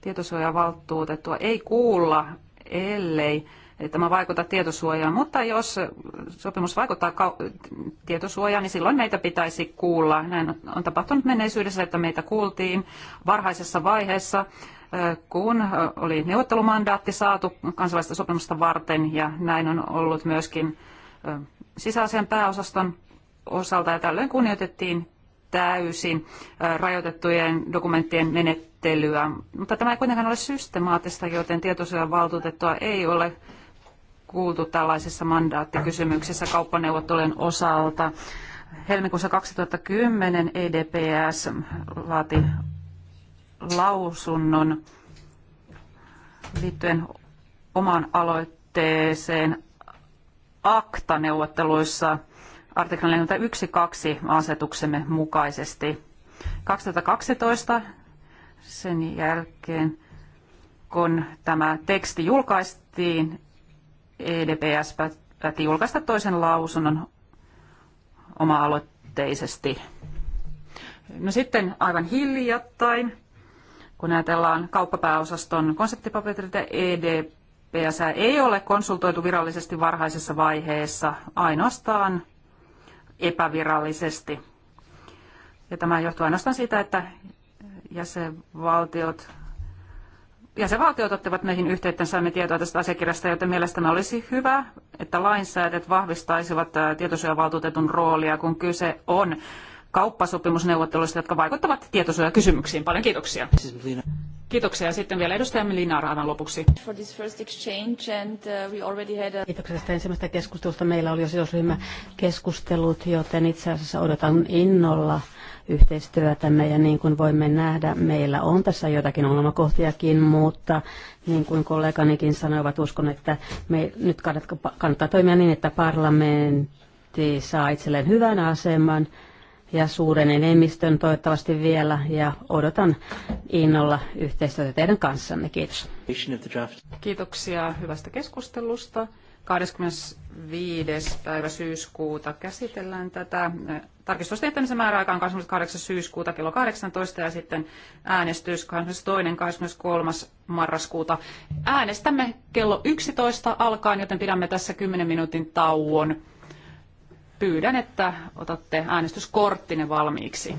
tietosuojavaltuutettua ei kuulla, ellei tämä vaikuta tietosuojaan. Mutta jos sopimus vaikuttaa tietosuojaan, niin silloin meitä pitäisi kuulla. Näin on tapahtunut menneisyydessä, että meitä kuultiin varhaisessa vaiheessa kun oli neuvottelumandaatti saatu kansalaisten sopimusta varten ja näin on ollut myöskin sisäisen pääosaston osalta ja tällöin kunnioitettiin täysin rajoitettujen dokumenttien menettelyä. Mutta tämä ei kuitenkaan ole systemaattista, joten tietosuojan valtuutettua ei ole kuultu tällaisissa mandaattikysymyksissä kauppaneuvottelujen osalta. Helmikuussa 2010 EDPS laati lausunnon liittyen omaan aloitteeseen aktaneuvotteluissa artiklan 41.2 asetuksemme mukaisesti. 2012 sen jälkeen, kun tämä teksti julkaistiin, EDPS päätti julkaista toisen lausunnon oma-aloitteisesti. No sitten aivan hiljattain kun ajatellaan kauppapääosaston ED, e PSA ei ole konsultoitu virallisesti varhaisessa vaiheessa, ainoastaan epävirallisesti. Ja tämä johtuu ainoastaan siitä, että jäsenvaltiot, jäsenvaltiot ottivat meihin yhteyttä, saimme tietoa tästä asiakirjasta, joten mielestäni olisi hyvä, että lainsäädät vahvistaisivat tietosuojavaltuutetun roolia, kun kyse on kauppasopimusneuvotteluista, jotka vaikuttavat tietosuojakysymyksiin. Paljon kiitoksia. Kiitoksia. Sitten vielä edustaja Melinaara aivan lopuksi. For uh, Kiitoksia tästä ensimmäisestä keskustelusta. Meillä oli jo sidosryhmä keskustelut, joten itse asiassa odotan innolla yhteistyötämme ja niin kuin voimme nähdä, meillä on tässä jotakin ongelmakohtiakin, mutta niin kuin kolleganikin sanoivat, uskon, että me nyt kannattaa toimia niin, että parlamentti saa itselleen hyvän aseman ja suuren enemmistön toivottavasti vielä ja odotan innolla yhteistyötä teidän kanssanne. Kiitos. Kiitoksia hyvästä keskustelusta. 25. päivä syyskuuta käsitellään tätä. Tarkistusten jättämisen määräaika on 28. syyskuuta kello 18 ja sitten äänestys 22. 23. marraskuuta. Äänestämme kello 11 alkaen, joten pidämme tässä 10 minuutin tauon pyydän, että otatte äänestyskorttine valmiiksi.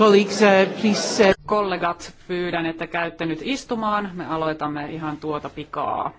Uh, uh, Kollegat, pyydän, että käytte nyt istumaan. Me aloitamme ihan tuota pikaa.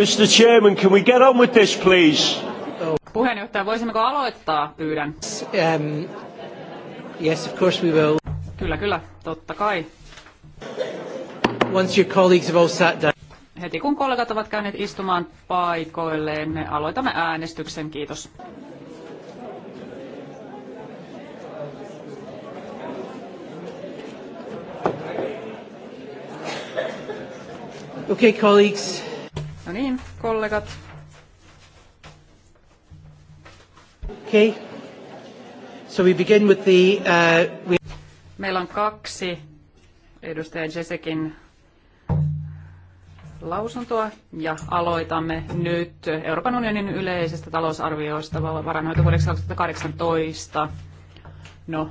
Mr. Chairman, can we get on with this, please? Puheenjohtaja, voisimmeko aloittaa, pyydän? Um, yes, of course we will. Kyllä, kyllä, totta kai. Once your colleagues have all sat down. Heti kun kollegat ovat käyneet istumaan paikoilleen, me aloitamme äänestyksen. Kiitos. Okay, colleagues kollegat. Okay. So we begin with the, uh, we... Meillä on kaksi edustaja Jesekin lausuntoa ja aloitamme nyt Euroopan unionin yleisestä talousarviosta varainhoitovuodeksi 2018. No,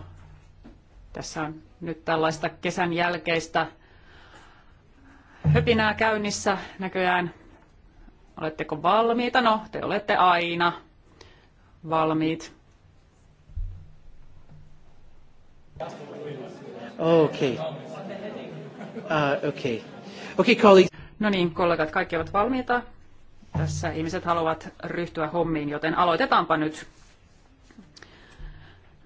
tässä on nyt tällaista kesän jälkeistä höpinää käynnissä näköjään. Oletteko valmiita? No, te olette aina valmiit. Okay. Uh, okay. Okay, No niin, kollegat, kaikki ovat valmiita. Tässä ihmiset haluavat ryhtyä hommiin, joten aloitetaanpa nyt.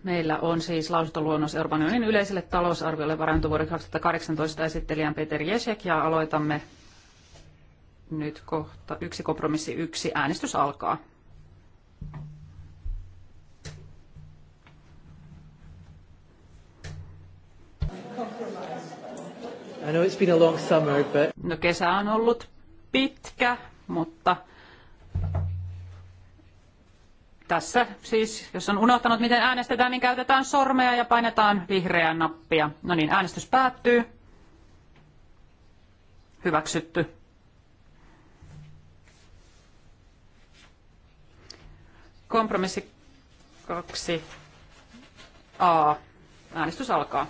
Meillä on siis lausuntoluonnos Euroopan unionin yleiselle talousarviolle varantu vuoden 2018 esittelijän Peter Jesek ja aloitamme nyt kohta yksi kompromissi yksi. Äänestys alkaa. I know it's been a long summer, but... No kesä on ollut pitkä, mutta tässä siis, jos on unohtanut miten äänestetään, niin käytetään sormea ja painetaan vihreää nappia. No niin, äänestys päättyy. Hyväksytty. Kompromissi 2a. Äänestys alkaa.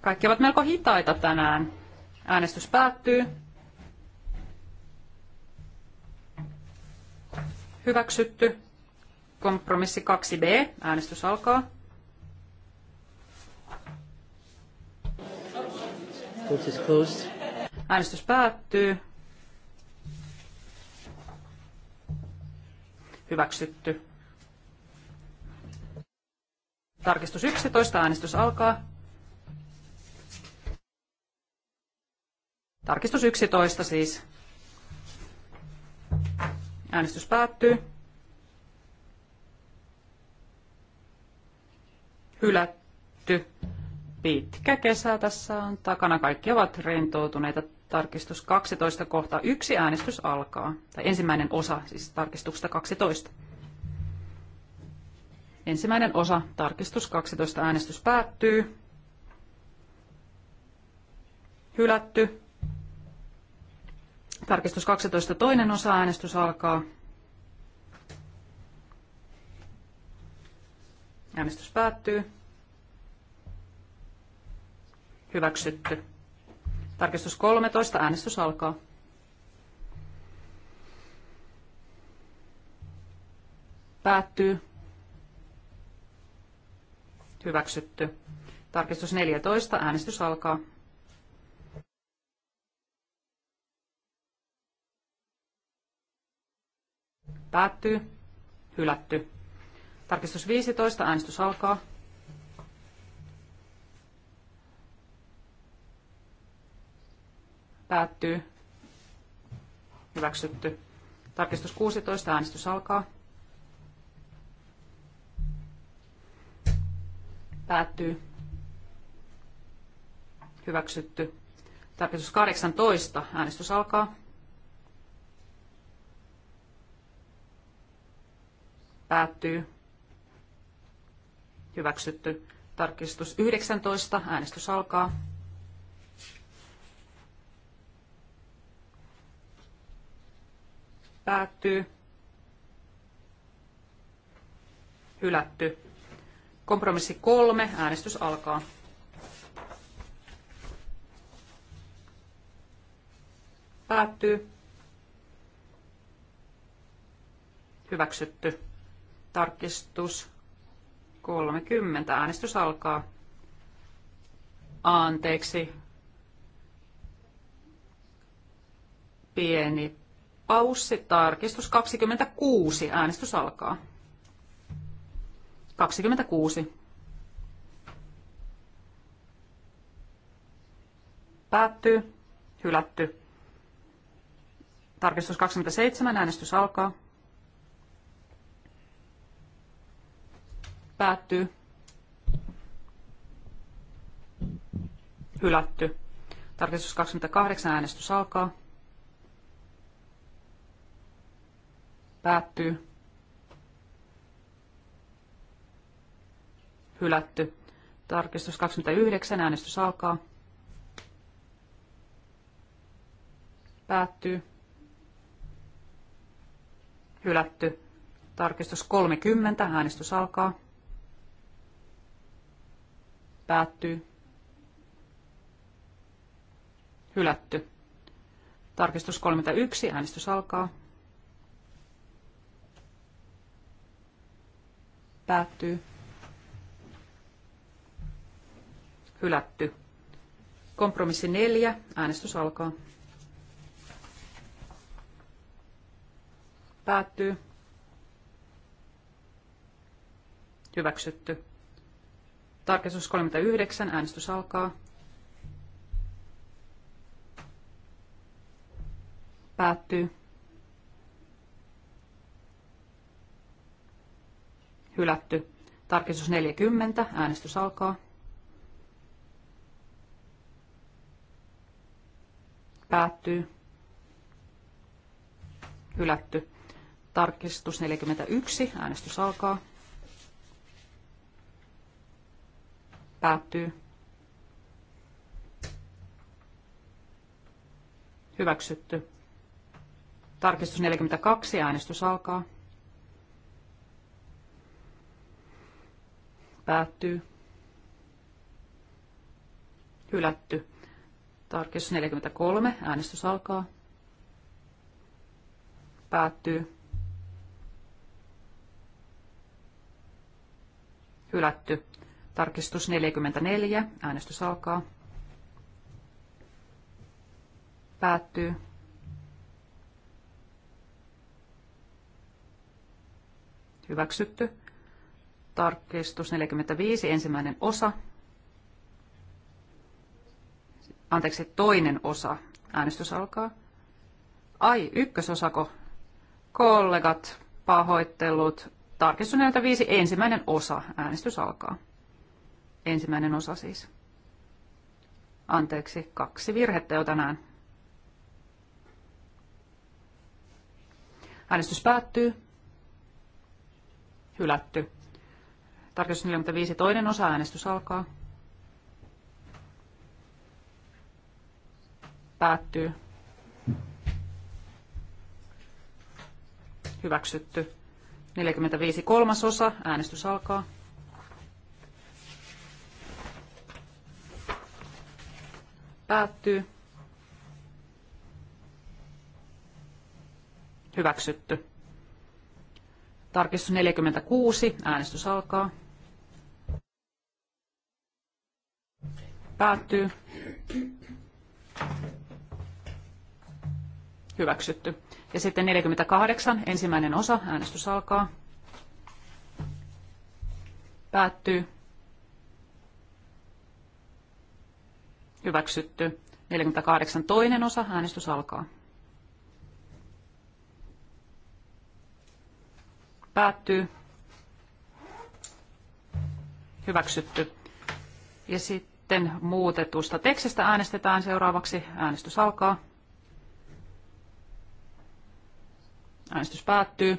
Kaikki ovat melko hitaita tänään. Äänestys päättyy. Hyväksytty. Kompromissi 2b. Äänestys alkaa. Äänestys päättyy. hyväksytty. Tarkistus 11, äänestys alkaa. Tarkistus 11 siis. Äänestys päättyy. Hylätty. Pitkä kesä tässä on takana. Kaikki ovat rentoutuneita Tarkistus 12 kohta 1 äänestys alkaa. Tai ensimmäinen osa siis tarkistuksesta 12. Ensimmäinen osa tarkistus 12 äänestys päättyy. Hylätty. Tarkistus 12 toinen osa äänestys alkaa. Äänestys päättyy. Hyväksytty. Tarkistus 13. Äänestys alkaa. Päättyy. Hyväksytty. Tarkistus 14. Äänestys alkaa. Päättyy. Hylätty. Tarkistus 15. Äänestys alkaa. päättyy, hyväksytty. Tarkistus 16, äänestys alkaa. Päättyy, hyväksytty. Tarkistus 18, äänestys alkaa. Päättyy, hyväksytty. Tarkistus 19, äänestys alkaa. Päättyy. Hylätty. Kompromissi kolme. Äänestys alkaa. Päättyy. Hyväksytty. Tarkistus 30. Äänestys alkaa. Anteeksi. Pieni Aussi tarkistus 26. Äänestys alkaa. 26. Päättyy. Hylätty. Tarkistus 27. Äänestys alkaa. Päättyy. Hylätty. Tarkistus 28. Äänestys alkaa. Päättyy. Hylätty. Tarkistus 29. Äänestys alkaa. Päättyy. Hylätty. Tarkistus 30. Äänestys alkaa. Päättyy. Hylätty. Tarkistus 31. Äänestys alkaa. Päättyy. Hylätty. Kompromissi neljä. Äänestys alkaa. Päättyy. Hyväksytty. Tarkistus 39. Äänestys alkaa. Päättyy. hylätty. Tarkistus 40, äänestys alkaa. Päättyy. Hylätty. Tarkistus 41, äänestys alkaa. Päättyy. Hyväksytty. Tarkistus 42, äänestys alkaa. päättyy, hylätty. Tarkistus 43, äänestys alkaa, päättyy, hylätty. Tarkistus 44, äänestys alkaa, päättyy, hyväksytty tarkistus 45, ensimmäinen osa. Anteeksi, toinen osa. Äänestys alkaa. Ai, ykkösosako. Kollegat, pahoittelut. Tarkistus 45, ensimmäinen osa. Äänestys alkaa. Ensimmäinen osa siis. Anteeksi, kaksi virhettä jo tänään. Äänestys päättyy. Hylätty. Tarkistus 45. Toinen osa. Äänestys alkaa. Päättyy. Hyväksytty. 45. Kolmas osa. Äänestys alkaa. Päättyy. Hyväksytty. Tarkistus 46. Äänestys alkaa. Päättyy. Hyväksytty. Ja sitten 48, ensimmäinen osa, äänestys alkaa. Päättyy. Hyväksytty. 48, toinen osa, äänestys alkaa. Päättyy. Hyväksytty. Ja sitten sitten muutetusta tekstistä äänestetään seuraavaksi. Äänestys alkaa. Äänestys päättyy.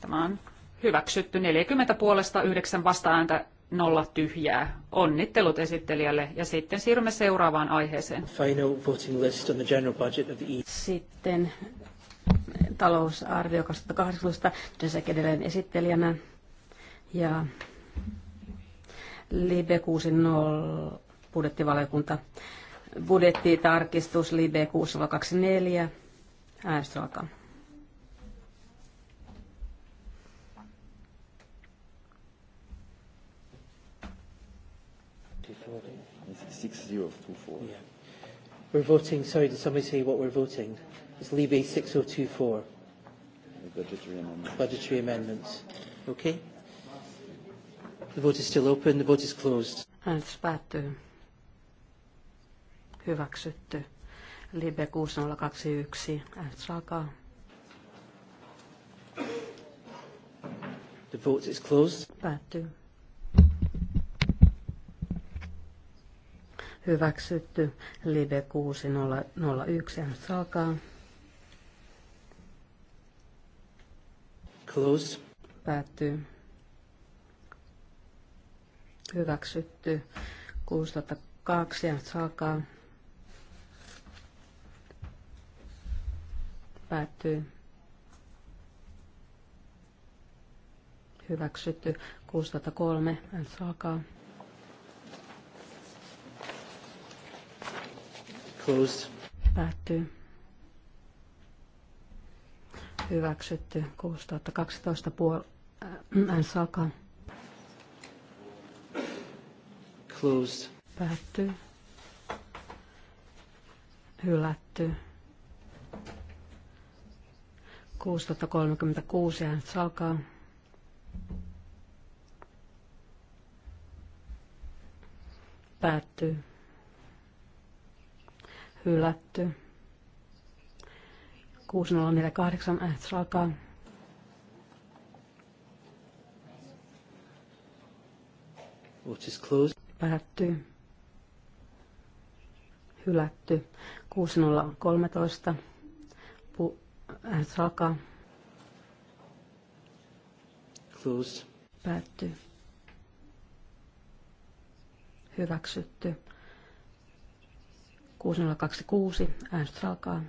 Tämä on hyväksytty 40 puolesta 9 vasta-ääntä nolla tyhjää. Onnittelut esittelijälle ja sitten siirrymme seuraavaan aiheeseen. E- sitten talousarvio 2018 edelleen esittelijänä ja Libe 60 budjettivaliokunta. Budjettitarkistus Libe 624. Äänestys alkaa. We're voting. Sorry, did somebody say what we're voting? It's Libe 6024. Budgetary amendments. Budgetary amendments. Okay. The vote is still open. The vote is closed. Äänestys Hyväksytty. Libe 6021. Äänestys alkaa. The vote is closed. Päättyy. Hyväksytty. Libe 6001. Äänestys alkaa. Päättyy hyväksytty 6002 ja saakaa päättyy hyväksytty 603 saakaa Closed. Päättyy. Hyväksytty 6012 puol- äh, saakaa. closed. Päätty. Hylätty. 6036 äänestys alkaa. Päättyy. Hylätty. 6048 äänestys alkaa. Which is closed. Päättyy. Hylätty. 6013. Pu- äänestys alkaa. Close. Päättyy. Hyväksytty. 6026. Äänestys alkaa.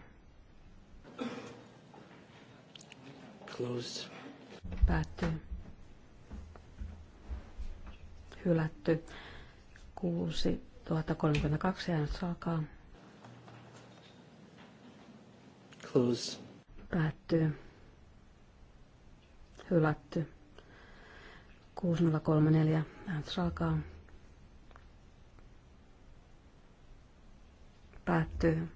Closed. Päättyy. Hylätty. 6032 äänestys alkaa. Close. Päättyy. Hylätty. 6034 äänestys alkaa. Päättyy.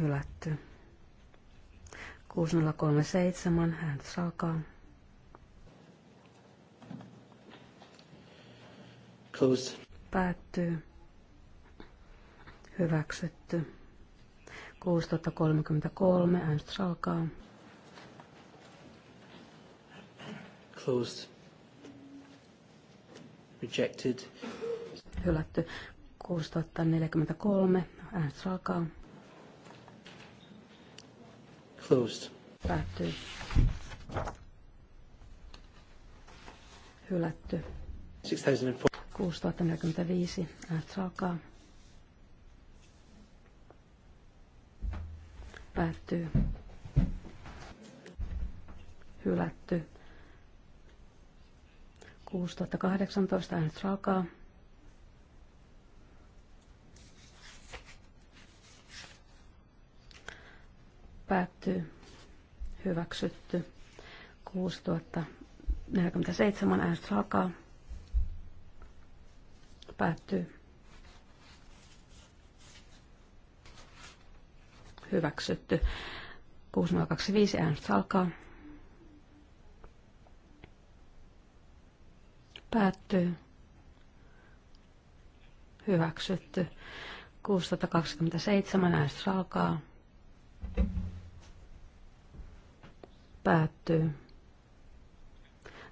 Hylätty. 6037 äänestys alkaa. Closed. Päättyy. Hyväksytty. 6033. Äänestys alkaa. Closed. Rejected. Hylätty. 6043. Äänestys alkaa. Closed. Päättyy. Hylätty. 6004. 6045 äänestys alkaa. Päättyy. Hylätty. 6018 äänestys alkaa. Päättyy. Hyväksytty. 6047 äänestys alkaa. Päättyy. Hyväksytty. 6025 äänestys alkaa. Päättyy. Hyväksytty. 627 äänestys alkaa. Päättyy.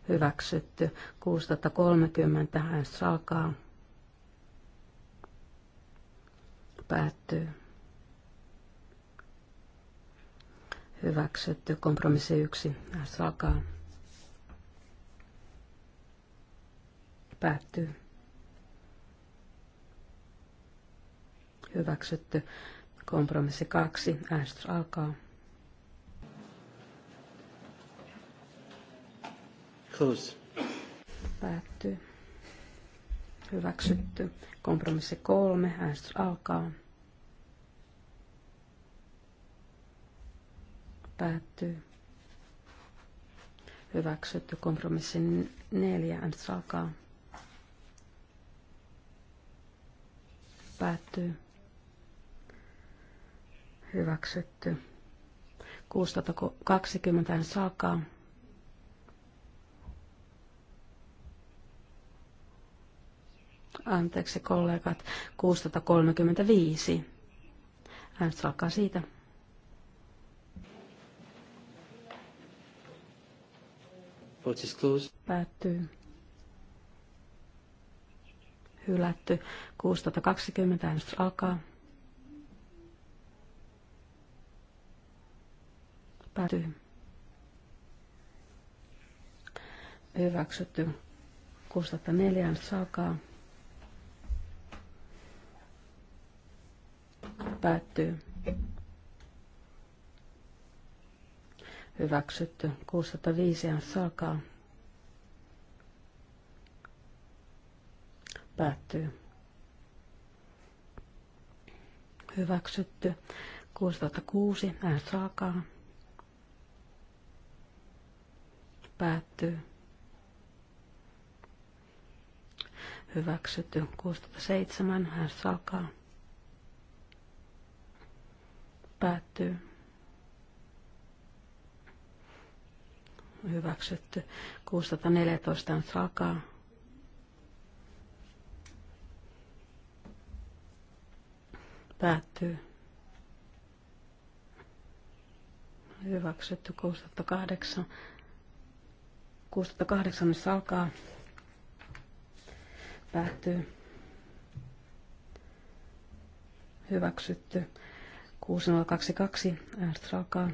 Hyväksytty. 630 äänestys alkaa. päättyy. Hyväksytty. Kompromissi yksi. Äänestys alkaa. Päättyy. Hyväksytty. Kompromissi kaksi. Äänestys alkaa. Close. Päättyy. Hyväksytty. Kompromissi kolme. Äänestys alkaa. Päättyy. Hyväksytty. Kompromissi neljä. Äänestys alkaa. Päättyy. Hyväksytty. 620 saakaa. anteeksi kollegat, 635. Äänestys alkaa siitä. Vote is closed. Päättyy. Hylätty. 6.20 äänestys alkaa. Päättyy. Hyväksytty. 604 äänestys alkaa. Päättyy. hyväksytty. 605 äänestys Päättyy. Hyväksytty. 606 äänestys Päättyy. Hyväksytty. 607 äänestys Päättyy hyväksytty. 614 nyt alkaa. Päättyy. Hyväksytty 608. 608 nyt alkaa. Päättyy. Hyväksytty. 6022 äänestys alkaa.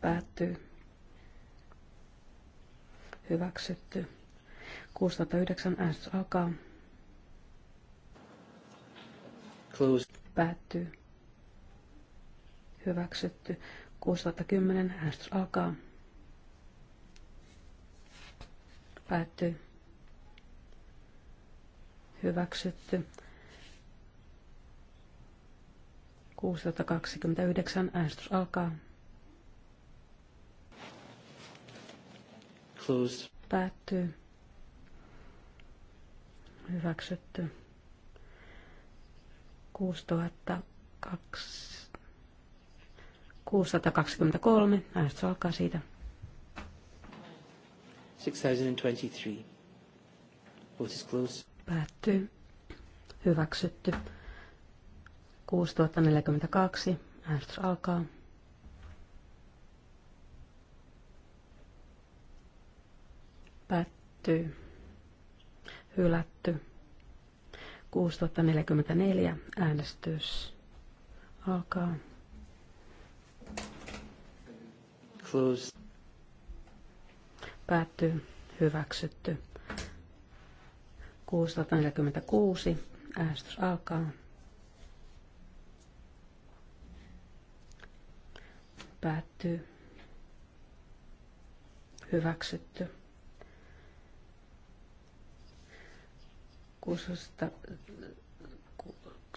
Päättyy. Hyväksytty. 609 S alkaa. Close. Päättyy. Hyväksytty. 610 äänestys alkaa. Päättyy. Hyväksytty. 629 äänestys alkaa. Closed. Päätty. Hyväksytty. 6002. 623. Äänestys alkaa siitä. 6023. Vote is closed. Päättyy. Hyväksytty. 6042. Äänestys alkaa. Päättyy. Hylätty. 6044 äänestys alkaa. Close. Päättyy. Hyväksytty. 646 äänestys alkaa. Päättyy. Hyväksytty.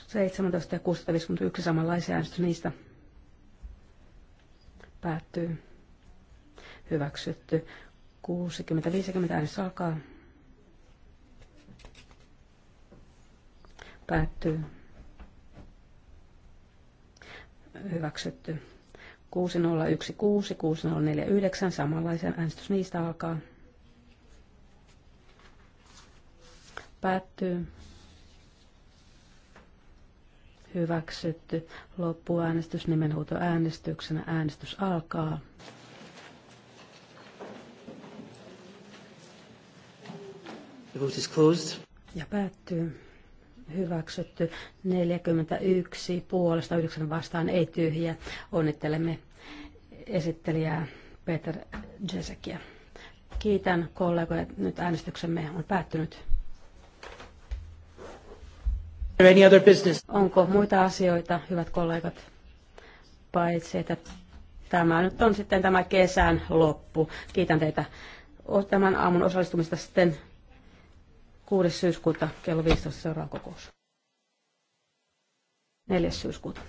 17 ja 651 samanlaisia äänestys niistä päättyy. Hyväksytty. 60-50 äänestys alkaa. Päättyy. Hyväksytty. 6016, 6049, samanlaisen äänestys niistä alkaa. Päättyy. Hyväksytty. Loppuäänestys nimenhuutoäänestyksenä. Äänestys alkaa. The vote is closed. Ja päättyy. Hyväksytty. 41 puolesta, 9 vastaan, ei tyhjä. Onnittelemme esittelijää Peter Jesekia. Kiitän kollegoja. Nyt äänestyksemme on päättynyt. Any other business? Onko muita asioita, hyvät kollegat, paitsi että tämä nyt on sitten tämä kesän loppu. Kiitän teitä tämän aamun osallistumista sitten 6. syyskuuta kello 15 seuraava kokous. 4. syyskuuta.